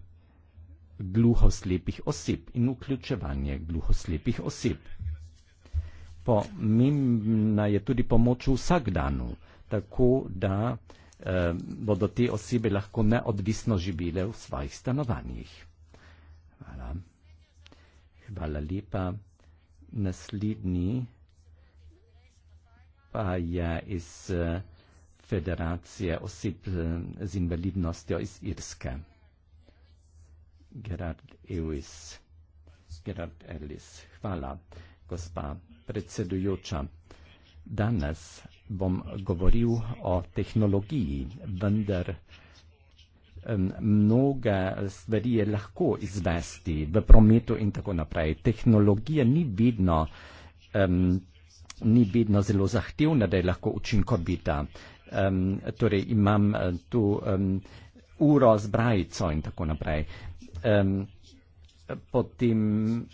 gluhoslepih oseb in vključevanje gluhoslepih oseb. Pomembna je tudi pomoč v vsakdanu, tako da eh, bodo te osebe lahko neodvisno živele v svojih stanovanjih. Hvala. Hvala lepa. Naslednji pa je iz eh, Federacije oseb eh, z invalidnostjo iz Irske. Gerard Ewis. Gerard Ellis. Hvala, gospa predsedujoča Danes bom govoril o tehnologiji, vendar mnoge stvari je lahko izvesti v prometu in tako naprej. Tehnologija ni vedno, um, ni vedno zelo zahtevna, da je lahko učinkovita. Um, torej imam eh, tu um, uro z brajico in tako naprej. Um, potem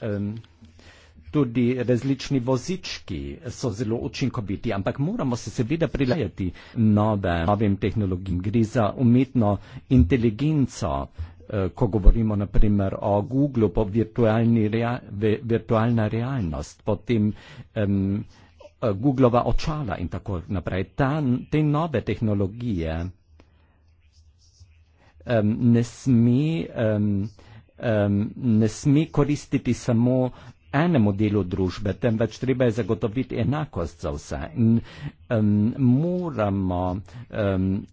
um, Tudi različni vozički so zelo učinkoviti, ampak moramo se seveda prilagajati nove, novim tehnologijam. Gre za umetno inteligenco, eh, ko govorimo naprimer o Googlu, po virtualni rea, virtualna realnost, potem um, Googlova očala in tako naprej. Ta, te nove tehnologije um, ne sme um, um, ne sme koristiti samo enemu delu družbe, temveč treba je zagotoviti enakost za vse. In um, moramo um,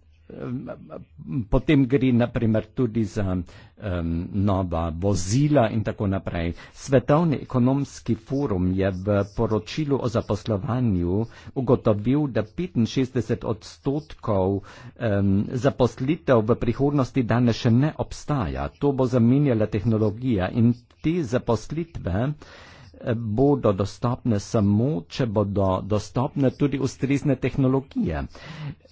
Potem gre naprimer tudi za um, nova vozila in tako naprej. Svetovni ekonomski forum je v poročilu o zaposlovanju ugotovil, da 65 odstotkov um, zaposlitev v prihodnosti danes še ne obstaja. To bo zamenjala tehnologija in te zaposlitve bodo dostopne samo, če bodo dostopne tudi ustrezne tehnologije.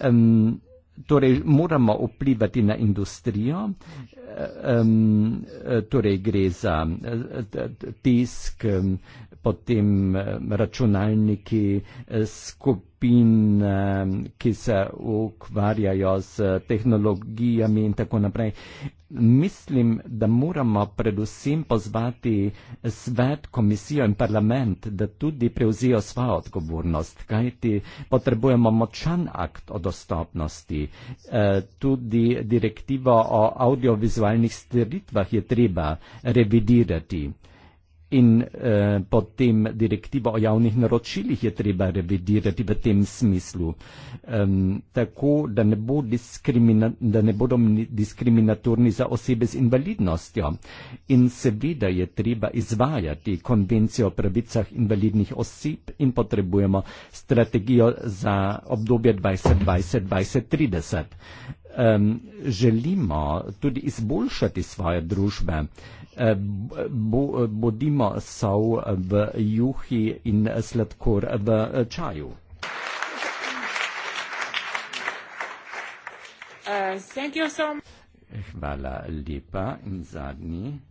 Um, torej moramo vplivati na industrijo, um, torej gre za tisk, potem računalniki, skup skupine, eh, ki se eh, ukvarjajo z eh, tehnologijami in tako naprej. Mislim, da moramo predvsem pozvati svet, komisijo in parlament, da tudi prevzijo svojo odgovornost, kajti potrebujemo močan akt o dostopnosti. Tudi direktivo o audiovizualnih storitvah je treba revidirati In eh, potem direktivo o javnih naročilih je treba revidirati v tem smislu, um, tako da ne, bo da ne bodo diskriminatorni za osebe z invalidnostjo. In seveda je treba izvajati konvencijo o pravicah invalidnih oseb in potrebujemo strategijo za obdobje 2020-2030. Um, želimo tudi izboljšati svoje družbe bodimo sol v juhi in sladkor v čaju. Hvala lepa. In zadnji um,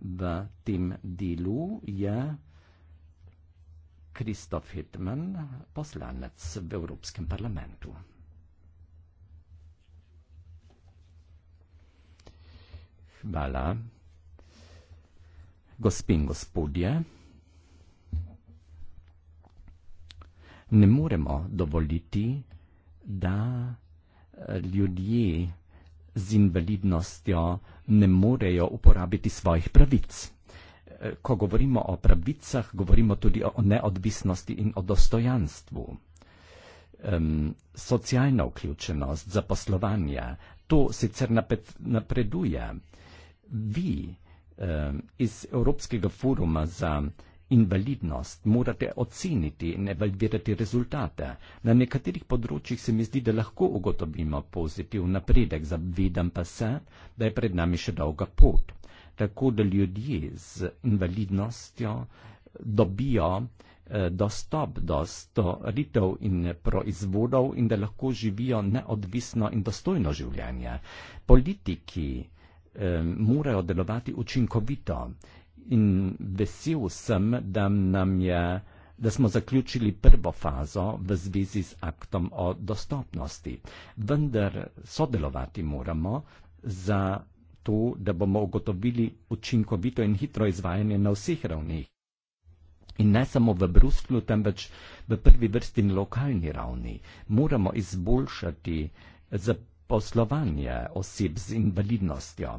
v tem delu je Kristof Hitman, poslanec v Evropskem parlamentu. Hvala. Gospe in gospodje, ne moremo dovoliti, da eh, ljudje z invalidnostjo ne morejo uporabiti svojih pravic. Eh, ko govorimo o pravicah, govorimo tudi o neodvisnosti in o dostojanstvu. Um, socialna vključenost, zaposlovanje, to sicer napreduje. Vi Eh, iz Evropskega foruma za invalidnost morate oceniti in evalvirati rezultate. Na nekaterih področjih se mi zdi, da lahko ugotovimo pozitiv napredek, zavedam pa se, da je pred nami še dolga pot, tako da ljudje z invalidnostjo dobijo eh, dostop do storitev in proizvodov in da lahko živijo neodvisno in dostojno življenje. Politiki morajo ehm, delovati učinkovito. In vesel sem, da nam je da smo zaključili prvo fazo v zvezi z aktom o dostopnosti. Vendar sodelovati moramo za to, da bomo ugotovili učinkovito in hitro izvajanje e na vseh ravnih. In ne samo v Bruslju, temveč v prvi vrsti na lokalni ravni. Moramo izboljšati za poslovanje oseb z invalidnostjo,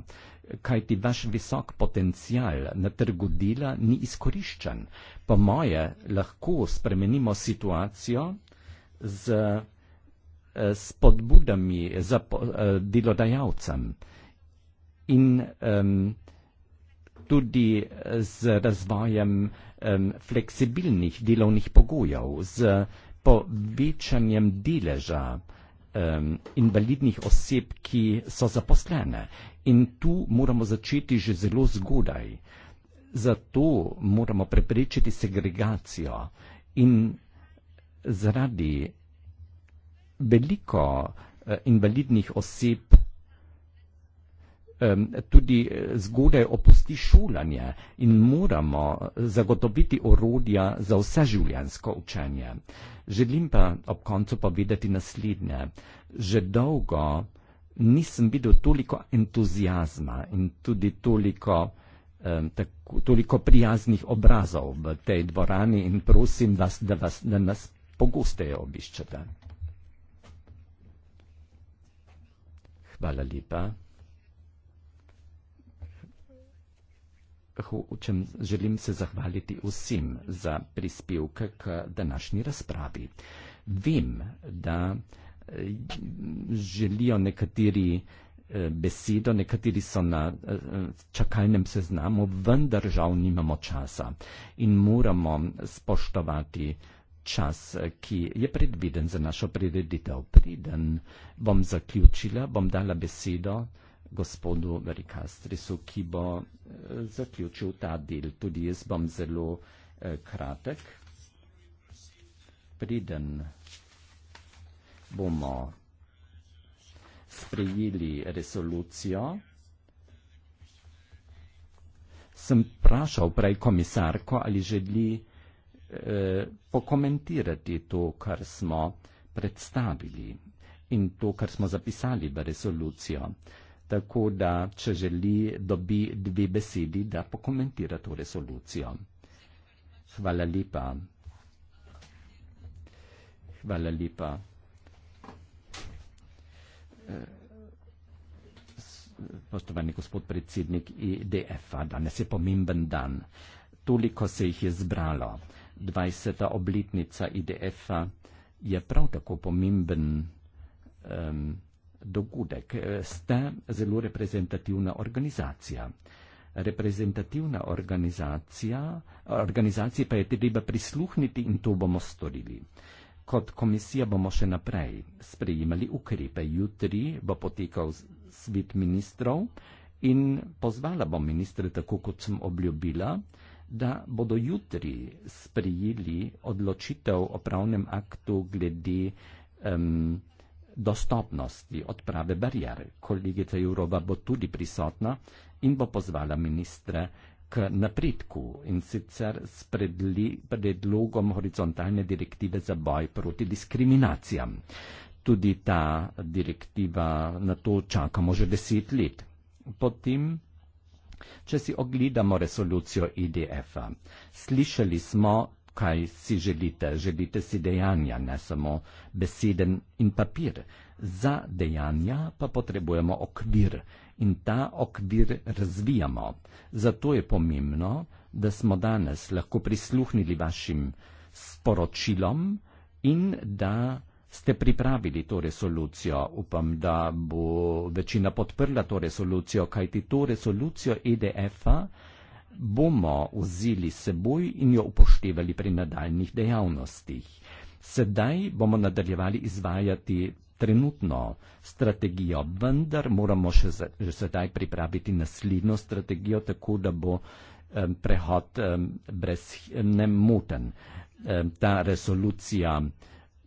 kajti vaš visok potencial na trgu dela ni izkoriščen. Po moje lahko spremenimo situacijo z eh, spodbudami za eh, delodajalcem in um, tudi eh, z razvojem um, fleksibilnih delovnih pogojev, z povečanjem deleža Ehm, invalidnih oseb, ki so zaposlene. In tu moramo začeti že zelo zgodaj. Zato moramo preprečiti segregacijo in zaradi veliko eh, invalidnih oseb tudi eh, zgodaj opusti šolanje in moramo zagotoviti orodja za vse življensko učenje. Želim pa ob koncu povedati naslednje. Že dolgo nisem videl toliko entuzijazma in tudi toliko, tako, toliko prijaznih obrazov v tej dvorani in prosim vas, da, vas, da nas pogosteje obiščete. Hvala lepa. hočem, želim se zahvaliti vsem za prispevke k današnji razpravi. Vem, da eh, želijo nekateri eh, besedo, nekateri so na eh, čakalnem seznamu, vendar žal nimamo časa in moramo spoštovati čas, ki je predviden za našo prireditev. Preden bom zaključila, bom dala besedo gospodu Verikastrisu, ki bo eh, zaključil ta del. Tudi jaz bom zelo eh, kratek. Preden bomo sprejeli resolucijo, sem vprašal prej komisarko, ali želi eh, pokomentirati to, kar smo predstavili in to, kar smo zapisali v resolucijo. Eh, tako da, če želi, dobi dve besedi, da pokomentira to resolucijo. Hvala lepa. Hvala lepa. Poštovani gospod predsednik IDF-a, e danes je pomemben dan. Toliko se jih je zbralo. 20. obletnica IDF-a e je prav tako pomemben. Um, dogodek. Eh, Ste zelo reprezentativna organizacija. Reprezentativna organizacija, organizaciji pa je treba prisluhniti in to bomo storili. Kot komisija bomo še naprej sprejemali ukrepe. Jutri bo potekal svet ministrov in pozvala bom ministre, tako kot sem obljubila, da bodo jutri sprejeli odločitev o pravnem aktu glede um, dostopnosti, odprave barijer. Kolegica Jurova bo tudi prisotna in bo pozvala ministre k napredku in sicer s predli, predlogom horizontalne direktive za boj proti diskriminacijam. Tudi ta direktiva na to čakamo že deset let. Potem Če si ogledamo resolucijo IDF-a, slišali smo kaj si želite. Želite si dejanja, ne samo beseden in papir. Za dejanja pa potrebujemo okvir in ta okvir razvijamo. Zato je pomembno, da smo danes lahko prisluhnili vašim sporočilom in da ste pripravili to resolucijo. Upam, da bo večina podprla to resolucijo, kajti to resolucijo EDF-a bomo vzeli seboj in jo upoštevali pri nadaljnih dejavnostih. Sedaj bomo nadaljevali izvajati trenutno strategijo, vendar moramo še, že sedaj pripraviti naslednjo strategijo, tako da bo um, prehod um, brez nemoten. Um, ta resolucija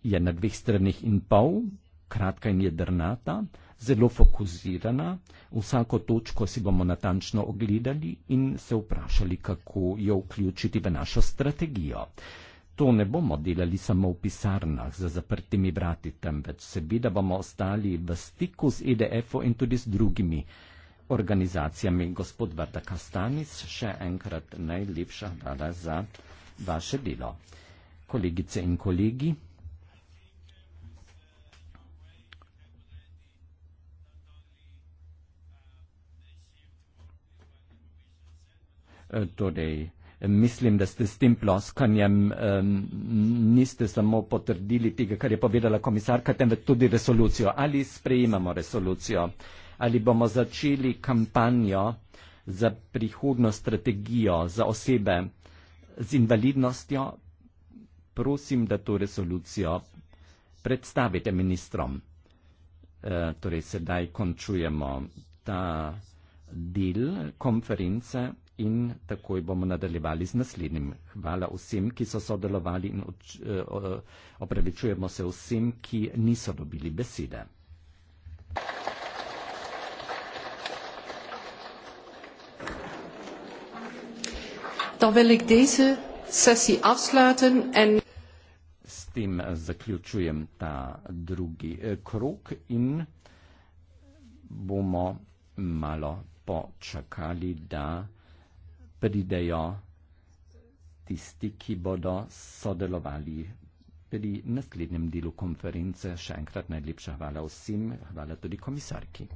je na dveh stranih in pol, kratka in jedrnata, zelo fokusirana, vsako točko si bomo natančno ogledali in se vprašali, kako jo vključiti v našo strategijo. To ne bomo delali samo v pisarnah za zaprtimi vrati, temveč seveda bomo ostali v stiku z edf o in tudi z drugimi organizacijami. Gospod Kastanis, še enkrat najlepša hvala za vaše delo. Kolegice in kolegi, Torej, mislim, da ste s tem ploskanjem niste samo potrdili tega, kar je povedala komisarka, temveč tudi resolucijo. Ali sprejemamo resolucijo? Ali bomo začeli kampanjo za prihodno strategijo za osebe z invalidnostjo? Prosim, da to resolucijo predstavite ministrom. E, torej, sedaj končujemo ta del konference in takoj bomo nadaljevali z naslednjim. Hvala vsem, ki so sodelovali in eh, opravičujemo se vsem, ki niso dobili besede. S tem eh, zaključujem ta drugi eh, krok in bomo malo počakali, da pridejo tisti, ki bodo sodelovali pri naslednjem delu konference. Še enkrat najlepša hvala vsem, hvala tudi komisarki.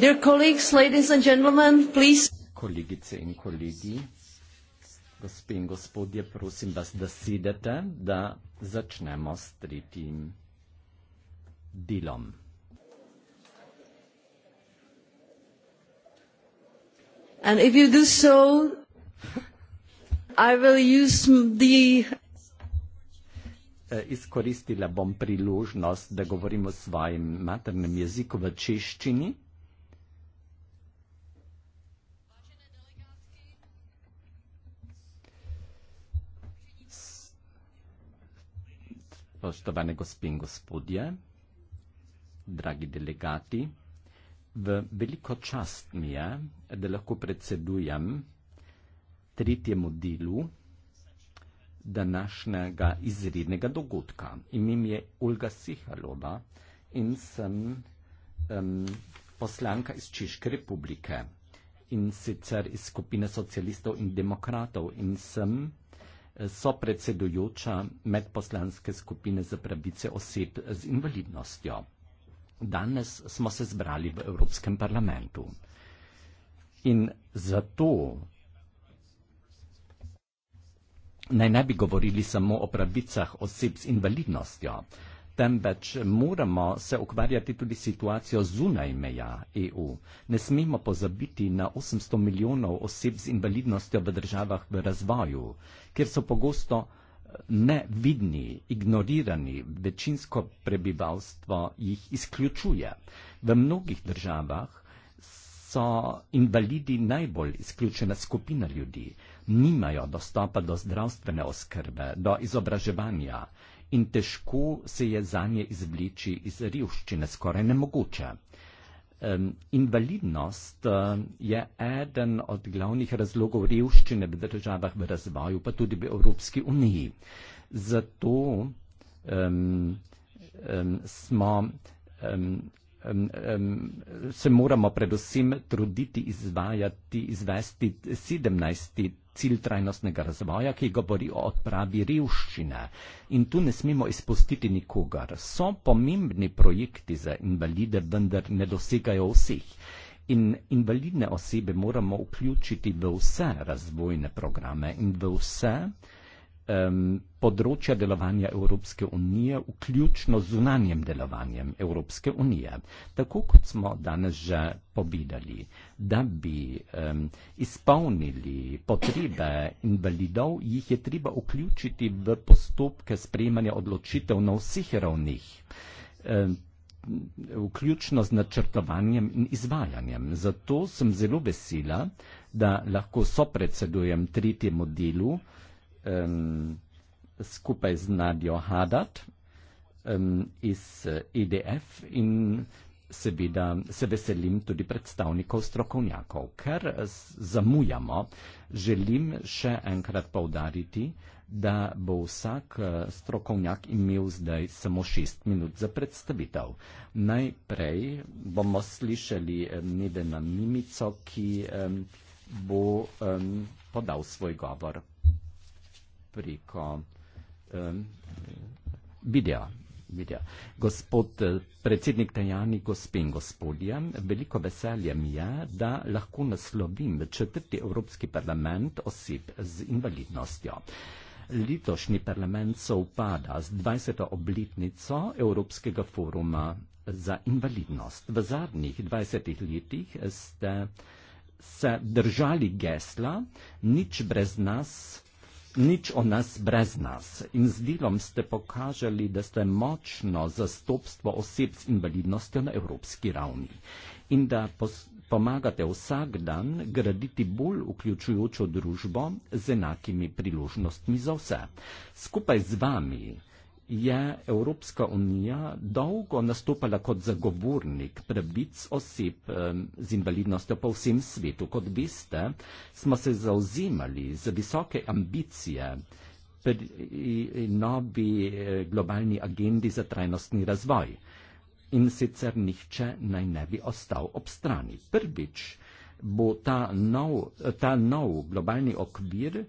Dear colleagues, ladies and gentlemen, please. Kolegice in kolegi, gospe in gospodje, prosim vas, da sedete, da začnemo s tretjim delom. And if you do so, I will use the e, Izkoristila bom priložnost, da govorim o svojem maternem jeziku v češčini. spoštovane gospe in gospodje, dragi delegati. V veliko čast mi je, da lahko predsedujem tretjemu delu današnjega izrednega dogodka. Ime mi je Olga Sihalova in sem um, poslanka iz Češke republike in sicer iz skupine socialistov in demokratov in sem so medposlanske skupine za pravice oseb z invalidnostjo. Danes smo se zbrali v Evropskem parlamentu. In zato naj ne bi govorili samo o pravicah oseb z invalidnostjo, temveč moramo se ukvarjati tudi s situacijo zunaj meja EU. Ne smemo pozabiti na 800 milijonov oseb z invalidnostjo v državah v razvoju, kjer so pogosto eh, nevidni, ignorirani, večinsko prebivalstvo jih izključuje. V mnogih državah so invalidi najbolj izključena skupina ljudi, nimajo dostopa do zdravstvene oskrbe, do izobraževanja, in težko se je zanje izvleči iz revščine, skoraj nemogoče. Um, invalidnost eh, je eden od glavnih razlogov revščine v državah v razvoju, pa tudi v Evropski uniji. Zato um, um, smo, um, um, um, se moramo predvsem truditi izvajati, izvesti 17 cilj trajnostnega razvoja, ki govori o odpravi revščine. In tu ne smemo izpustiti nikogar. So pomembni projekti za invalide, vendar ne dosegajo vseh. In invalidne osebe moramo vključiti v vse razvojne programe in v vse uh, področja delovanja Evropske unije, vključno z zunanjem delovanjem Evropske unije. Tako kot smo danes že povedali, da bi um, izpolnili potrebe invalidov, jih je treba vključiti v postopke sprejemanja odločitev na vseh ravnih. Um, vključno z načrtovanjem in izvajanjem. Zato sem zelo vesela, da lahko sopredsedujem tretjemu delu uh, um, skupaj z Nadio Hadat um, iz EDF eh, in seveda se veselim tudi predstavnikov strokovnjakov. Ker eh, zamujamo, želim še enkrat povdariti, da bo vsak eh, strokovnjak imel zdaj samo šest minut za predstavitev. Najprej bomo slišali Nedena Mimico, ki um, bo um, podal svoj govor preko um, videa. videa. Gospod eh, predsednik Tajani, gospe in gospodje, veliko veselje mi je, da lahko naslovim četrti Evropski parlament oseb z invalidnostjo. Litošnji parlament se upada z 20. obletnico Evropskega foruma za invalidnost. V zadnjih 20 letih ste se držali gesla nič brez nas, nič o nas brez nas. In z delom ste pokazali, da ste močno zastopstvo oseb z invalidnostjo na evropski ravni in da pomagate vsak dan graditi bolj vključujočo družbo z enakimi priložnostmi za vse. Skupaj z vami je Evropska unija dolgo nastopala kot zagovornik pravic oseb z invalidnostjo po vsem svetu. Kot veste, smo se zauzemali za visoke ambicije pri eh, novi eh, globalni agendi za trajnostni razvoj. In sicer nihče naj ne bi ostal ob strani. Prvič bo ta nov, ta nov globalni okvir eh,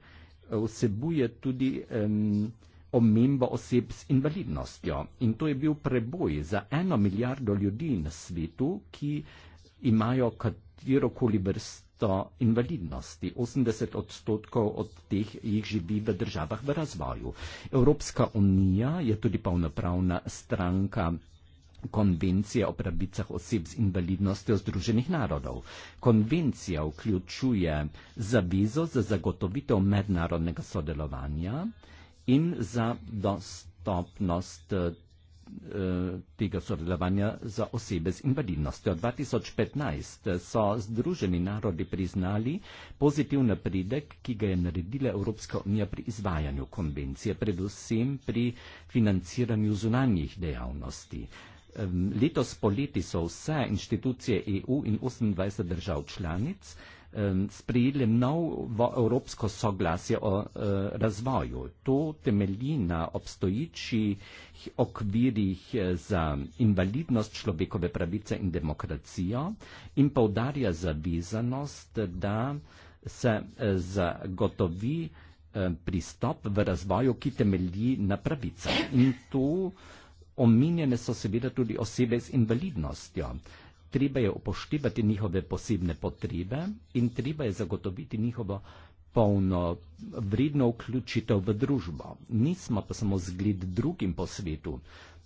vsebuje tudi um, omembo oseb s invalidnostjo. In to je bil preboj za eno milijardo ljudi na svetu, ki imajo katerokoli vrsto invalidnosti. 80 odstotkov od teh jih živi v državah v razvoju. Evropska unija je tudi polnopravna stranka Konvencije o pravicah oseb z invalidnostjo Združenih narodov. Konvencija vključuje zavezo za zagotovitev mednarodnega sodelovanja, in za dostopnost e, tega sodelovanja za osebe z invalidnostjo. 2015 so Združeni narodi priznali pozitiv napredek, ki ga je naredila Evropska unija pri izvajanju konvencije, predvsem pri financiranju zunanjih dejavnosti. Ehm, letos poleti so vse inštitucije EU in 28 držav članic Ehm, sprejeli novo evropsko soglasje o eh, razvoju. To temelji na obstoječih okvirih eh, za invalidnost, človekove pravice in demokracijo in povdarja zavezanost, da se eh, zagotovi pristop v razvoju, ki temelji na pravicah. In tu omenjene so seveda tudi osebe z invalidnostjo treba je upoštevati njihove posebne potrebe in treba je zagotoviti njihovo polno vredno vključitev v družbo. Nismo pa samo zgled drugim po svetu,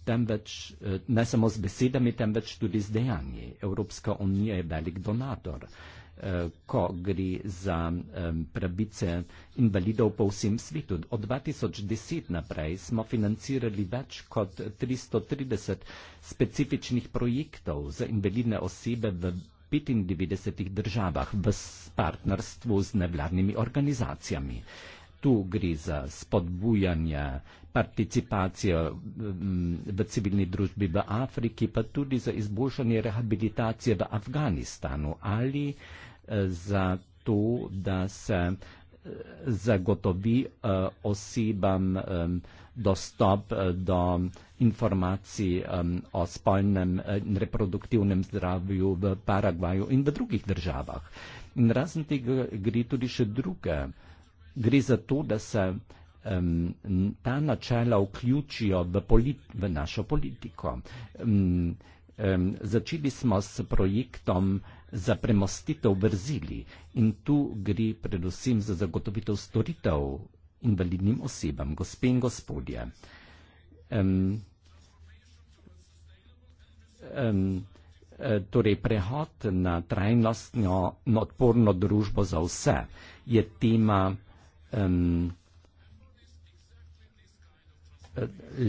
temveč eh, ne samo z besedami, temveč tudi z dejanji. Evropska unija je velik donator Eh, ko gre za pravice invalidov po vsem svetu. Od 2010 naprej smo financirali več kot 330 specifičnih projektov za invalidne osebe v 95 državah v partnerstvu z nevladnimi organizacijami. Tu gre za spodbujanje participacije v civilni družbi v Afriki, pa tudi za izboljšanje rehabilitacije v Afganistanu ali za to, da se e, zagotovi e, osebam e, dostop do informacij o spolnem in reproduktivnem zdravju v Paragvaju in v drugih državah. In razen tega gre tudi še druge. Gre za to, da se um, ta načela vključijo v, v našo politiko. Um, um, začeli smo s projektom za premostitev vrzili in tu gre predvsem za zagotovitev storitev invalidnim osebam, gospe in gospodje. Um, um, torej prehod na trajnostno na odporno družbo za vse je tema um,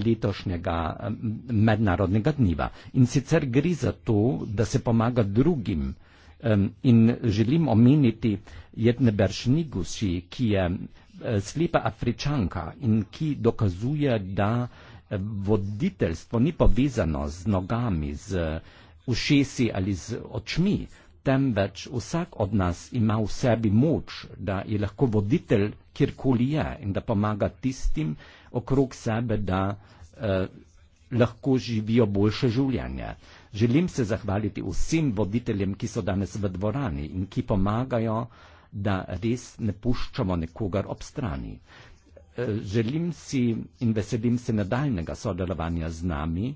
letošnjega mednarodnega dneva. In sicer gre za to, da se pomaga drugim In želim omeniti Jedne Beršnigusi, ki je slepa Afričanka in ki dokazuje, da voditeljstvo ni povezano z nogami, z ušesi ali z očmi, temveč vsak od nas ima v sebi moč, da je lahko voditelj kjerkoli je in da pomaga tistim okrog sebe, da eh, lahko živijo boljše življenje. Želim se zahvaliti vsem voditeljem, ki so danes v dvorani in ki pomagajo, da res ne puščamo nekogar ob strani. Eh, želim si in veselim se nadaljnega sodelovanja z nami,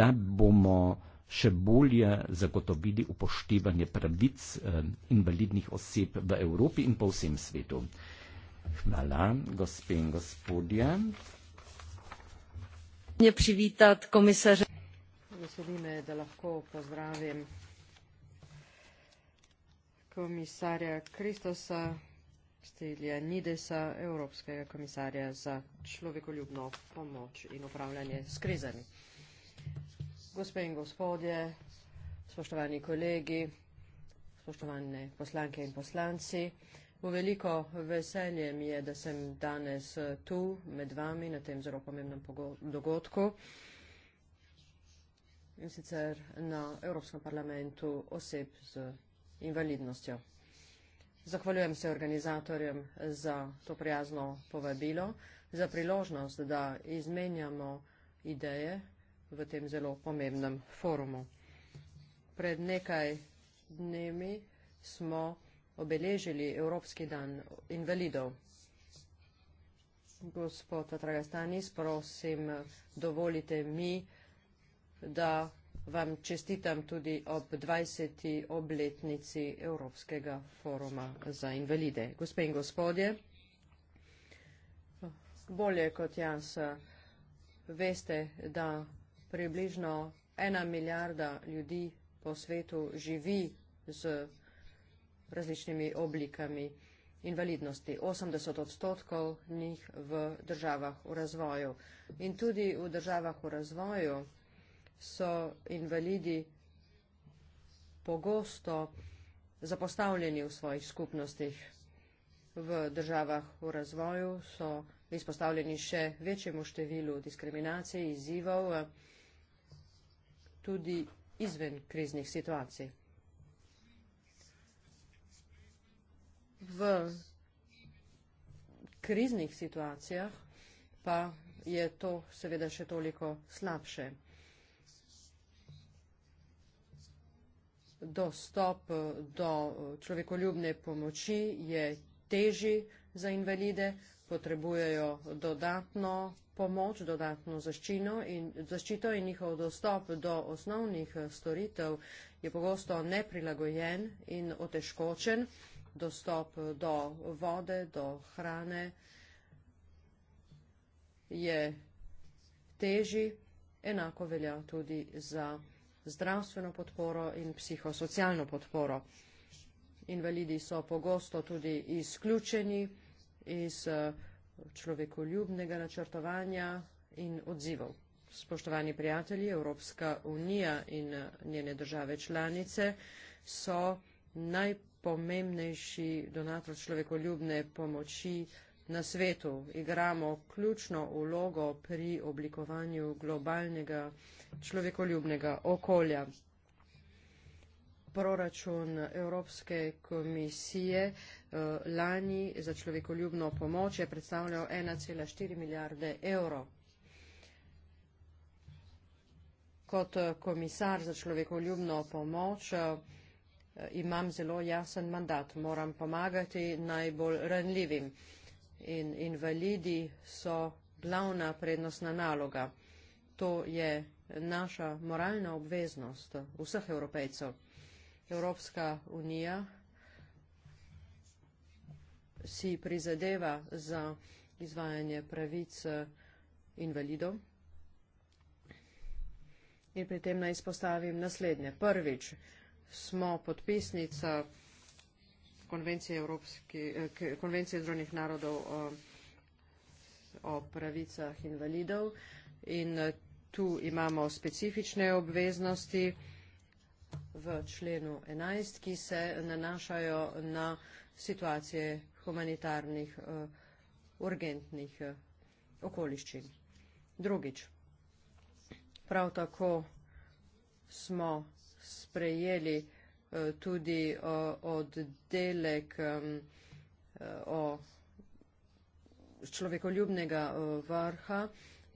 da bomo še bolje zagotovili upoštevanje pravic eh, invalidnih oseb v Evropi in po vsem svetu. Hvala, gospe in gospodje. komisaře. Veseli me, da lahko pozdravim komisarja Kristosa Stiljanidesa, Evropskega komisarja za človekoljubno pomoč in upravljanje s krizami. Gospe in gospodje, spoštovani kolegi, spoštovane poslanke in poslanci, V veliko veselje mi je, da sem danes tu med vami na tem zelo pomembnem dogodku in sicer na Evropskem parlamentu oseb z invalidnostjo. Zahvaljujem se organizatorjem za to prijazno povabilo, za priložnost, da izmenjamo ideje v tem zelo pomembnem forumu. Pred nekaj dnemi smo obeležili Evropski dan invalidov. Gospod Atragastanis, prosim, dovolite mi, da vam čestitam tudi ob 20. obletnici Evropskega foruma za invalide. Gospe in gospodje, bolje kot jaz veste, da približno ena milijarda ljudi po svetu živi z različnimi oblikami invalidnosti, 80 odstotkov njih v državah v razvoju. In tudi v državah v razvoju so invalidi pogosto zapostavljeni v svojih skupnostih. V državah v razvoju so izpostavljeni še večjemu številu diskriminacije, izzivov, tudi izven kriznih situacij. V kriznih situacijah pa je to seveda še toliko slabše. dostop do eh, eh, človekoljubne pomoči je teži za invalide, potrebujejo dodatno pomoč, dodatno zaščino in, zaščito in njihov dostop do osnovnih eh, storitev je pogosto neprilagojen in otežkočen. Dostop do vode, do hrane je teži, enako velja tudi za invalide zdravstveno podporo in psihosocialno podporo. Invalidi so pogosto tudi izključeni iz eh, človekoljubnega načrtovanja in odzivov. Spoštovani prijatelji, Evropska unija in eh, njene države članice so najpomembnejši donator človekoljubne pomoči na svetu. Igramo ključno vlogo pri oblikovanju globalnega človekoljubnega okolja. Proračun Evropske komisije eh, lani za človekoljubno pomoč je predstavljal 1,4 milijarde evrov. Kot eh, komisar za človekoljubno pomoč eh, imam zelo jasen mandat. Moram pomagati najbolj ranljivim in invalidi so glavna prednostna naloga. To je naša moralna obveznost vseh evropejcev. Evropska unija si prizadeva za izvajanje pravic eh, invalidov. In pri tem naj izpostavim naslednje. Prvič, smo podpisnica konvencije, Evropski, eh, konvencije Združenih narodov eh, o, o pravicah invalidov in tu imamo specifične obveznosti v členu 11, ki se nanašajo na situacije humanitarnih eh, urgentnih okoliščin. Drugič, prav tako smo sprejeli tudi oddelek um, o človekoljubnega uh, varha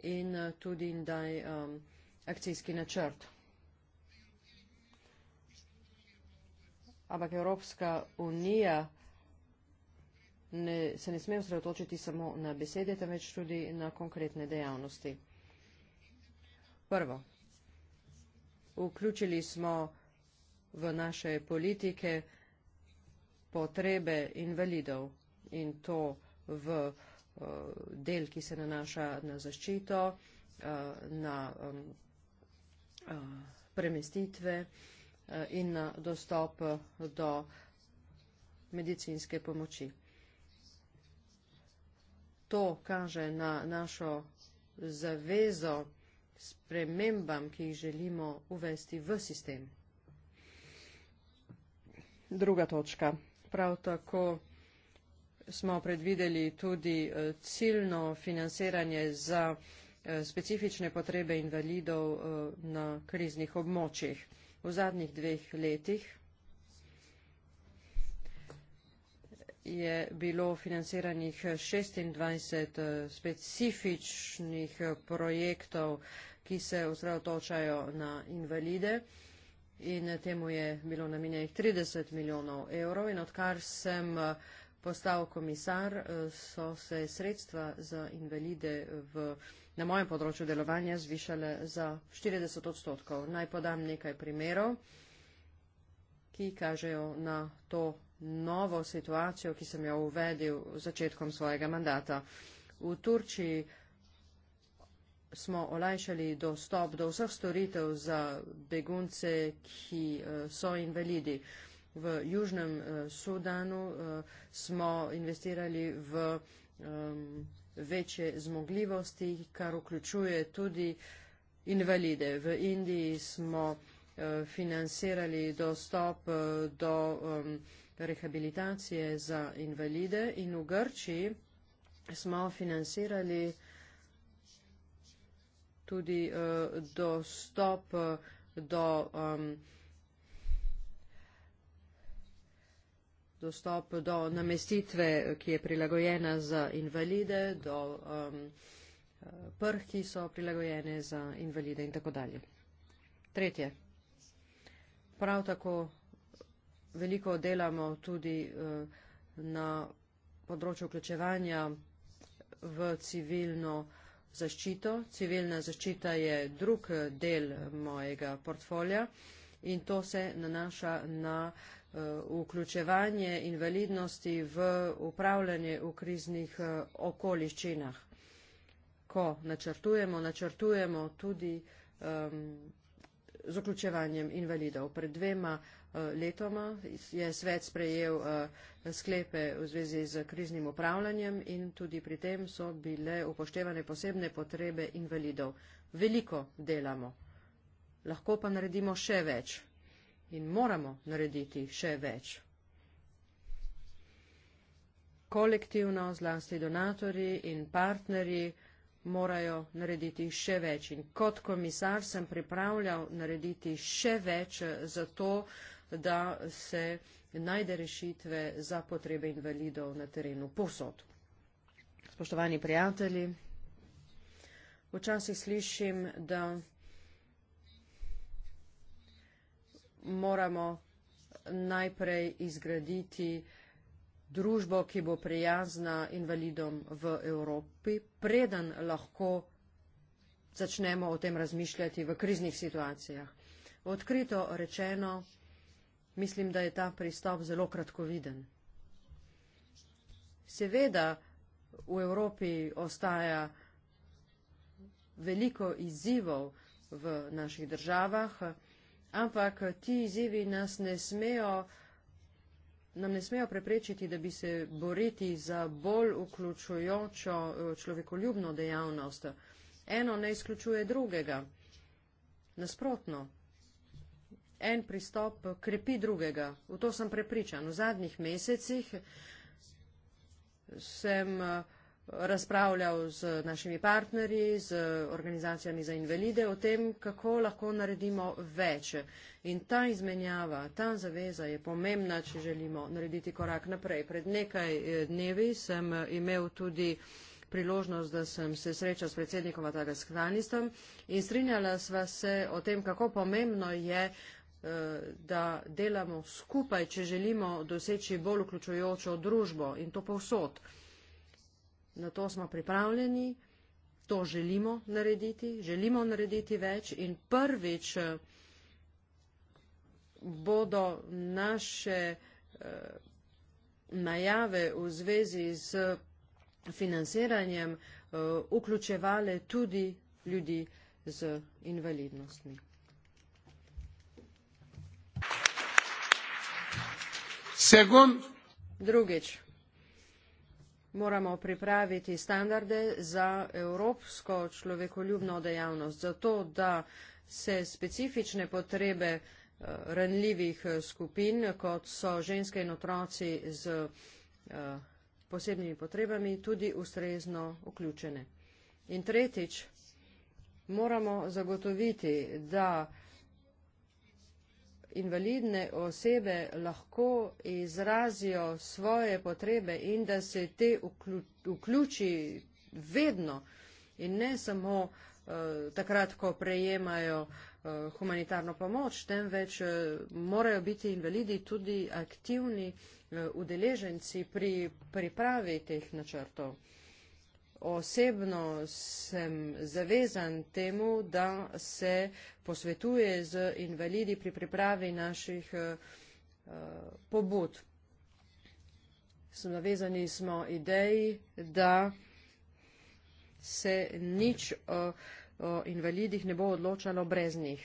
in uh, tudi daj um, akcijski načrt. Ampak Evropska unija ne, se ne sme osredotočiti samo na besede, temveč tudi na konkretne dejavnosti. Prvo, vključili smo v naše politike potrebe invalidov in to v eh, del, ki se nanaša na zaščito, eh, na eh, premestitve in na dostop do medicinske pomoči. To kaže na našo zavezo spremembam, ki jih želimo uvesti v sistem. Druga točka. Prav tako smo predvideli tudi eh, ciljno financiranje za eh, specifične potrebe invalidov eh, na kriznih območjih. V zadnjih dveh letih je bilo financiranih 26 specifičnih projektov, ki se osredotočajo na invalide in temu je bilo namenjenih 30 milijonov evrov in odkar sem postal komisar, e, so se sredstva za invalide v, na mojem področju delovanja zvišale za 40 odstotkov. Naj podam nekaj primerov, ki kažejo na to novo situacijo, ki sem jo uvedel začetkom svojega mandata. V Turčiji smo olajšali dostop do vseh storitev za begunce, ki eh, so invalidi. V Južnem eh, Sudanu eh, smo investirali v večje zmogljivosti, kar vključuje tudi invalide. V Indiji smo financirali dostop do rehabilitacije za invalide in v Grčiji smo financirali tudi e, dostop e, do dostop do namestitve, ki je prilagojena za invalide, do um, prh, ki so prilagojene za invalide in tako dalje. Tretje. Prav tako veliko delamo tudi uh, na področju vključevanja v civilno uh, zaščito. Civilna zaščita je drug del mojega portfolja in to se nanaša na eh, vključevanje invalidnosti v upravljanje v kriznih eh, okoliščinah. Ko načrtujemo, načrtujemo tudi ehm, z vključevanjem invalidov. Pred dvema letoma je svet sprejel eh, sklepe v zvezi z kriznim upravljanjem in tudi pri tem so bile upoštevane posebne potrebe invalidov. Veliko delamo, lahko pa naredimo še več in moramo narediti še več. Kolektivno, zlasti donatori in partnerji, morajo narediti še več. In kot komisar sem pripravljal narediti še več eh, za to, da se najde rešitve za potrebe invalidov na terenu posod. Spoštovani prijatelji, včasih slišim, da moramo najprej izgraditi družbo, ki bo prijazna invalidom v Evropi, preden lahko začnemo o tem razmišljati v kriznih situacijah. Odkrito rečeno, Mislim, da je ta pristop zelo kratkoviden. Seveda v Evropi ostaja veliko izzivov v naših državah, ampak ti izzivi nas ne smejo, nam ne smejo preprečiti, da bi se boriti za bolj vključujočo eh, človekoljubno dejavnost. Eno ne izključuje drugega. Nasprotno, en pristop krepi drugega. V to sem prepričan. V zadnjih mesecih sem eh, razpravljal z našimi partnerji, z organizacijami za invalide o tem, kako lahko naredimo več. In ta izmenjava, ta zaveza je pomembna, če želimo narediti korak naprej. Pred nekaj eh, dnevi sem eh, imel tudi priložnost, da sem se srečal s predsednikom Atagaskanistom in strinjala sva se o tem, kako pomembno je, Eh, da delamo skupaj, če želimo doseči bolj vključujočo družbo in to povsod. Na to smo pripravljeni, to želimo narediti, želimo narediti več in prvič eh, bodo naše eh, najave v zvezi z financiranjem vključevale tudi ljudi z invalidnostmi. Drugič, moramo pripraviti standarde za evropsko človekoljubno dejavnost, zato da se specifične potrebe eh, ranljivih eh, skupin, kot so ženske in otroci z eh, posebnimi potrebami, tudi ustrezno vključene. In tretjič, moramo zagotoviti, da invalidne osebe lahko izrazijo svoje potrebe in da se te vključi vedno in ne samo uh, takrat, ko prejemajo uh, humanitarno pomoč, temveč uh, morajo biti invalidi tudi aktivni udeleženci pri pripravi teh načrtov. Osebno sem zavezan temu, da se posvetuje z invalidi pri pripravi naših eh, eh, pobud. Zavezani smo ideji, da se nič o, o invalidih ne bo odločalo brez njih.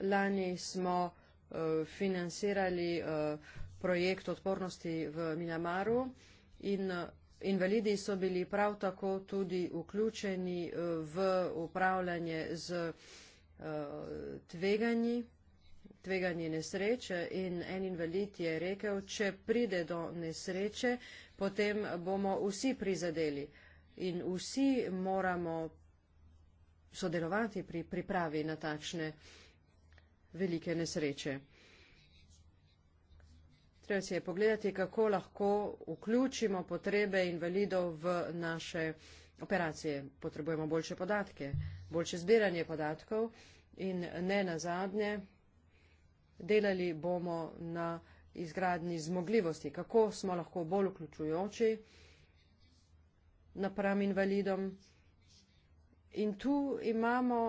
Lani smo uh, financirali uh, projekt odpornosti v Minamaru in invalidi so bili prav tako tudi vključeni eh, v upravljanje z eh, tveganji, tveganje nesreče in en invalid je rekel, če pride do nesreče, potem bomo vsi prizadeli in vsi moramo sodelovati pri pripravi na takšne velike nesreče. Treba si je pogledati, kako lahko vključimo potrebe invalidov v naše operacije. Potrebujemo boljše podatke, boljše zbiranje podatkov in ne nazadnje delali bomo na izgradni zmogljivosti, kako smo lahko bolj vključujoči napram invalidom. In tu imamo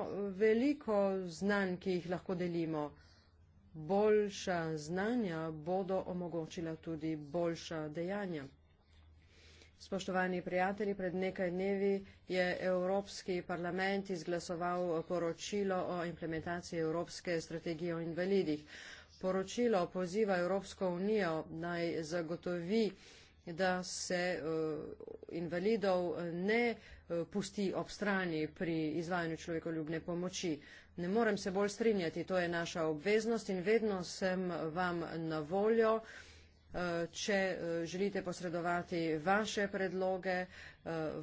veliko znanj, ki jih lahko delimo boljša znanja bodo omogočila tudi boljša dejanja. Spoštovani prijatelji, pred nekaj dnevi je Evropski parlament izglasoval poročilo o implementaciji Evropske strategije o invalidih. Poročilo poziva Evropsko unijo naj zagotovi da se eh, invalidov eh, ne eh, pusti ob strani pri izvajanju človekoljubne pomoči. Ne morem se bolj strinjati, to je naša obveznost in vedno sem vam na voljo, če želite posredovati vaše predloge,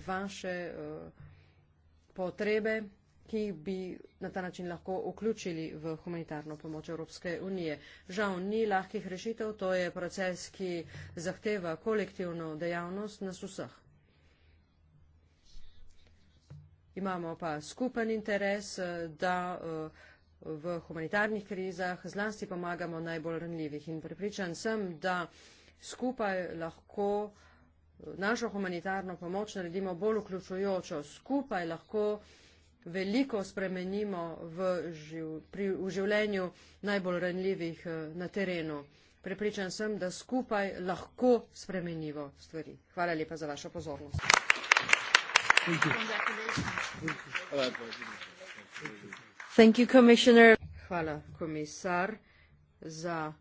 vaše potrebe ki bi na ta način lahko vključili v humanitarno pomoč Evropske unije. Žal ni lahkih rešitev, to je proces, ki zahteva kolektivno dejavnost nas vseh. Imamo pa skupen interes, eh, da eh, v humanitarnih krizah zlasti pomagamo najbolj ranljivih in prepričan sem, da skupaj lahko eh, našo humanitarno pomoč naredimo bolj vključujočo, skupaj lahko veliko spremenimo v, živ, pri, v življenju najbolj ranljivih eh, na terenu. Prepričan sem, da skupaj lahko spremenimo stvari. Hvala lepa za vašo pozornost. Thank you. Thank you, Hvala, komisar, za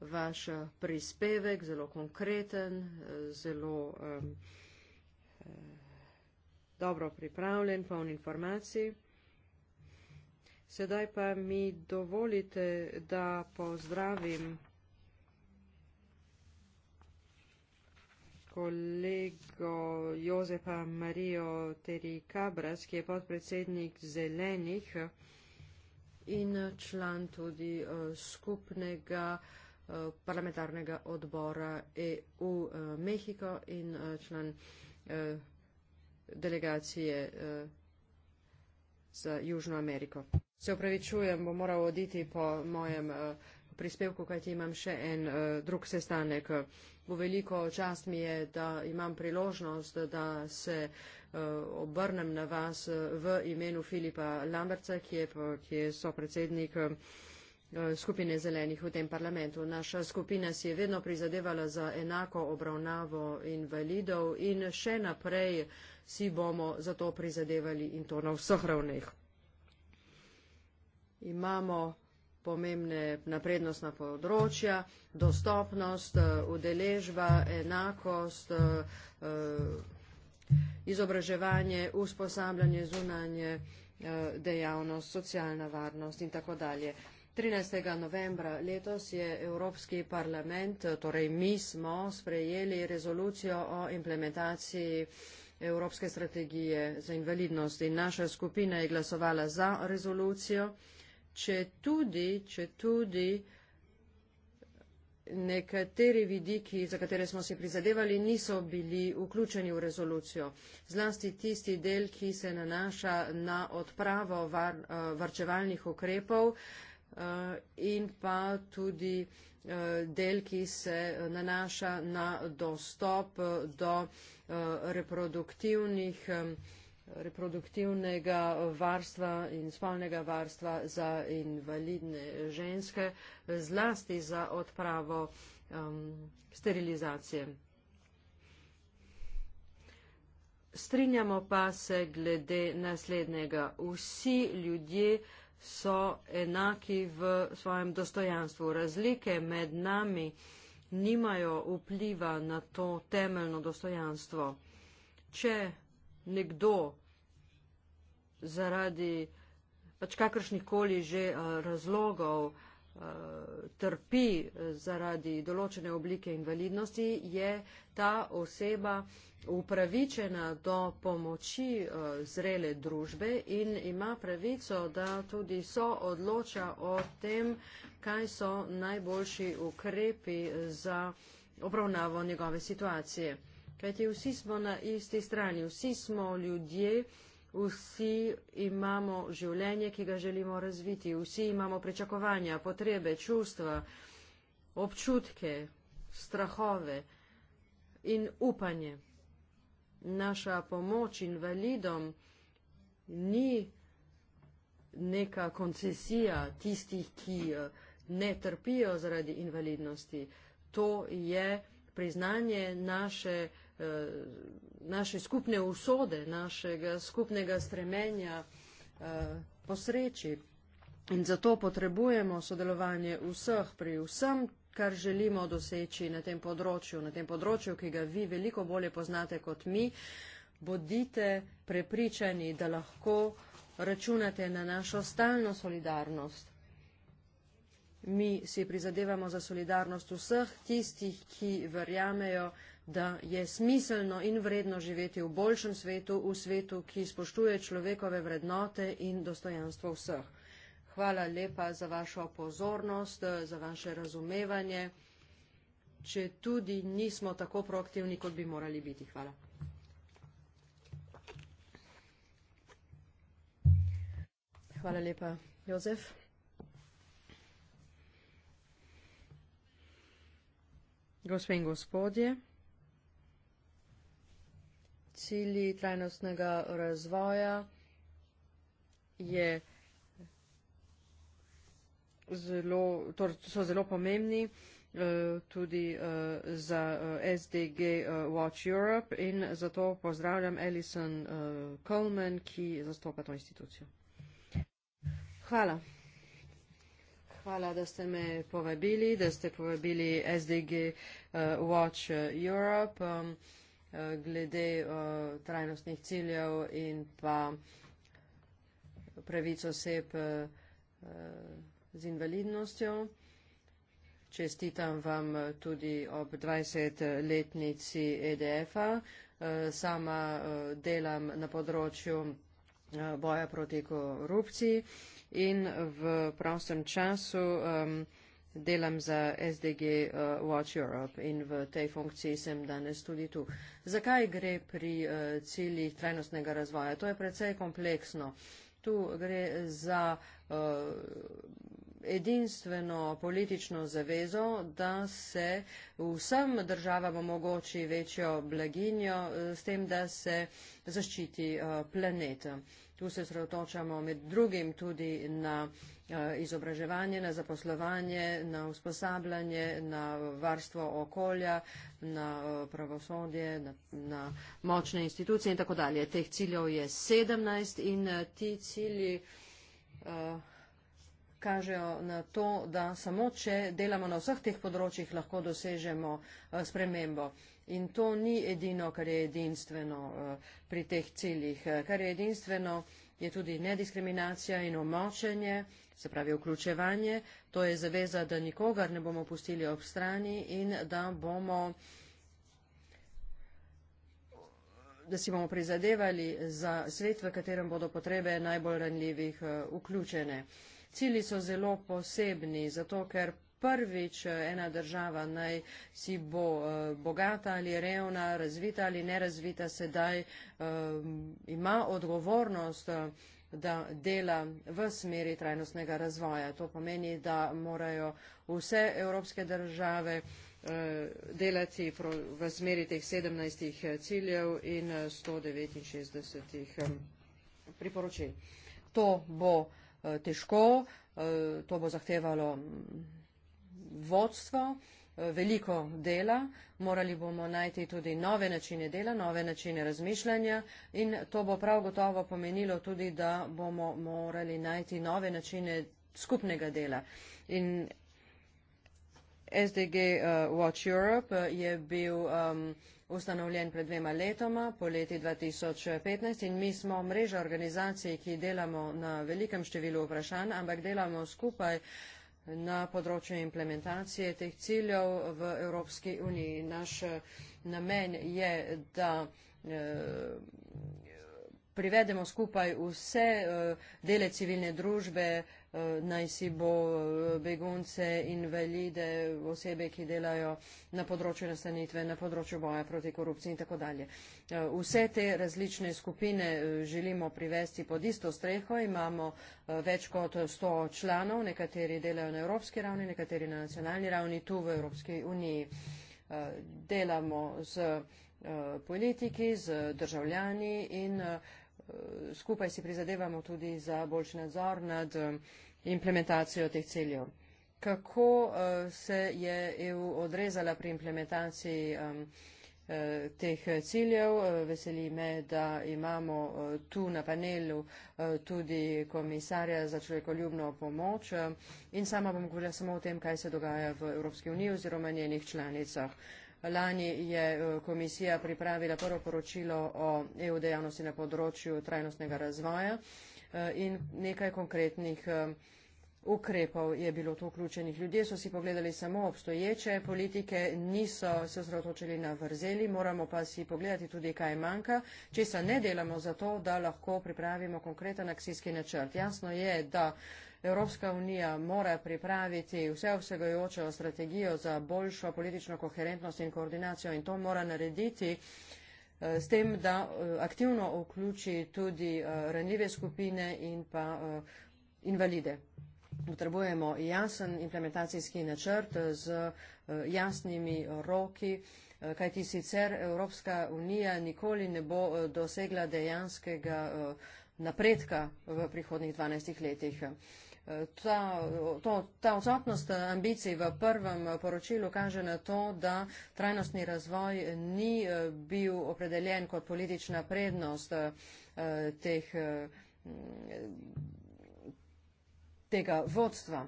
vaš eh, prispevek, zelo konkreten, eh, zelo um, dobro pripravljen, poln informacij. Sedaj pa mi dovolite, da pozdravim kolego Jozefa Marijo Teri Cabras, ki je podpredsednik zelenih in član tudi eh, skupnega eh, parlamentarnega odbora EU eh, Mehiko in član delegacije e, za Južno Ameriko. Se upravičujem, bom moral oditi po mojem e, prispevku, kajti imam še en e, drug sestanek. Bo veliko čast mi je, da imam priložnost, da se obrnem na vas v imenu Filipa Lamberca, ki je, ki je sopredsednik skupine zelenih v tem parlamentu. Naša skupina si je vedno prizadevala za enako obravnavo invalidov in še naprej si bomo za to prizadevali in to na vseh ravneh. Imamo pomembne naprednostna področja, dostopnost, eh, udeležba, enakost, eh, eh, izobraževanje, usposabljanje, zunanje dejavnost, socialna varnost in tako dalje. 13. novembra letos je Evropski parlament, torej mi smo sprejeli rezolucijo o implementaciji Evropske strategije za invalidnost in naša skupina je glasovala za rezolucijo, če tudi, če tudi nekateri vidiki, za katere smo si prizadevali, niso bili vključeni v rezolucijo. Zlasti tisti del, ki se nanaša na odpravo var, eh, varčevalnih ukrepov eh, in pa tudi eh, del, ki se nanaša na dostop do Eh, reproduktivnih eh, reproduktivnega varstva in spolnega varstva za invalidne ženske, zlasti za odpravo um, sterilizacije. Strinjamo pa se glede naslednjega. Vsi ljudje so enaki v svojem dostojanstvu. Razlike med nami uh, nimajo vpliva na to temeljno dostojanstvo. Če nekdo zaradi pač kakršnih koli že eh, razlogov Eh, trpi zaradi določene oblike invalidnosti, je ta oseba upravičena do pomoči eh, zrele družbe in ima pravico, da tudi so odloča o tem, kaj so najboljši ukrepi za obravnavo njegove situacije. Kajti vsi smo na isti strani, vsi smo ljudje, Vsi imamo življenje, ki ga želimo razviti, vsi imamo pričakovanja, potrebe, čustva, občutke, strahove in upanje. Naša pomoč invalidom ni neka koncesija tistih, ki eh, ne trpijo zaradi invalidnosti. To je priznanje naše E, naše skupne usode, našega skupnega stremenja e, posreči. In zato potrebujemo sodelovanje vseh pri vsem, kar želimo doseči na tem področju, na tem področju, ki ga vi veliko bolje poznate kot mi. Bodite prepričani, da lahko računate na našo stalno solidarnost. Mi si prizadevamo za solidarnost vseh tistih, ki verjamejo, da je smiselno in vredno živeti v boljšem svetu, v svetu, ki spoštuje človekove vrednote in dostojanstvo vseh. Hvala lepa za vašo pozornost, za vaše razumevanje, če tudi nismo tako proaktivni, kot bi morali biti. Hvala. Hvala lepa, Jozef. Gospe in gospodje cilji trajnostnega razvoja je zelo, torej so zelo pomembni eh, tudi eh, za eh, SDG Watch Europe in zato pozdravljam Alison Coleman, ki zastopa to institucijo. Hvala. Hvala, da ste me povabili, da ste povabili SDG Watch Europe glede uh, trajnostnih ciljev in pa pravico oseb uh, z invalidnostjo. Čestitam vam tudi ob 20-letnici EDF-a. Uh, eh, sama uh, delam na področju boja proti korupciji in v prostem času um, delam za SDG uh, Watch Europe in v tej funkciji sem danes tudi tu. Zakaj gre pri uh, ciljih trajnostnega razvoja? To je precej kompleksno. Tu gre za uh, edinstveno politično zavezo, da se vsem državam omogoči večjo blaginjo uh, s tem, da se zaščiti uh, planet. Tu se sredotočamo med drugim tudi na eh, izobraževanje, na zaposlovanje, na usposabljanje, na varstvo okolja, na eh, pravosodje, na, na močne institucije in tako dalje. Teh ciljev je 17 in eh, ti cilji kažejo na to, da samo če delamo na vseh teh področjih, lahko dosežemo spremembo. In to ni edino, kar je edinstveno eh, pri teh ciljih. Eh, kar je edinstveno, je tudi nediskriminacija in omočenje, se pravi vključevanje. To je zaveza, da nikogar ne bomo pustili ob strani in da bomo da si bomo prizadevali za svet, v katerem bodo potrebe najbolj ranljivih eh, vključene. Cili so zelo posebni, zato ker prvič ena država naj si bo e, bogata ali revna, razvita ali nerazvita, sedaj e, ima odgovornost e, da dela v smeri trajnostnega razvoja. To pomeni, da morajo vse evropske države delati v smeri teh 17 ciljev in 169 priporočil. To bo težko, to bo zahtevalo vodstvo, eh, veliko dela, morali bomo najti tudi nove načine dela, nove načine razmišljanja in to bo prav gotovo pomenilo tudi, da bomo morali najti nove načine skupnega dela. In SDG uh, eh, Watch Europe eh, je bil um, ustanovljen pred dvema letoma, po leti 2015 in mi smo mreža organizacij, ki delamo na velikem številu vprašanj, ampak delamo skupaj uh, na področju implementacije teh ciljev v Evropski uniji. Naš e, namen je, da e, privedemo skupaj vse e, dele civilne družbe, naj si bo eh, begunce, invalide, osebe, ki delajo na področju nastanitve, na področju boja proti korupciji in tako dalje. Eh, vse te različne skupine eh, želimo privesti pod isto streho, imamo več kot 100 članov, nekateri delajo na evropski ravni, nekateri na nacionalni ravni, tu v Evropski uniji. Delamo z politiki, z državljani in skupaj si prizadevamo tudi za boljši nadzor nad eh, implementacijo teh ciljev. Kako eh, se je EU odrezala pri implementaciji eh, teh ciljev? Veseli me, da imamo tu na panelu tudi komisarja za človekoljubno pomoč in sama bom govorila samo o tem, kaj se dogaja v Evropski uniji oziroma njenih članicah. Lani je e, komisija pripravila prvo poročilo o EU dejavnosti na področju trajnostnega razvoja e, in nekaj konkretnih e, ukrepov je bilo tu vključenih. Ljudje so si pogledali samo obstoječe politike, niso se osredotočili na vrzeli, moramo pa si pogledati tudi, kaj manjka, česa ne delamo zato, da lahko pripravimo konkreten akcijski načrt. Jasno je, da Evropska unija mora pripraviti vsevsegajočo strategijo za boljšo politično koherentnost in koordinacijo in to mora narediti eh, s tem, da eh, aktivno vključi tudi eh, ranljive skupine in pa invalide. Potrebujemo jasen implementacijski načrt z jasnimi roki, kajti sicer Evropska unija nikoli ne bo dosegla dejanskega napredka v prihodnih 12 letih ta, to, ta odsotnost ambicij v prvem poročilu kaže na to, da trajnostni razvoj ni eh, bil opredeljen kot politična prednost eh, teh, eh, tega vodstva.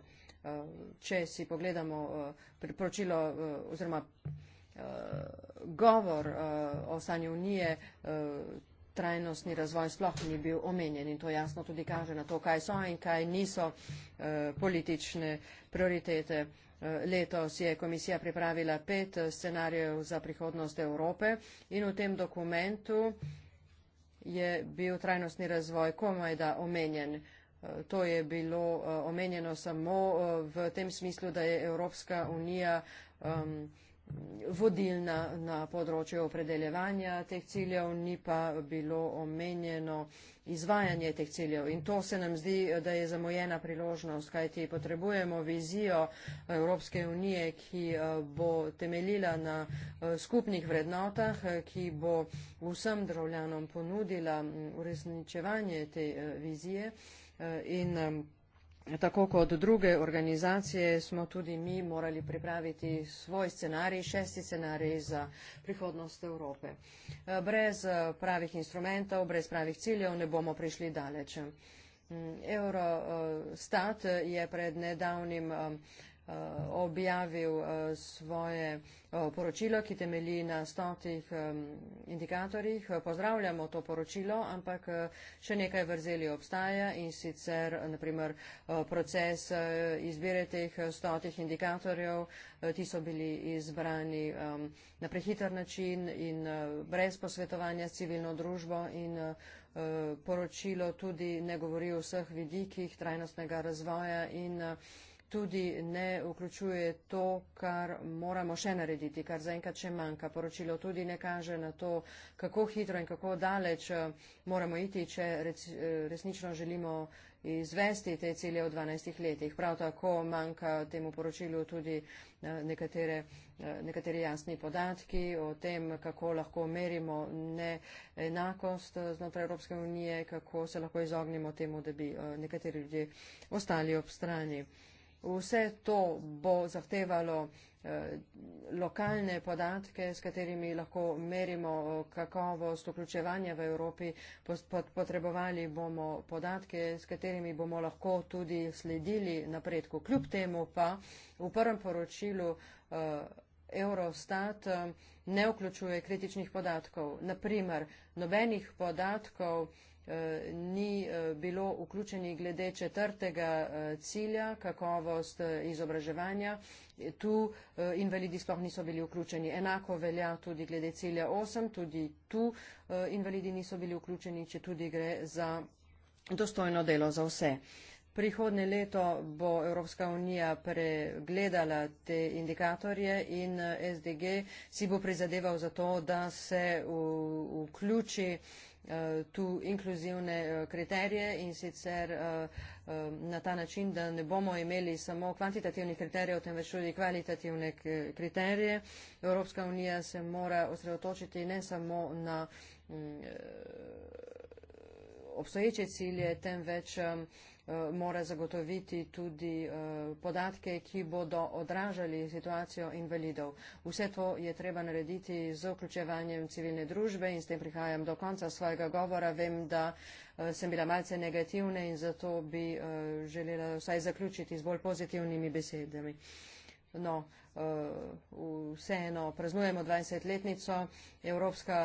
Če si pogledamo priporočilo oziroma govor o stanju unije, trajnostni razvoj sploh ni bil omenjen in to jasno tudi kaže na to, kaj so in kaj niso e, politične prioritete. E, letos je komisija pripravila pet scenarijev za prihodnost Evrope in v tem dokumentu je bil trajnostni razvoj komaj da omenjen. E, to je bilo omenjeno samo v tem smislu, da je Evropska unija um, vodilna na področju opredeljevanja teh ciljev, ni pa bilo omenjeno izvajanje teh ciljev. In to se nam zdi, da je zamojena priložnost, kajti potrebujemo vizijo Evropske unije, ki eh, bo temeljila na eh, skupnih vrednotah, eh, ki bo vsem državljanom ponudila mm, uresničevanje te vizije in Tako kot druge organizacije smo tudi mi morali pripraviti svoj scenarij, šesti scenarij za prihodnost Evrope. Brez pravih instrumentov, brez pravih ciljev ne bomo prišli daleč. Eurostat je pred nedavnim Eh, objavil eh, svoje eh, poročilo, ki temelji na stotih indikatorjih. Pozdravljamo to poročilo, ampak še nekaj vrzeli obstaja in sicer naprimer proces izbire teh stotih indikatorjev. Ti so bili izbrani na prehiter način in brez posvetovanja s civilno družbo in poročilo tudi ne govori o vseh vidikih trajnostnega razvoja in tudi ne vključuje to, kar moramo še narediti, kar zaenkrat še manjka. Poročilo tudi ne kaže na to, kako hitro in kako daleč eh, moramo iti, če eh, resnično želimo izvesti te cilje v 12 letih. Prav tako manjka temu poročilu tudi eh, nekatere, nekateri jasni podatki o tem, kako lahko merimo neenakost znotraj Evropske unije, kako se lahko izognimo temu, da bi nekateri ljudje ostali ob strani. Vse to bo zahtevalo eh, lokalne podatke, s katerimi lahko merimo eh, kakovost vključevanja v Evropi. Potrebovali bomo podatke, s katerimi bomo lahko tudi sledili napredku. Kljub temu pa v prvem poročilu eh, Eurostat ne vključuje kritičnih podatkov. Naprimer, nobenih podatkov Eh, ni eh, bilo vključenih glede četrtega eh, cilja, kakovost izobraževanja. Tu invalidi sploh niso bili vključeni. Enako velja tudi glede cilja 8, tudi tu invalidi niso bili vključeni, če tudi gre za dostojno delo za vse. Prihodne leto bo Evropska unija pregledala te indikatorje in SDG si bo prizadeval za to, da se vključi Eh, tu inkluzivne eh, kriterije in sicer eh, na ta način, da ne bomo imeli samo kvantitativnih kriterijev, temveč tudi kvalitativne kriterije. Evropska unija se mora osredotočiti ne samo na mm, obstoječe cilje, temveč E, mora zagotoviti tudi e, podatke, ki bodo odražali situacijo invalidov. Vse to je treba narediti z vključevanjem civilne družbe in s tem prihajam do konca svojega govora. Vem, da e, sem bila malce negativna in zato bi želela vsaj zaključiti z bolj pozitivnimi besedami. No, vseeno praznujemo 20-letnico. Evropska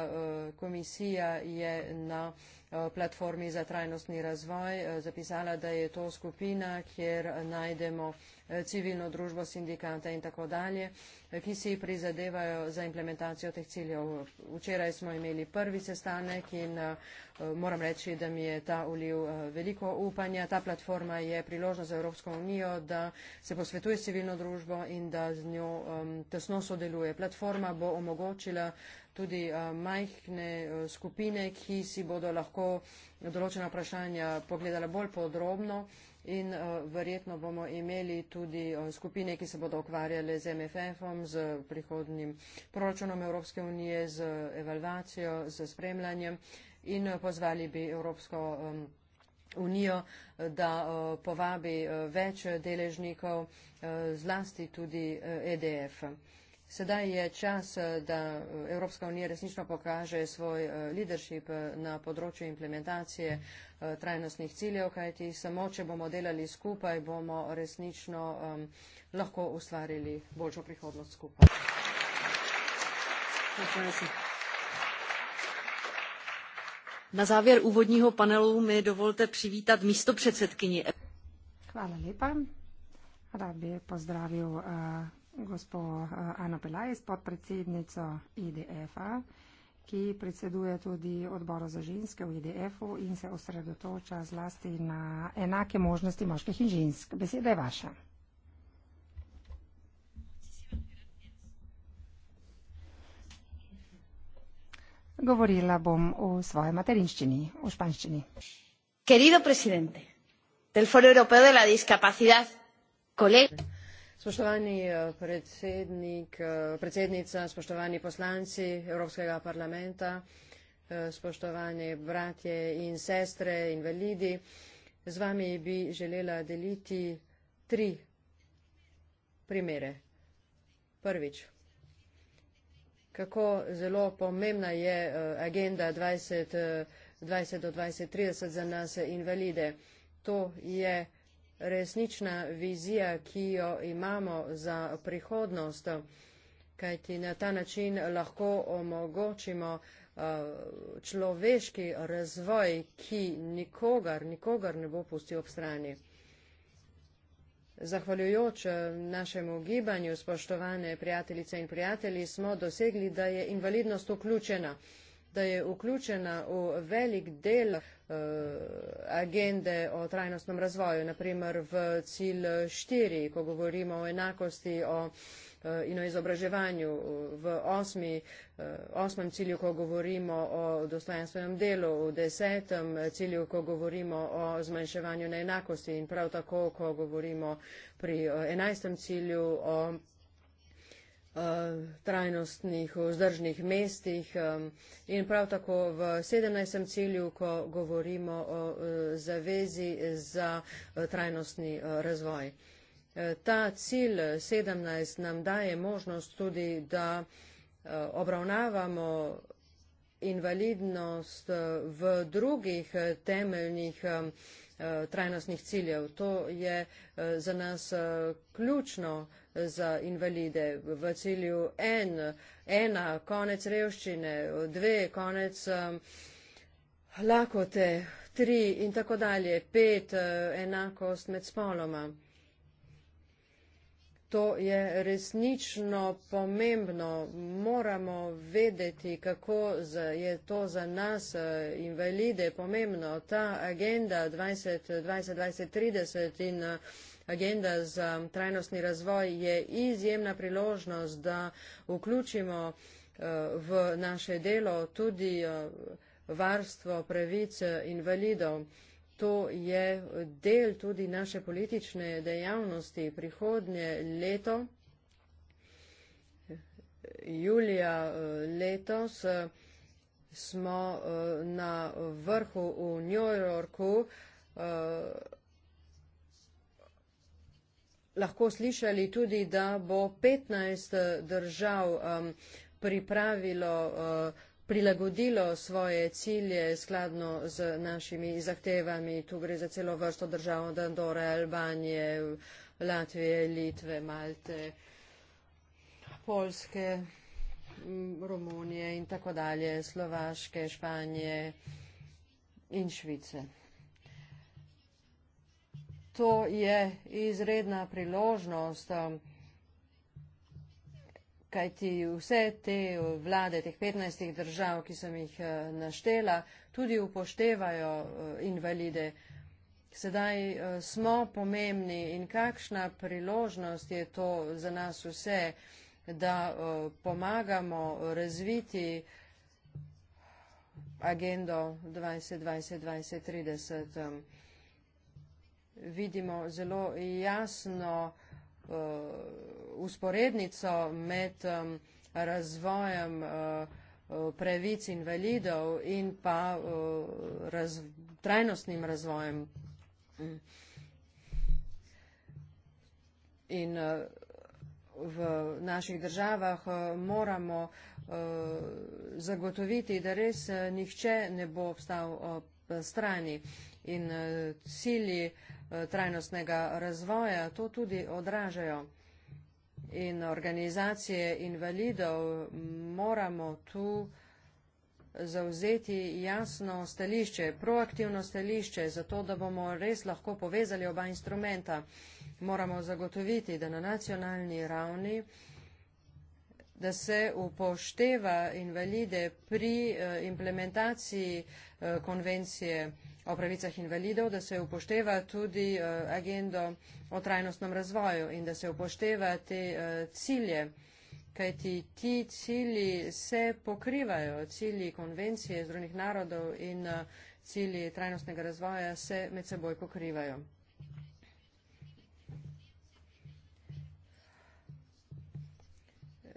komisija je na Eh, platformi za trajnostni razvoj eh, zapisala, da je to skupina, kjer najdemo eh, civilno družbo, sindikate in tako dalje, ki si prizadevajo za implementacijo teh ciljev. Včeraj smo imeli prvi sestanek in moram reči, da mi je ta ulil veliko upanja. Ta platforma je priložnost za Evropsko unijo, da se posvetuje civilno družbo in da z njo tesno sodeluje. Platforma bo omogočila tudi eh, majhne eh, skupine, ki si bodo lahko določena vprašanja pogledala bolj podrobno in eh, verjetno bomo imeli tudi skupine, ki se bodo ukvarjale z MFF-om, z prihodnim proračunom Evropske unije, z evalvacijo, z spremljanjem in pozvali bi Evropsko unijo, da povabi več deležnikov, zlasti tudi EDF. E Sedaj je čas, eh, da eh, Evropska unija resnično pokaže svoj eh, leadership na področju implementacije trajnostnih ciljev, kajti samo, če bomo delali skupaj, bomo resnično um, lahko ustvarili boljšo prihodnost skupaj. Na záver úvodního panelu mi dovolte přivítat místo předsedkyni. Hvala lepa. Rad bi pozdravil uh, gospo eh, Ana Pelajs, podpredsednico IDF-a, ki predseduje tudi odboru za ženske v IDF-u in se osredotoča zlasti na enake možnosti moških in žensk. Beseda je vaša. Govorila bom v svoji materinščini, v španščini. Querido presidente del Foro Europeo de la Discapacidad, kolega. Spoštovani eh, predsednik, eh, predsednica, spoštovani poslanci Evropskega parlamenta, eh, spoštovani bratje in sestre, invalidi, z vami bi želela deliti tri primere. Prvič, kako zelo pomembna je agenda 20, 20 do 2030 za nas invalide. To je resnična vizija, ki jo imamo za prihodnost, kajti na ta način lahko omogočimo uh, človeški razvoj, ki nikogar, nikogar ne bo pustil ob strani. Zahvaljujoč uh, našemu gibanju, spoštovane prijateljice in prijatelji, smo dosegli, da je invalidnost vključena da je uključena v velik del eh, agende o trajnostnem razvoju, naprimer v cilj 4, ko govorimo o enakosti o, eh, in o izobraževanju, v osmi, eh, osmem cilju, ko govorimo o dostojanstvenem delu, v desetem cilju, ko govorimo o zmanjševanju neenakosti in prav tako, ko govorimo pri enajstem cilju o Eh, trajnostnih vzdržnih mestih eh, in prav tako v 17. cilju, ko govorimo o eh, zavezi za trajnostni razvoj. Ta cilj 17 nam daje možnost tudi, da obravnavamo invalidnost v drugih temeljnih trajnostnih ciljev. To je za nas ključno za invalide, v cilju en, ena, konec revščine, dve, konec um, lakote, tri in tako dalje, pet, uh, enakost med spoloma. To je resnično pomembno. Moramo vedeti, kako je to za nas, uh, invalide, pomembno. Ta agenda 2020-2030 20, 20, in uh, agenda za trajnostni razvoj je izjemna priložnost, da vključimo eh, v naše delo tudi eh, varstvo pravic eh, invalidov. To je del tudi naše politične dejavnosti prihodnje leto. Julija letos smo na vrhu v New Yorku lahko slišali tudi, da bo 15 eh, držav um, pripravilo, uh, prilagodilo svoje cilje skladno z našimi zahtevami. Tu gre za celo vrsto držav od Andore, Albanije, Latvije, Litve, Malte, Polske, Romunije in tako dalje, Slovaške, Španije in Švice. To je izredna priložnost, um, kajti vse te vlade, teh 15 držav, ki sem jih uh, naštela, tudi upoštevajo uh, invalide. Sedaj uh, smo pomembni in kakšna priložnost je to za nas vse, da pomagamo razviti agendo 2020-2030 vidimo zelo jasno uh, eh, usporednico med um, razvojem uh, pravic invalidov in pa uh, raz, trajnostnim razvojem. In uh, v naših državah moramo zagotoviti, da res nihče ne bo obstal ob strani in eh, cilji eh, trajnostnega razvoja to tudi odražajo. In organizacije invalidov moramo tu zauzeti jasno stališče, proaktivno stališče, zato da bomo res lahko povezali oba instrumenta. Moramo zagotoviti, da na nacionalni ravni da se upošteva invalide pri eh, implementaciji konvencije o pravicah invalidov, da se upošteva tudi eh, agendo o trajnostnem razvoju in da se upošteva te eh, cilje, kajti ti cilji se pokrivajo, cilji konvencije zdravnih narodov in eh, cilji trajnostnega razvoja se med seboj pokrivajo.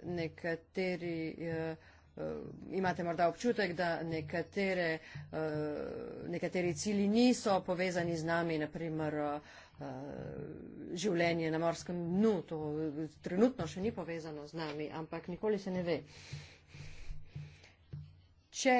Nekateri eh, imate morda občutek, da nekatere, nekateri cili niso povezani z nami, naprimer življenje na morskem dnu, to trenutno še ni povezano z nami, ampak nikoli se ne ve. Če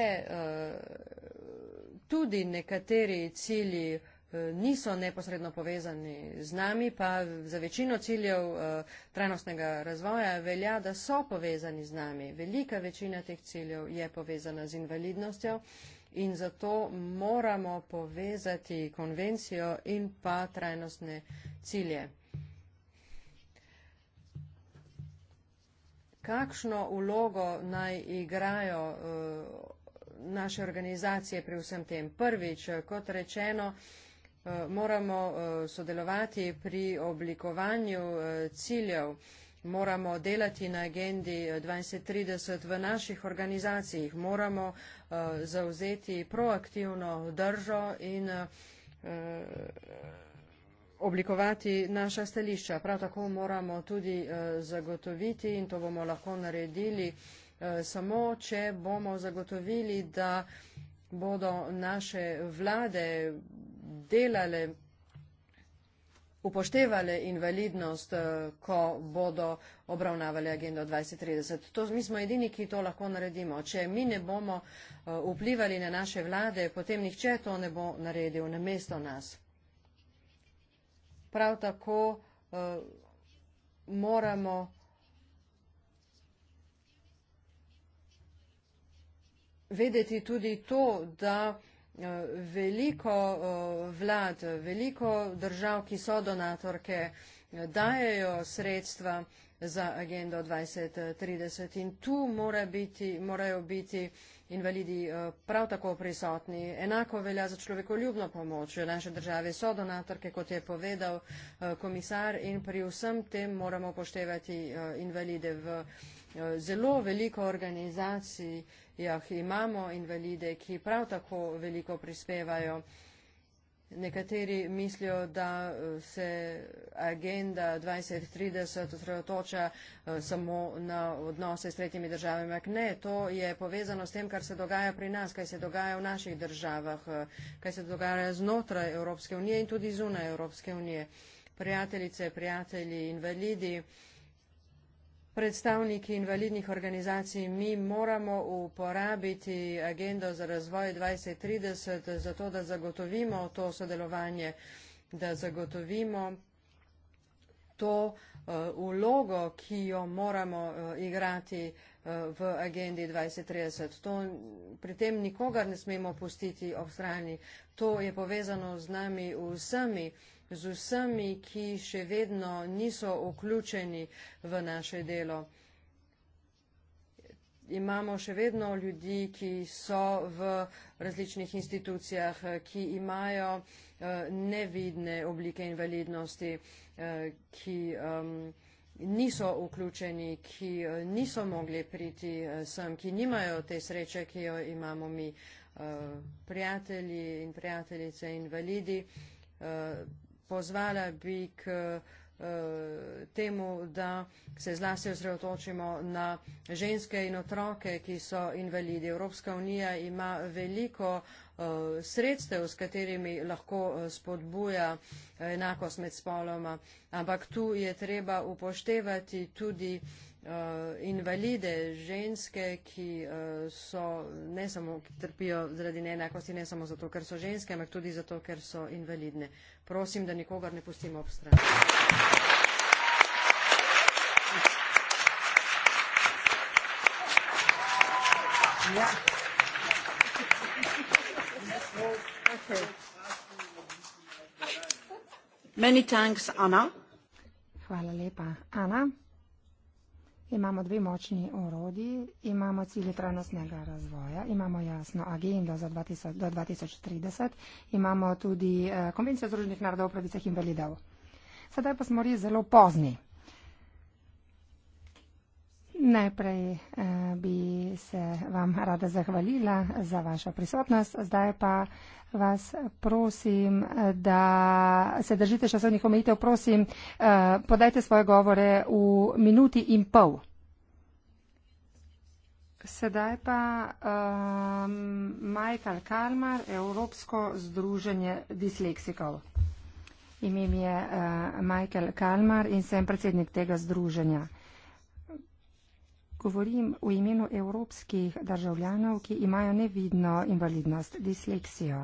tudi nekateri cilji niso neposredno povezani z nami, pa za večino ciljev eh, trajnostnega razvoja velja, da so povezani z nami. Velika večina teh ciljev je povezana z invalidnostjo in zato moramo povezati konvencijo in pa trajnostne cilje. Kakšno ulogo naj igrajo eh, naše organizacije pri vsem tem? Prvič, kot rečeno, Eh, moramo eh, sodelovati pri oblikovanju eh, ciljev, moramo delati na agendi 2030 v naših organizacijah, moramo zauzeti proaktivno držo in oblikovati naša stališča. Prav tako moramo tudi zagotoviti, in to bomo lahko naredili samo, če bomo zagotovili, da bodo naše vlade delale, upoštevale invalidnost, eh, ko bodo obravnavali agendo 2030. To, mi smo edini, ki to lahko naredimo. Če mi ne bomo eh, vplivali na naše vlade, potem nihče to ne bo naredil mesto nas. Prav tako uh, moramo vedeti tudi to, da Eh, veliko eh, vlad, veliko držav, ki so donatorke, eh, dajejo sredstva za agendo 2030 in tu mora biti, morajo biti invalidi prav tako prisotni. Enako velja za človekoljubno pomoč. Naše države so donatorke, kot je povedal komisar in pri vsem tem moramo poštevati invalide v zelo veliko organizacij imamo invalide, ki prav tako veliko prispevajo. Nekateri mislijo, da eh, se agenda 2030 osredotoča eh, samo na odnose s tretjimi državami. Ne, to je povezano s tem, kar se dogaja pri nas, kaj se dogaja v naših državah, eh, kaj se dogaja znotraj Evropske unije in tudi zunaj Evropske unije. Prijateljice, prijatelji, invalidi predstavniki invalidnih organizacij, mi moramo uporabiti agendo za razvoj 2030, zato da zagotovimo to sodelovanje, da zagotovimo to uh, vlogo, ki jo moramo uh, igrati uh, v agendi 2030. To, pri tem nikogar ne smemo pustiti ob strani. To je povezano z nami vsemi z vsemi, ki še vedno niso vključeni v naše delo. Imamo še vedno ljudi, ki so v različnih institucijah, ki imajo eh, nevidne oblike invalidnosti, eh, ki niso vključeni, ki eh, niso mogli priti sem, ki nimajo te sreče, ki jo imamo mi, prijatelji in prijateljice invalidi pozvala bi k eh, temu, da se zlasti osredotočimo na ženske in otroke, ki so invalidi. Evropska unija ima veliko eh, sredstev, s katerimi lahko eh, spodbuja enakost med spoloma, ampak tu je treba upoštevati tudi uh, invalide, ženske, ki uh, so ne samo, ki trpijo zaradi neenakosti, ne samo zato, ker so ženske, ampak tudi zato, ker so invalidne. Prosim, da nikogar ne pustimo ob strani. Ja. Many thanks, Anna. Hvala lepa, Anna. Imamo dve močni orodi, imamo cilje trajnostnega razvoja, imamo jasno agendo za 2000, do 2030, imamo tudi eh, konvencijo Združenih narodov o pravicah invalidov. Sedaj pa smo res zelo pozni. Najprej eh, bi se vam rada zahvalila za vašo prisotnost, zdaj pa vas prosim, da se držite časovnih omejitev. Prosim, eh, podajte svoje govore v minuti in pol. Sedaj pa um, Michael Kalmar, Evropsko združenje disleksikov. Ime mi je uh, Michael Kalmar in sem predsednik tega združenja. Govorim v imenu evropskih državljanov, ki imajo nevidno invalidnost, disleksijo.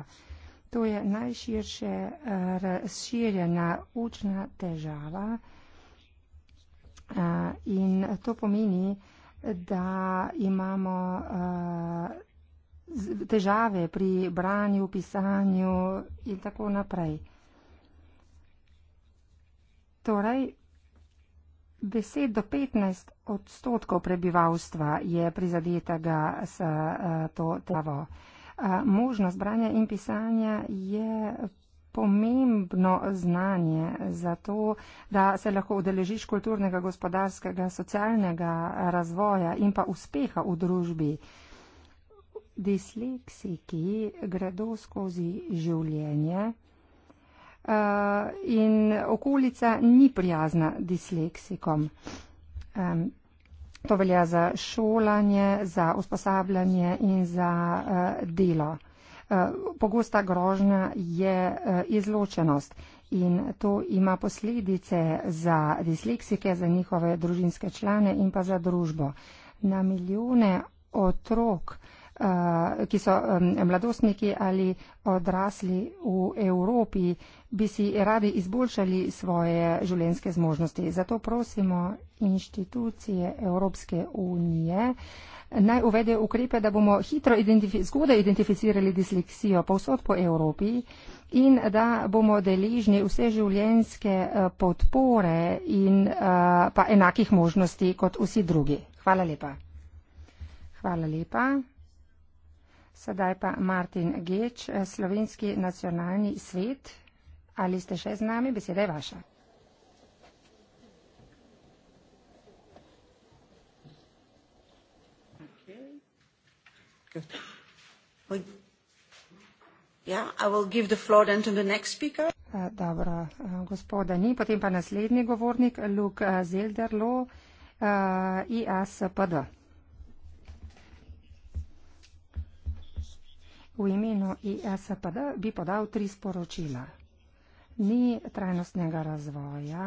To je najširše eh, razširjena učna težava eh, in to pomeni, da imamo eh, težave pri branju, pisanju in tako naprej. Torej, 10 do 15 odstotkov prebivalstva je prizadetega s e, to travo. E, Možnost branja in pisanja je pomembno znanje za to, da se lahko udeležiš kulturnega, gospodarskega, socialnega razvoja in pa uspeha v družbi. Disleksiki gredo skozi življenje Eh, in okolica ni prijazna disleksikom. To velja za šolanje, za usposabljanje in za eh, delo. Eh, pogosta grožnja je izločenost in to ima posledice za disleksike, za njihove družinske člane in pa za družbo. Na milijone otrok Eh, ki so mladostniki ali odrasli v Evropi, bi si radi izboljšali svoje življenjske zmožnosti. Zato prosimo inštitucije Evropske unije naj uvede ukrepe, da bomo hitro identifi zgodaj identificirali disleksijo povsod po Evropi in da bomo deležni vse življenjske eh, podpore in eh, pa enakih možnosti kot vsi drugi. Hvala lepa. Hvala lepa. Sedaj pa Martin Geč, Slovenski nacionalni svet. Ali ste še z nami? Beseda je vaša. Eh, dobro, eh, gospoda ni, potem pa naslednji govornik, Luk eh, Zelderlo, IASPD. U imenu I SPD bi podal tri sporočila. Ni trajnostnega razvoja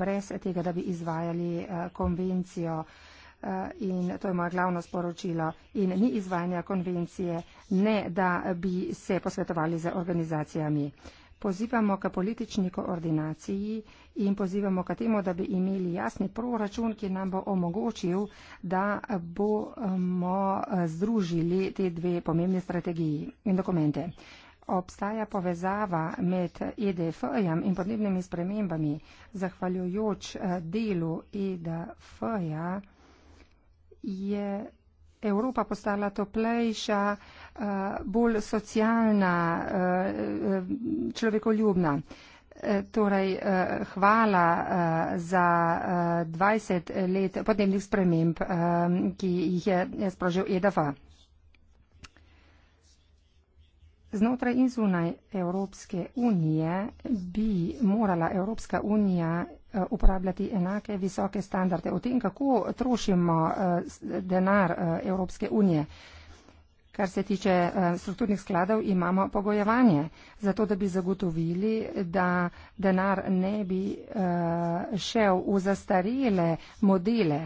brez tega, da bi izvajali eh, konvencijo eh, in to je moje glavno sporočilo in ni izvajanja konvencije, ne da bi se posvetovali z organizacijami pozivamo k politični koordinaciji in pozivamo ka temu, da bi imeli jasni proračun, ki nam bo omogočil, da bomo združili te dve pomembne strategiji in dokumente. Obstaja povezava med EDF-jem in podnebnimi spremembami, zahvaljujoč eh, delu EDF-ja je Europa postala toplejša, e, bolj socialna, e, e, človekoljubna. Torej, hvala za 20 let podnebnih sprememb, ki jih je sprožil EDF. Znotraj in zunaj Evropske unije bi morala Evropska unija Eh, uporabljati enake visoke standarde. O tem, kako trošimo eh, denar eh, Evropske unije. Kar se tiče strukturnih skladov, imamo pogojevanje, zato da bi zagotovili, da denar ne bi šel v zastarele modele.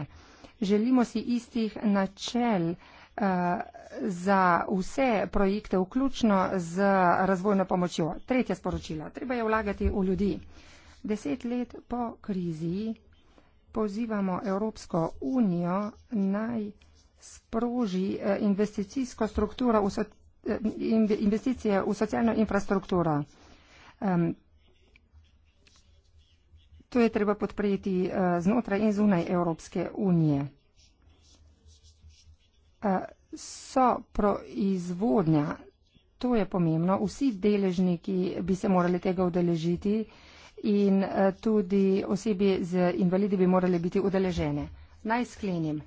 Želimo si istih načel za vse projekte, vključno z razvojno pomočjo. Tretje sporočilo. Treba je vlagati v ljudi. Deset let po krizi pozivamo Evropsko unijo naj sproži e, investicijsko strukturo, v so, e, investicije v socialno infrastrukturo. Um, to je treba podpreti e, znotraj in zunaj Evropske unije. So proizvodnja, to je pomembno, vsi deležniki bi se morali tega udeležiti in eh, tudi osebi z invalidi bi morali biti udeležene. Naj sklenim.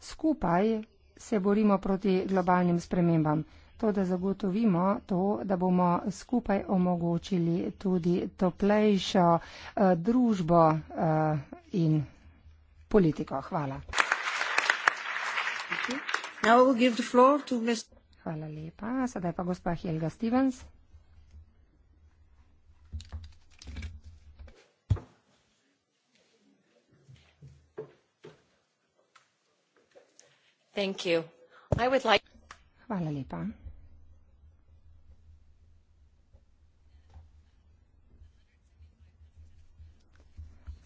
Skupaj se borimo proti globalnim spremembam, to da zagotovimo to, da bomo skupaj omogočili tudi toplejšo uh, družbo uh, in politiko. Hvala. Hvala lepa. Sedaj pa gospa Helga Stevens. Thank Hvala lepa.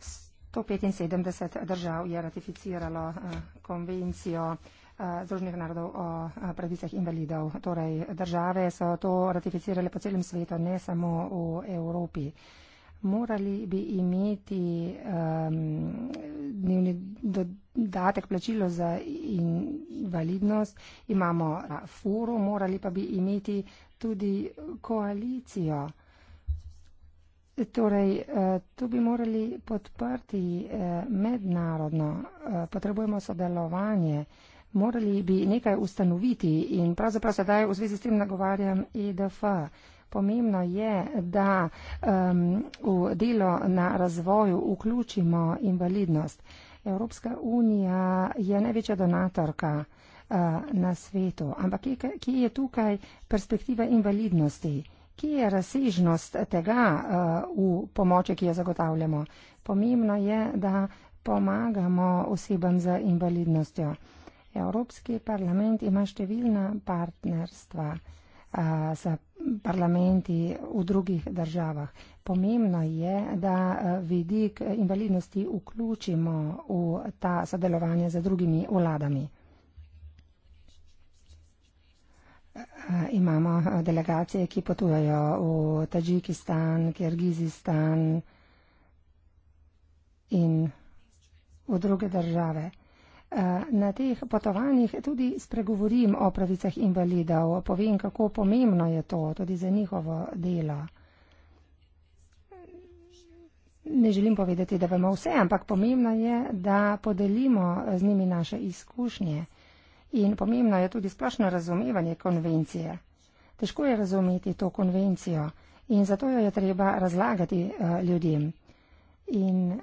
Sto petinsedemdeset držav je ratificiralo eh, konvencijo eh, Združenih narodov o eh, pravicah invalidov. Torej, države so to ratificirale po celem svetu, ne samo v Evropi. Morali bi imeti um, dnevni dodatek dodatek plačilo za invalidnost, imamo furo, morali pa bi imeti tudi koalicijo. Torej, e, tu bi morali podprti e, mednarodno, e, potrebujemo sodelovanje, morali bi nekaj ustanoviti in pravzaprav sedaj v zvezi s tem nagovarjam EDF. Pomembno je, da um, v delo na razvoju vključimo invalidnost. Uh, Európska únia je najväčšia donátorka eh, na svetu, ampak kje je tukaj perspektiva invalidnosti? Kje je razsežnost tega eh, v pomoči, ki jo zagotavljamo? Pomembno je, da pomagamo osebam z invalidnostjo. Evropski parlament ima številna partnerstva sa parlamenti u drugih državah. Pomembno je, da e, vidik invalidnosti vključimo v ta sodelovanja z drugimi vladami. E, imamo e, delegacije, ki potujejo v Tadžikistan, Kirgizistan in v druge države. E, na teh potovanjih tudi spregovorim o pravicah invalidov, povem, kako pomembno je to tudi za njihovo delo. Ne želim povedati, da vemo vse, ampak pomembno je, da podelimo z njimi naše izkušnje in pomembno je tudi splošno razumevanje konvencije. Težko je razumeti to konvencijo in zato jo je treba razlagati e, ljudem. In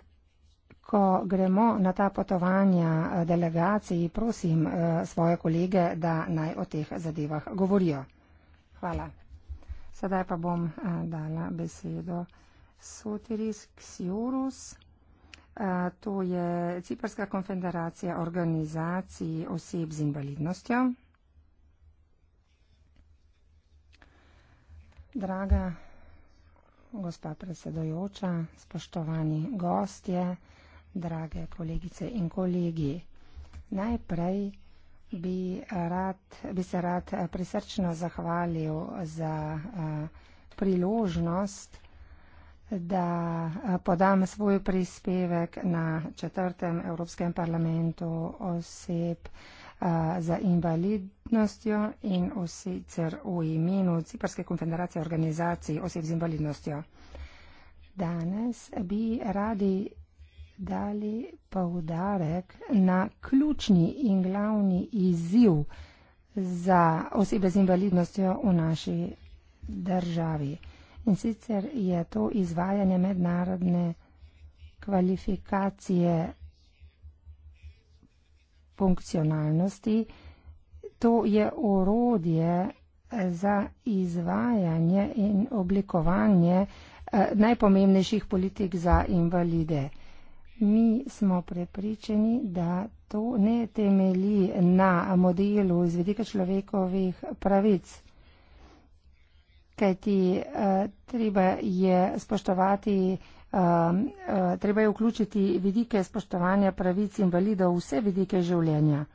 Ko gremo na ta potovanja eh, delegaciji, prosim eh, svoje kolege, da naj o teh zadevah govorijo. Hvala. Sedaj pa bom eh, dala besedo Sotiris Ksiorus. To je Ciprska konfederacija organizacij oseb z invalidnostjo. Draga gospa predsedojoča, spoštovani gostje, drage kolegice in kolegi. Najprej bi, rad, bi se rad eh, prisrčno zahvalil za eh, priložnost, da eh, podam svoj prispevek na četrtem Evropskem parlamentu oseb za invalidnostjo in sicer v imenu Ciprske konfederacije organizacij oseb z invalidnostjo. Danes bi radi dali poudarek na ključni in glavni izziv za osebe z invalidnostjo v naši državi. In sicer je to izvajanje mednarodne kvalifikacije funkcionalnosti. To je orodje za izvajanje in oblikovanje eh, najpomembnejših politik za invalide. Mi smo prepričani, da to ne temelji na modelu izvedika človekovih pravic, kajti eh, treba je spoštovati, eh, eh, treba je vključiti vidike spoštovanja pravic invalidov, vse vidike življenja.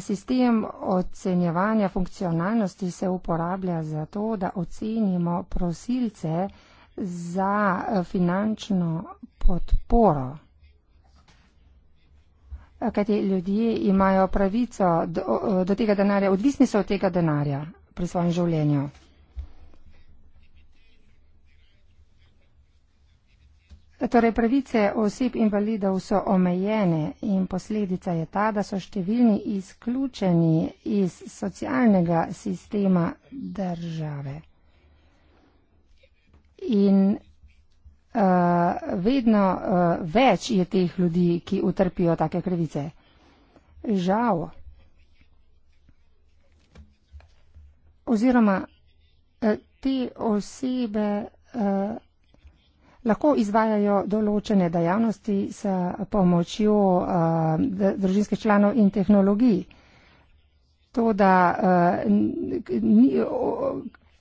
Sistem ocenjevanja funkcionalnosti se uporablja zato, da ocenimo prosilce za finančno podporo. Kajti ljudje imajo pravico do, do tega denarja, odvisni so od tega denarja pri svojem življenju. Torej, pravice oseb invalidov so omejene in posledica je ta, da so številni izključeni iz socialnega sistema države. In Eh, vedno eh, več je teh ljudi, ki utrpijo take krivice. Žal. Oziroma, eh, te osebe lahko izvajajo določene dejavnosti s pomočjo družinskih članov in tehnologij. To, da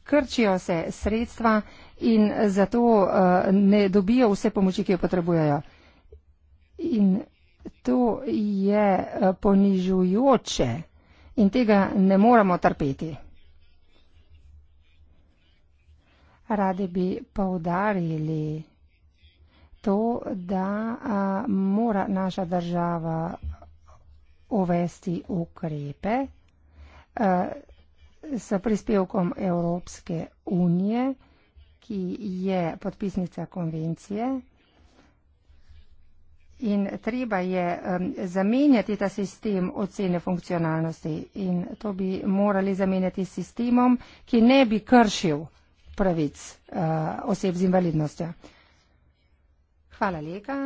krčijo se sredstva in zato eh, ne dobijo vse pomoči, ki jo potrebujejo. In to je eh, ponižujoče in tega ne moramo trpeti. Radi bi povdarili to, da a, eh, mora naša država uvesti ukrepe, a, sa prispevkom Európske únie, ki je podpisnica konvencije. In treba je um, zamenjati ta sistem ocene funkcionalnosti in to bi morali zamenjati s sistemom, ki ne bi kršil pravic uh, oseb z invalidnostjo. Hvala lepa.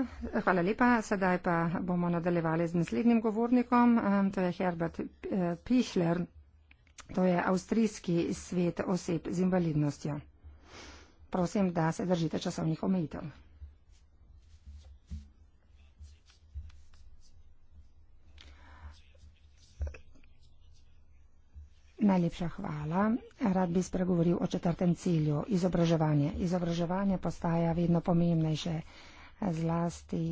Hvala lepa. Sedaj pa bomo nadaljevali z naslednjim govornikom, um, to je Herbert uh, Pichler. To je Avstrijski svet oseb z invalidnostjo. Prosim, da se držite časovnih omejitev. Najlepša hvala. Rad bi spregovoril o četrtem cilju, izobraževanje. Izobraževanje postaja vedno pomembnejše, zlasti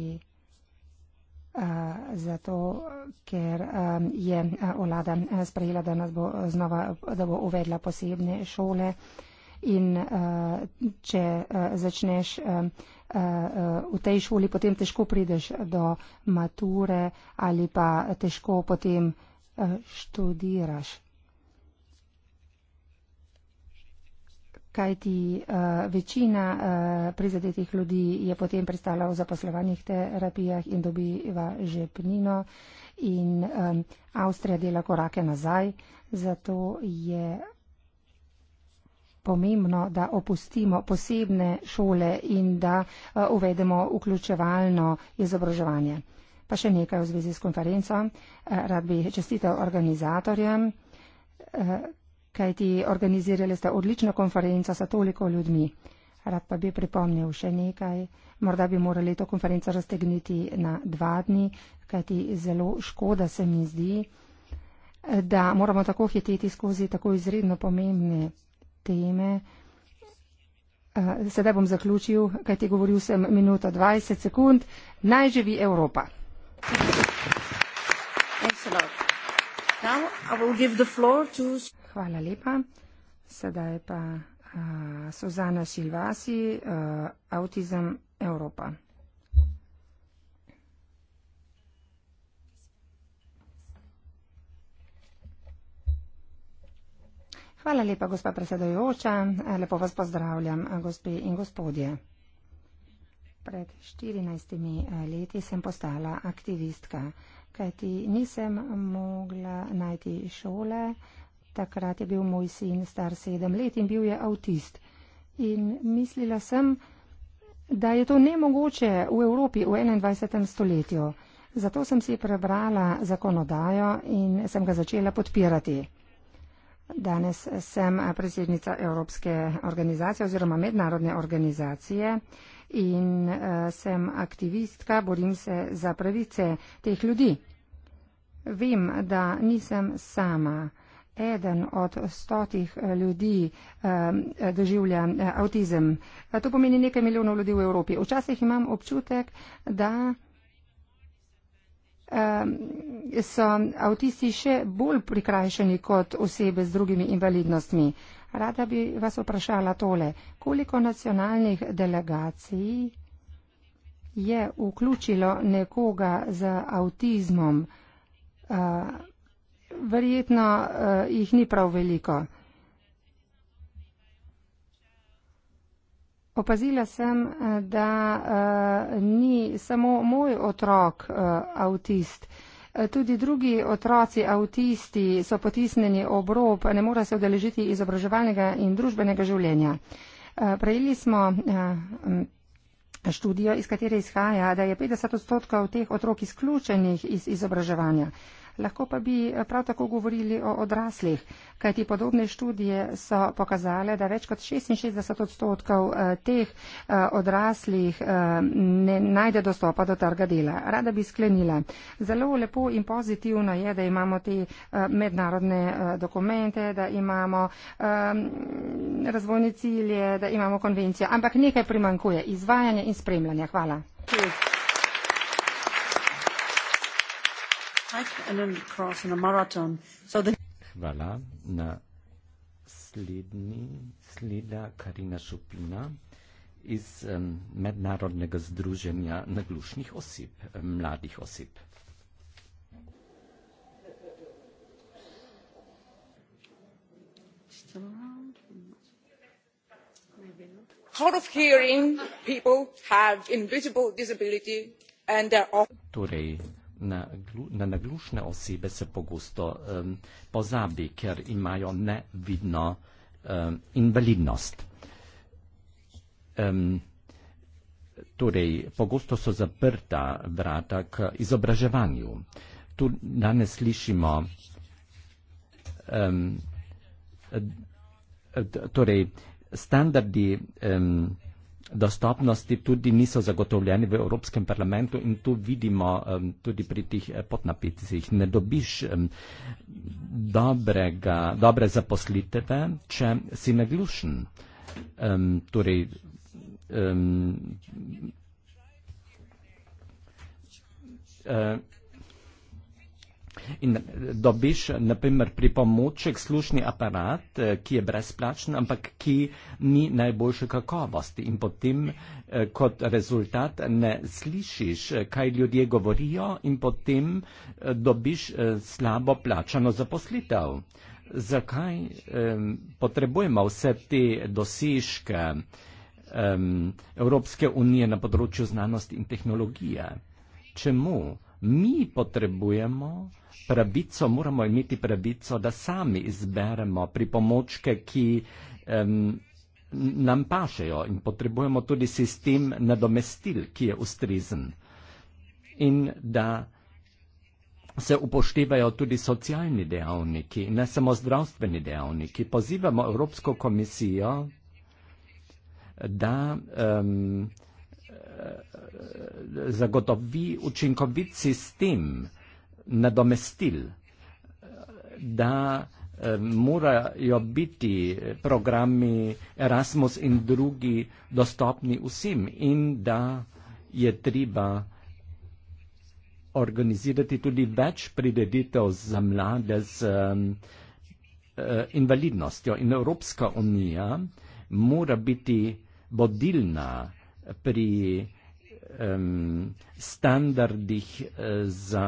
zato ker je vlada sprejela, da, nas bo znova, da bo uvedla posebne šole in če začneš v tej šoli, potem težko prideš do mature ali pa težko potem študiraš. kajti uh, e, večina uh, e, prizadetih ljudi je potem pristala v zaposlovanih terapijah in dobiva žepnino in um, e, Avstrija dela korake nazaj, zato je pomembno, da opustimo posebne šole in da uh, uvedemo vključevalno izobraževanje. Pa še nekaj v zvezi s konferenco. Uh, rad bi čestitev organizatorjem. Uh, kaj ti organizirali ste odlično konferenco sa toliko ljudmi. Rad pa bi pripomnil še nekaj. Morda bi morali to konferenco raztegniti na dva dni, kaj ti zelo škoda se mi zdi, da moramo tako hiteti skozi tako izredno pomembne teme. Eh, sedaj bom zaključil, kaj ti govoril sem minuto 20 sekund. Naj živi Evropa. To... Hvala lepa. Sedaj pa uh, Suzana Silvasi, uh, Autizem Evropa. Hvala lepa, gospa predsedojoča. Lepo vas pozdravljam, gospe in gospodje. Pred 14 leti sem postala aktivistka, kajti nisem mogla najti šole, uh, Takrat je bil moj sin star sedem let in bil je avtist. In mislila sem, da je to nemogoče v Evropi v 21. stoletju. Zato sem si prebrala zakonodajo in sem ga začela podpirati. Danes sem predsednica Evropske organizacije oziroma mednarodne organizacije in eh, sem aktivistka, borim se za pravice teh ljudi. Vem, da nisem sama eden od stotih eh, ljudi eh, doživlja eh, avtizem. To pomeni nekaj milijonov ljudi v Evropi. Včasih imam občutek, da so avtisti še bolj prikrajšani kot osebe z drugimi invalidnostmi. Rada bi vas vprašala tole, koliko nacionalnih delegacij je vključilo nekoga z avtizmom verjetno uh, jih ni prav veliko. Opazila sem, e, da uh, ni samo moj otrok uh, avtist. Tudi drugi otroci avtisti so potisnjeni rob, ne more se odeležiti izobraževalnega in družbenega življenja. Prejeli smo študijo, iz katere izhaja, da je 50 odstotkov teh otrok izključenih iz izobraževanja. Lahko pa bi eh, prav tako govorili o odraslih, kajti podobne študije so pokazale, da več kot 66 odstotkov eh, teh eh, odraslih ne najde dostopa do trga dela. Rada bi sklenila. Zelo lepo in pozitivno je, da imamo te mednarodne dokumente, da imamo ehm, razvojne cilje, da imamo konvencije, ampak nekaj primankuje izvajanje in spremljanje. Hvala. Hvala. Naslednji sleda Karina Šupina iz Mednarodnega združenja naglušnih oseb, mladih oseb. Hard of hearing people have invisible disability and they're often... Torej, na, na naglušne osebe se pogosto um, pozabi, ker imajo nevidno um, invalidnost. Um, torej, pogosto so zaprta vrata k izobraževanju. Tu danes slišimo um, torej, standardi um, dostopnosti tudi niso zagotovljeni v Evropskem parlamentu in to vidimo um, tudi pri tih eh, podnapicih. Ne dobiš um, dobrega, dobre zaposlitve, če si naglušen. Um, torej, um, uh, in eh, dobiš na naprimer pripomoček, slušni aparat, eh, ki je brezplačen, ampak ki ni najboljše kakovosti in potem eh, kot rezultat ne slišiš, kaj ljudje govorijo in potem dobiš slabo plačano zaposlitev. Zakaj potrebujemo vse te dosežke Evropske unije na področju znanosti in tehnologije? Čemu mi potrebujemo pravico, moramo imeti pravico, da sami izberemo pripomočke, ki um, nam pašejo in potrebujemo tudi sistem nadomestil, ki je ustrezen. In da se upoštevajo tudi socialni dejavniki, ne samo zdravstveni dejavniki. Pozivamo Evropsko komisijo, da um, zagotovi učinkovit sistem, nadomestil, da e, morajo biti programi Erasmus in drugi dostopni vsem in da je treba organizirati tudi več prireditev za mlade z um, invalidnostjo. In Evropska unija mora biti vodilna pri um, standardih e, za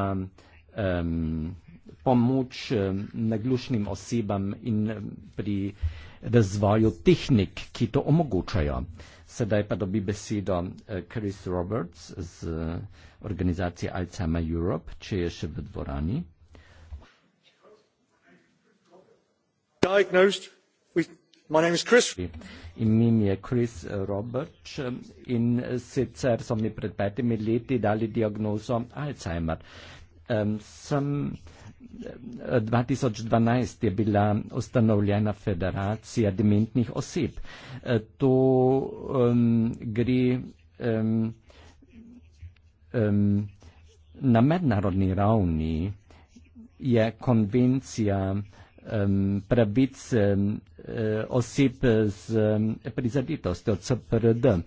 um, pomoč um, naglušnim osebam in pri razvoju tehnik, ki to omogočajo. Sedaj pa dobi besedo eh, Chris Roberts z eh, organizacije Alzheimer Europe, če je še v dvorani. Diagnosed with My name is Chris. Ime mi je Chris eh, Roberts in sicer so mi pred petimi leti dali diagnozo Alzheimer. Um, sem 2012 eh, je bila ustanovljena federacija dementnih oseb. Eh, to um, gre um, um, na mednarodni ravni je konvencija um, pravic um, oseb z um, od CPRD. Um,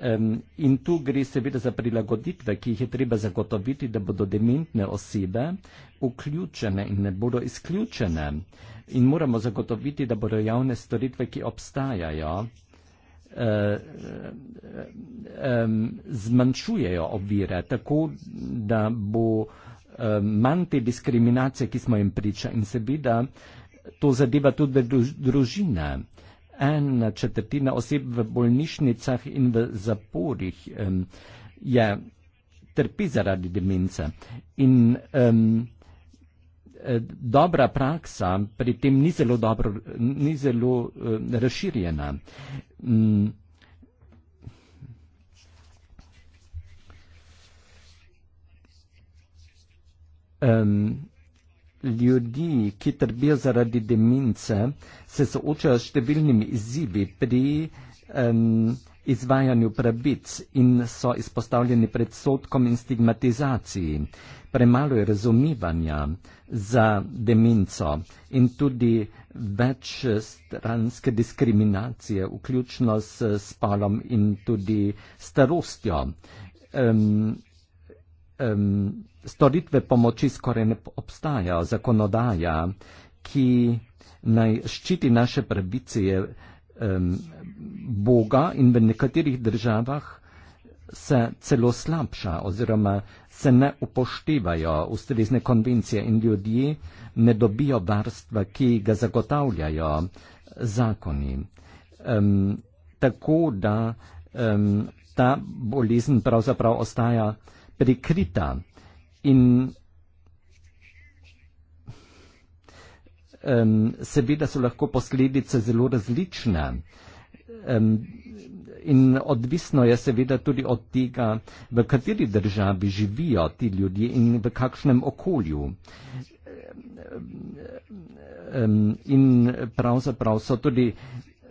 Um, in tu gre seveda za prilagoditve, ki jih je treba zagotoviti, da bodo dementne osebe vključene in ne bodo izključene. In moramo zagotoviti, da bodo javne storitve, ki obstajajo, um, zmanjšujejo ovire, tako da bo um, manj te diskriminacije, ki smo jim priča. In seveda to zadeva tudi družine ena četrtina oseb v bolnišnicah in v zaporih um, je, trpi zaradi demence. In um, dobra praksa pri tem ni zelo, dobro, ni zelo um, razširjena. Um, um, ljudi, ki trpijo zaradi demence, se soočajo s številnimi izzivi pri um, izvajanju pravic in so izpostavljeni predsodkom in stigmatizaciji. Premalo je razumivanja za demenco in tudi več stranske diskriminacije, vključno s spolom in tudi starostjo. Um, um, storitve pomoči skoraj ne obstaja. Zakonodaja, ki naj ščiti naše pravice um, Boga in v nekaterih državah se celo slabša oziroma se ne upoštevajo ustrezne konvencije in ljudje ne dobijo varstva, ki ga zagotavljajo zakoni. Um, tako da um, ta bolezen pravzaprav ostaja prikrita in um, seveda so lahko posledice zelo različne. Um, in odvisno je seveda tudi od tega, v kateri državi živijo ti ljudje in v kakšnem okolju. Um, in pravzaprav so tudi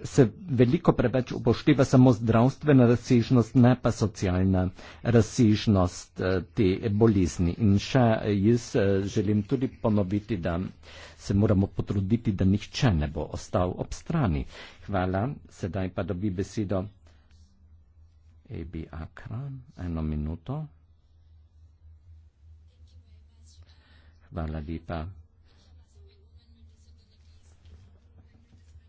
se veliko preveč upošteva samo zdravstvena razsežnost, ne pa socialna razsežnost eh, te bolezni. In še eh, jaz eh, želim tudi ponoviti, da se moramo potruditi, da nihče ne bo ostal ob strani. Hvala, sedaj pa dobi besedo Ebi Akra, eno minuto. Hvala lepa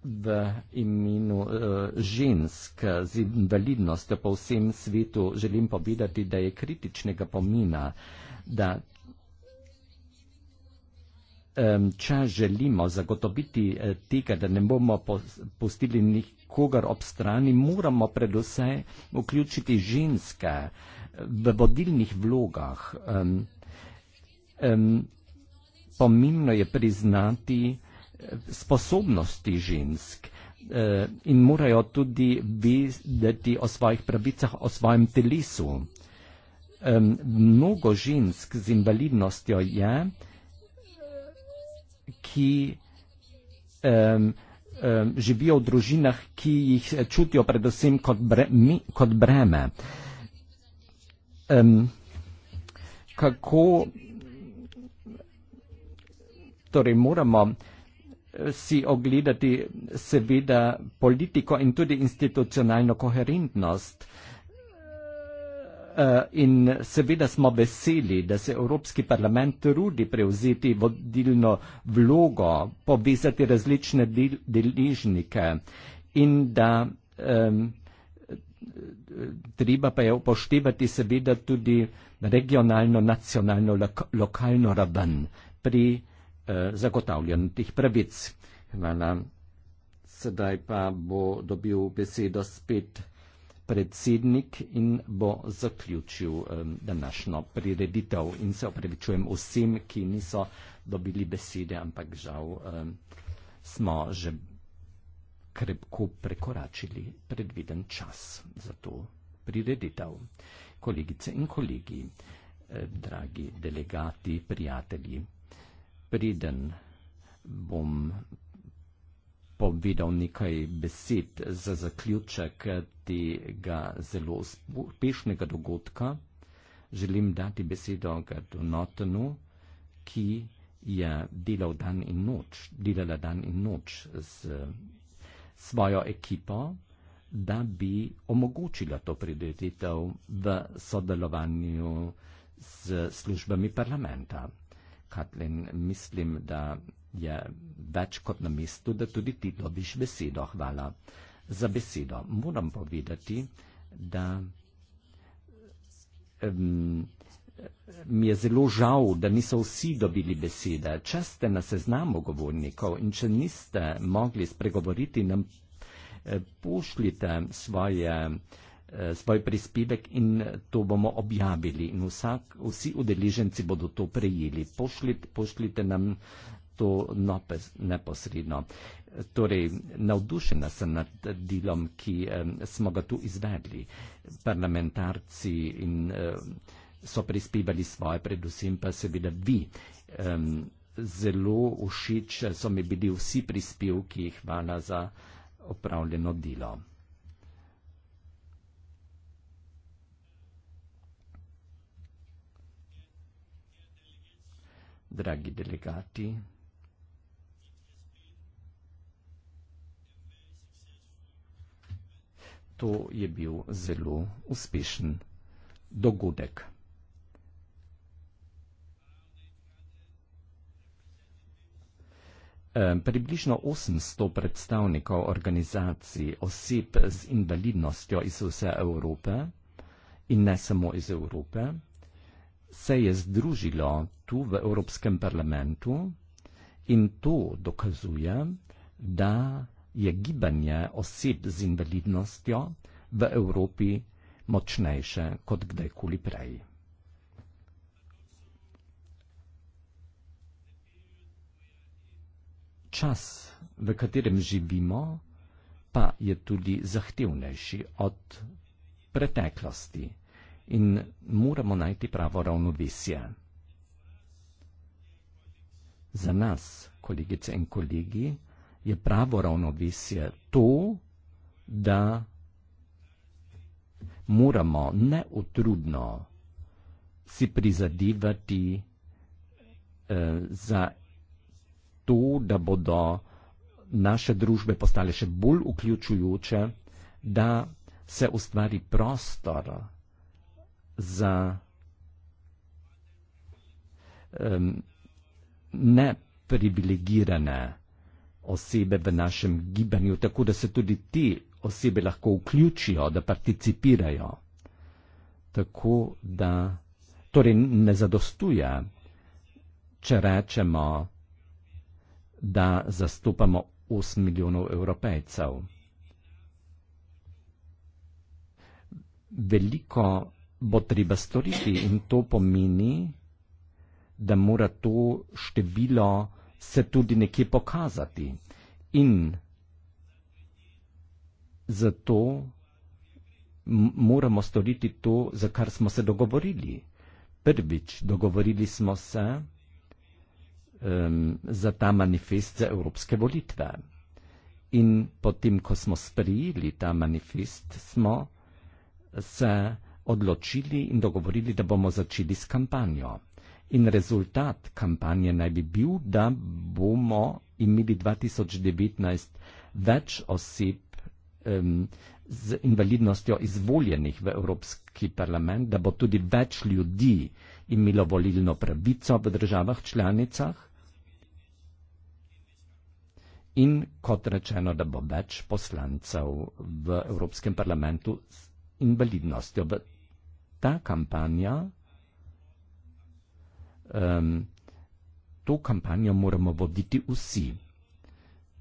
v imenu e, žensk z invalidnostjo po vsem svetu želim povedati, da je kritičnega pomena, da če želimo zagotoviti e, tega, da ne bomo pustili nikogar ob strani, moramo predvsem vključiti ženske v vodilnih vlogah. Um, um, pomembno je priznati, sposobnosti žensk e, in morajo tudi vedeti o svojih pravicah, o svojem telesu. Mnogo žensk z invalidnostjo je, ki um, um, živijo v družinah, ki jih čutijo predvsem kot, bre, mi, kot breme. Um, kako torej moramo si ogledati seveda politiko in tudi institucionalno koherentnost. Eh, in seveda smo veseli, da se Evropski parlament trudi prevzeti vodilno vlogo, povezati različne deležnike in da um, treba pa je upoštevati seveda tudi regionalno, nacionalno, lokalno raven pri Eh, zagotavljenih pravic. Hvala. Sedaj pa bo dobil besedo spet predsednik in bo zaključil eh, današnjo prireditev. In se opravičujem vsem, ki niso dobili besede, ampak žal eh, smo že krepko prekoračili predviden čas za to prireditev. Kolegice in kolegi, dragi delegati, prijatelji priden bom povedal nekaj besed za zaključek tega zelo uspešnega dogodka, želim dati besedo Gadu Notonu, ki je delal dan in noč, delala dan in noč s svojo ekipo, da bi omogočila to prireditev v sodelovanju s službami parlamenta kad len mislim, da je več kot na mestu, da tudi ti dobiš besedo. Hvala za besedo. Moram povedati, da um, mi je zelo žal, da niso vsi dobili besede. Če ste na seznamu govornikov in če niste mogli spregovoriti, nam eh, pošljite svoje uh, E, svoj prispevek in to bomo objavili. In vsak, vsi udeleženci bodo to prejeli. Pošlite, pošlite nam to nopes, neposredno. Torej, navdušena sem nad delom, ki eh, smo ga tu izvedli. Parlamentarci in, eh, so prispevali svoje, predvsem pa seveda vi. Eh, zelo všeč so mi bili vsi prispevki, hvala za opravljeno delo. dragi delegati. To je bil zelo uspešen dogodek. Približno 800 predstavnikov organizacij oseb z invalidnostjo iz vse Evrope in ne samo iz Evrope se je združilo tu v Evropskem parlamentu in to dokazuje, da je gibanje oseb z invalidnostjo v Evropi močnejše kot kdajkoli prej. Čas, v katerem živimo, pa je tudi zahtevnejši od preteklosti in moramo najti pravo ravnovesje. Za nas, kolegice in kolegi, je pravo visje to, da moramo neutrudno si prizadevati eh, za to, da bodo naše družbe postale še bolj vključujoče, da se ustvari prostor za um, neprivilegirane osebe v našem gibanju, tako da se tudi te osebe lahko vključijo, da participirajo. Tako da torej ne zadostuje, če rečemo, da zastopamo 8 milijonov evropejcev. Veliko bo storiti in to pomeni, da mora to število se tudi nekje pokazati. In zato moramo storiti to, za kar smo se dogovorili. Prvič, dogovorili smo se um, za ta manifest za evropske volitve. In potem, ko smo sprijeli ta manifest, smo se odločili in dogovorili, da bomo začeli s kampanjo. In rezultat kampanje naj bi bil, da bomo imeli 2019 več oseb um, z invalidnostjo izvoljenih v Evropski parlament, da bo tudi več ljudi imelo volilno pravico v državah članicah in kot rečeno, da bo več poslancev v Evropskem parlamentu z invalidnostjo. V ta kampanja, um, to kampanjo moramo voditi vsi,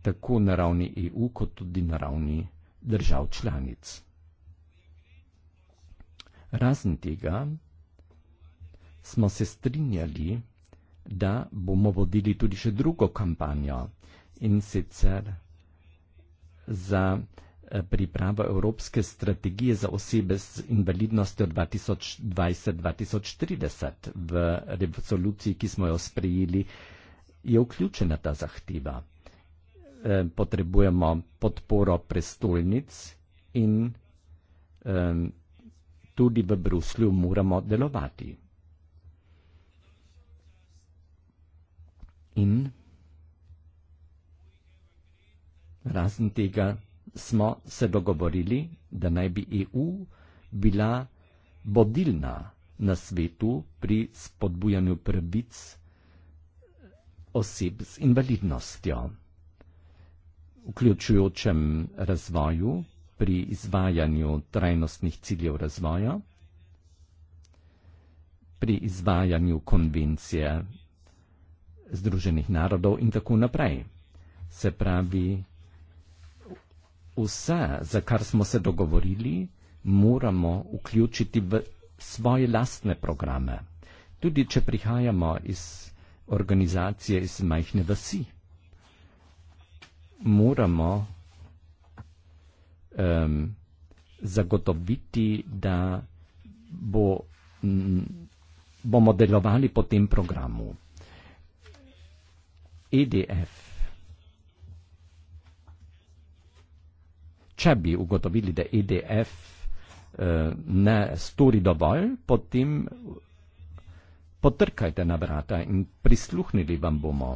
tako na ravni EU, kot tudi na ravni držav članic. Razen tega smo se strinjali, da bomo vodili tudi še drugo kampanjo in sicer za pripravo Evropske strategije za osebe z invalidnostjo 2020-2030. V resoluciji, ki smo jo sprejeli, je vključena ta zahteva. E, potrebujemo podporo prestolnic in tudi v Bruslju moramo delovati. In razen tega smo se dogovorili, da naj bi EU bila vodilna na svetu pri spodbujanju pravic oseb z invalidnostjo, vključujočem razvoju pri izvajanju trajnostnih ciljev razvoja, pri izvajanju konvencije Združenih narodov in tako naprej. Se pravi, Vse, za kar smo se dogovorili, moramo vključiti v svoje lastne programe. Tudi če prihajamo iz organizacije iz majhne vasi, moramo um, zagotoviti, da bo, m, bomo delovali po tem programu. EDF Če bi ugotovili, da EDF eh, ne stori dovolj, potem potrkajte na vrata in prisluhnili vam bomo.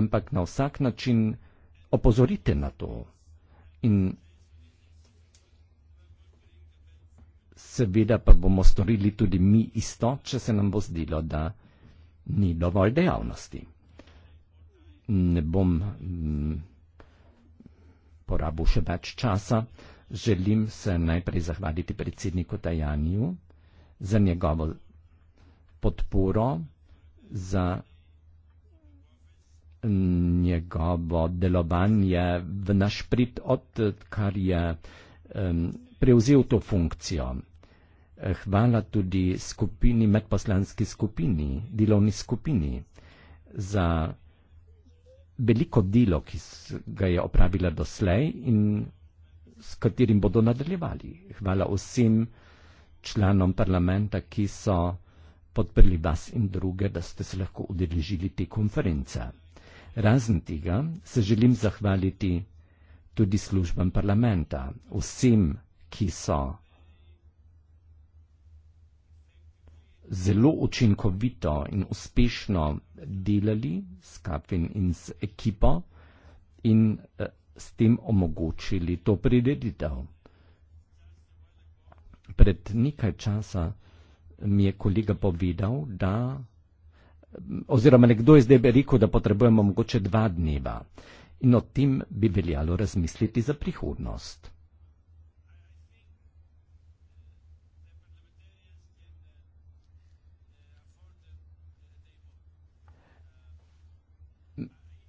Ampak na vsak način opozorite na to. In seveda pa bomo storili tudi mi isto, če se nam bo zdelo, da ni dovolj dejavnosti. Ne bom. Mm, porabil še več časa. Želim se najprej zahvaliti predsedniku Tajaniju za njegovo podporo, za njegovo delovanje v naš prid, odkar je um, prevzel to funkcijo. Hvala tudi skupini, medposlanski skupini, delovni skupini za veliko delo, ki ga je opravila doslej in s katerim bodo nadaljevali. Hvala vsem članom parlamenta, ki so podprli vas in druge, da ste se lahko udeležili te konference. Razen tega se želim zahvaliti tudi službam parlamenta, vsem, ki so zelo učinkovito in uspešno delali s Kapin in s ekipo in eh, s tem omogočili to prireditev. Pred nekaj časa mi je kolega povedal, da oziroma nekdo je zdaj rekel, da potrebujemo mogoče dva dneva in o tem bi veljalo razmisliti za prihodnost.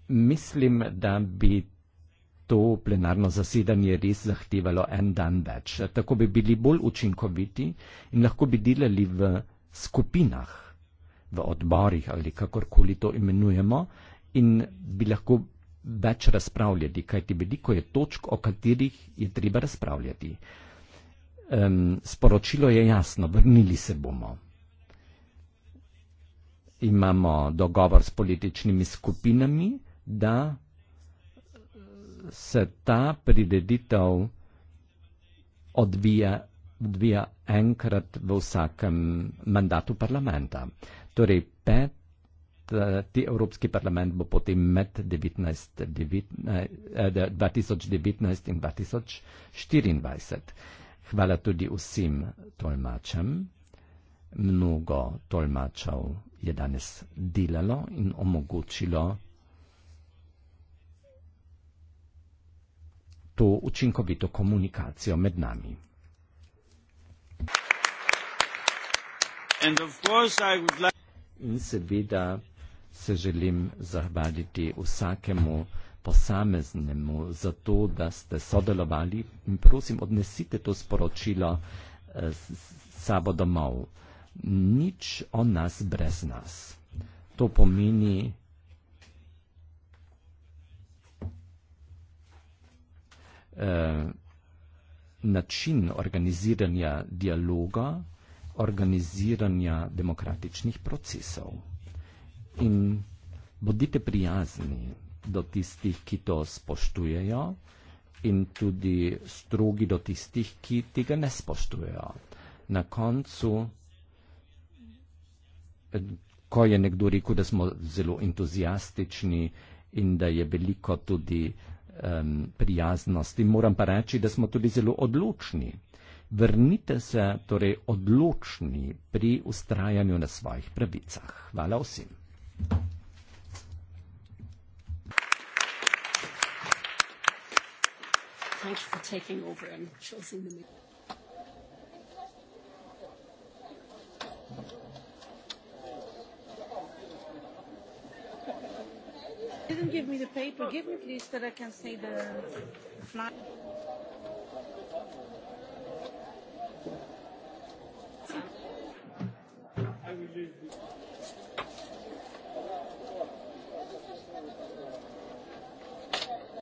Mislim, da bi to plenarno zasedanje res zahtevalo en dan več. Tako bi bili bolj učinkoviti in lahko bi delali v skupinah, v odborih ali kakorkoli to imenujemo in bi lahko več razpravljati, kajti veliko je točk, o katerih je treba razpravljati. Um, sporočilo je jasno, vrnili se bomo imamo dogovor s političnimi skupinami, da se ta prireditev odvija, odvija enkrat v vsakem mandatu parlamenta. Torej, pet, ti Evropski parlament bo potem med 19, 19, 2019 in 2024. Hvala tudi vsem tolmačem. Mnogo tolmačev je danes delalo in omogočilo tú účinkovitú komunikáciu med nami. And of I would In seveda se želim zahvaliti vsakemu posameznemu za to, da ste sodelovali in prosim, odnesite to sporočilo eh, s sabo domov. Nič o nas brez nas. To pomeni Eh, način organiziranja dialoga, organiziranja demokratičnih procesov. In bodite prijazni do tistih, ki to spoštujejo in tudi strogi do tistih, ki tega ne spoštujejo. Na koncu, eh, ko je nekdo rekel, da smo zelo entuzijastični in da je veliko tudi um, prijaznosti. Moram pa reči, da smo tudi zelo odločni. Vrnite se torej odločni pri ustrajanju na svojih pravicah. Hvala vsem. Thank you for taking over and choosing the meeting. didn't give me the paper. Give me, please, that I can say the fly. I will leave.